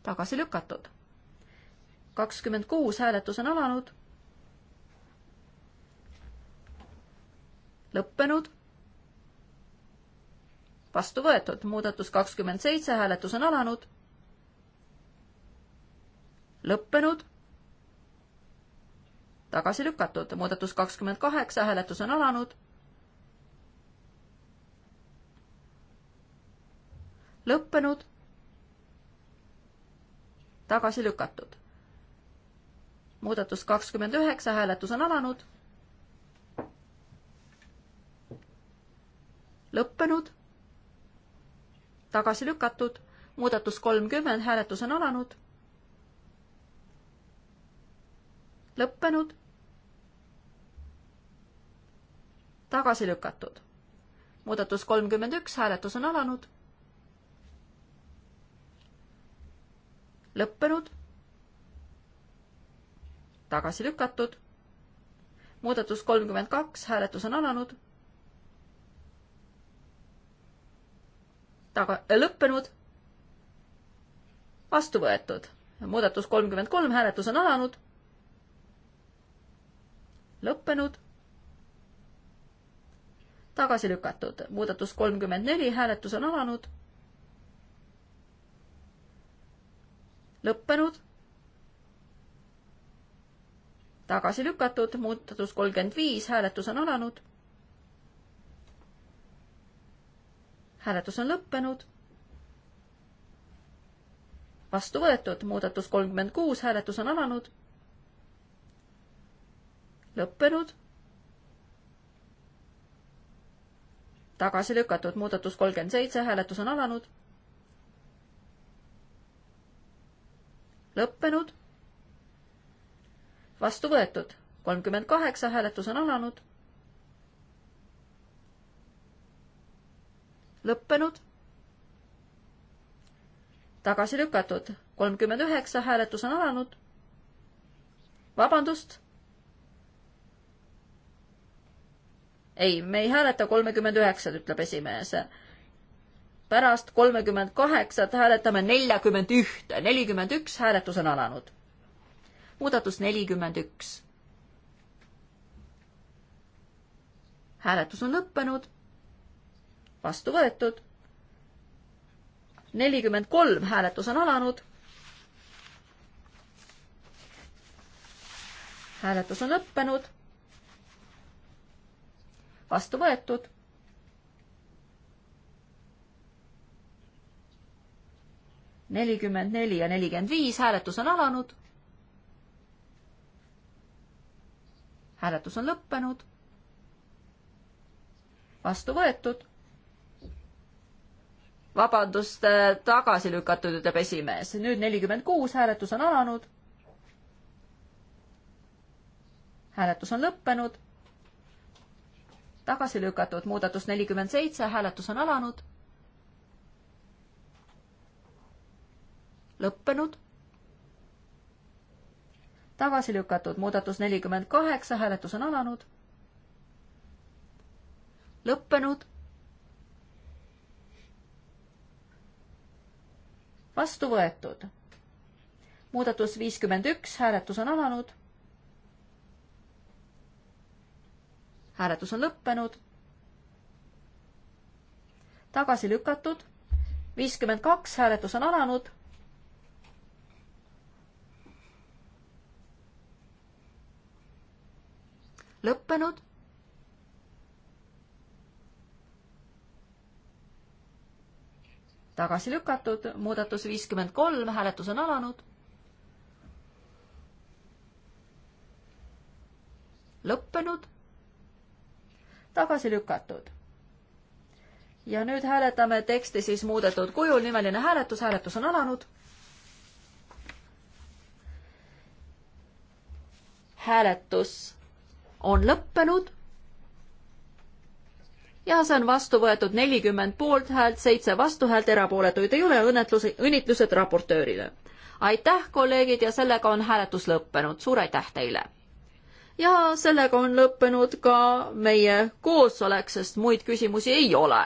tagasi lükatud. kakskümmend kuus, hääletus on alanud lõppenud vastu võetud, muudatus kakskümmend seitse, hääletus on alanud, lõppenud, tagasi lükatud, muudatus kakskümmend kaheksa, hääletus on alanud, lõppenud, tagasi lükatud. muudatus kakskümmend üheksa, hääletus on alanud lõppenud, tagasi lükatud, muudatus kolmkümmend, hääletus on alanud, lõppenud, tagasi lükatud. muudatus kolmkümmend üks, hääletus on alanud, lõppenud, tagasi lükatud. muudatus kolmkümmend kaks, hääletus on alanud taga, äh, lõppenud, vastu võetud. muudatus kolmkümmend kolm, hääletus on alanud, lõppenud, tagasi lükatud. muudatus kolmkümmend neli, hääletus on alanud, lõppenud tagasi lükatud, muudatus kolmkümmend viis, hääletus on alanud. hääletus on lõppenud. vastu võetud, muudatus kolmkümmend kuus, hääletus on alanud. lõppenud. tagasi lükatud, muudatus kolmkümmend seitse, hääletus on alanud. lõppenud. vastu võetud, kolmkümmend kaheksa, hääletus on alanud lõppenud, tagasi lükatud, kolmkümmend üheksa, hääletus on alanud. vabandust. ei, me ei hääleta kolmekümmend üheksat, ütleb esimees. pärast kolmekümmend kaheksat hääletame neljakümmend ühte, nelikümmend üks hääletus on alanud. muudatus nelikümmend üks. hääletus on lõppenud vastu võetud. nelikümmend kolm, hääletus on alanud. hääletus on lõppenud. vastu võetud. nelikümmend neli ja nelikümmend viis, hääletus on alanud. hääletus on lõppenud. vastu võetud vabandust, äh, tagasi lükatud, ütleb esimees. nüüd nelikümmend kuus, hääletus on alanud. hääletus on lõppenud. tagasi lükatud muudatus nelikümmend seitse, hääletus on alanud. lõppenud. tagasi lükatud muudatus nelikümmend kaheksa, hääletus on alanud. lõppenud vastu võetud. muudatus viiskümmend üks, hääletus on alanud. hääletus on lõppenud. tagasi lükatud. viiskümmend kaks, hääletus on alanud. lõppenud tagasi lükatud, muudatus viiskümmend kolm, hääletus on alanud. lõppenud, tagasi lükatud. ja nüüd hääletame teksti siis muudetud kujul, nimeline hääletus, hääletus on alanud. hääletus on lõppenud ja see on vastu võetud nelikümmend poolthäält, seitse vastuhäält, erapooletuid ei ole, õnnetlus, õnnitlused raportöörile. aitäh, kolleegid, ja sellega on hääletus lõppenud, suur aitäh teile! ja sellega on lõppenud ka meie koosolek, sest muid küsimusi ei ole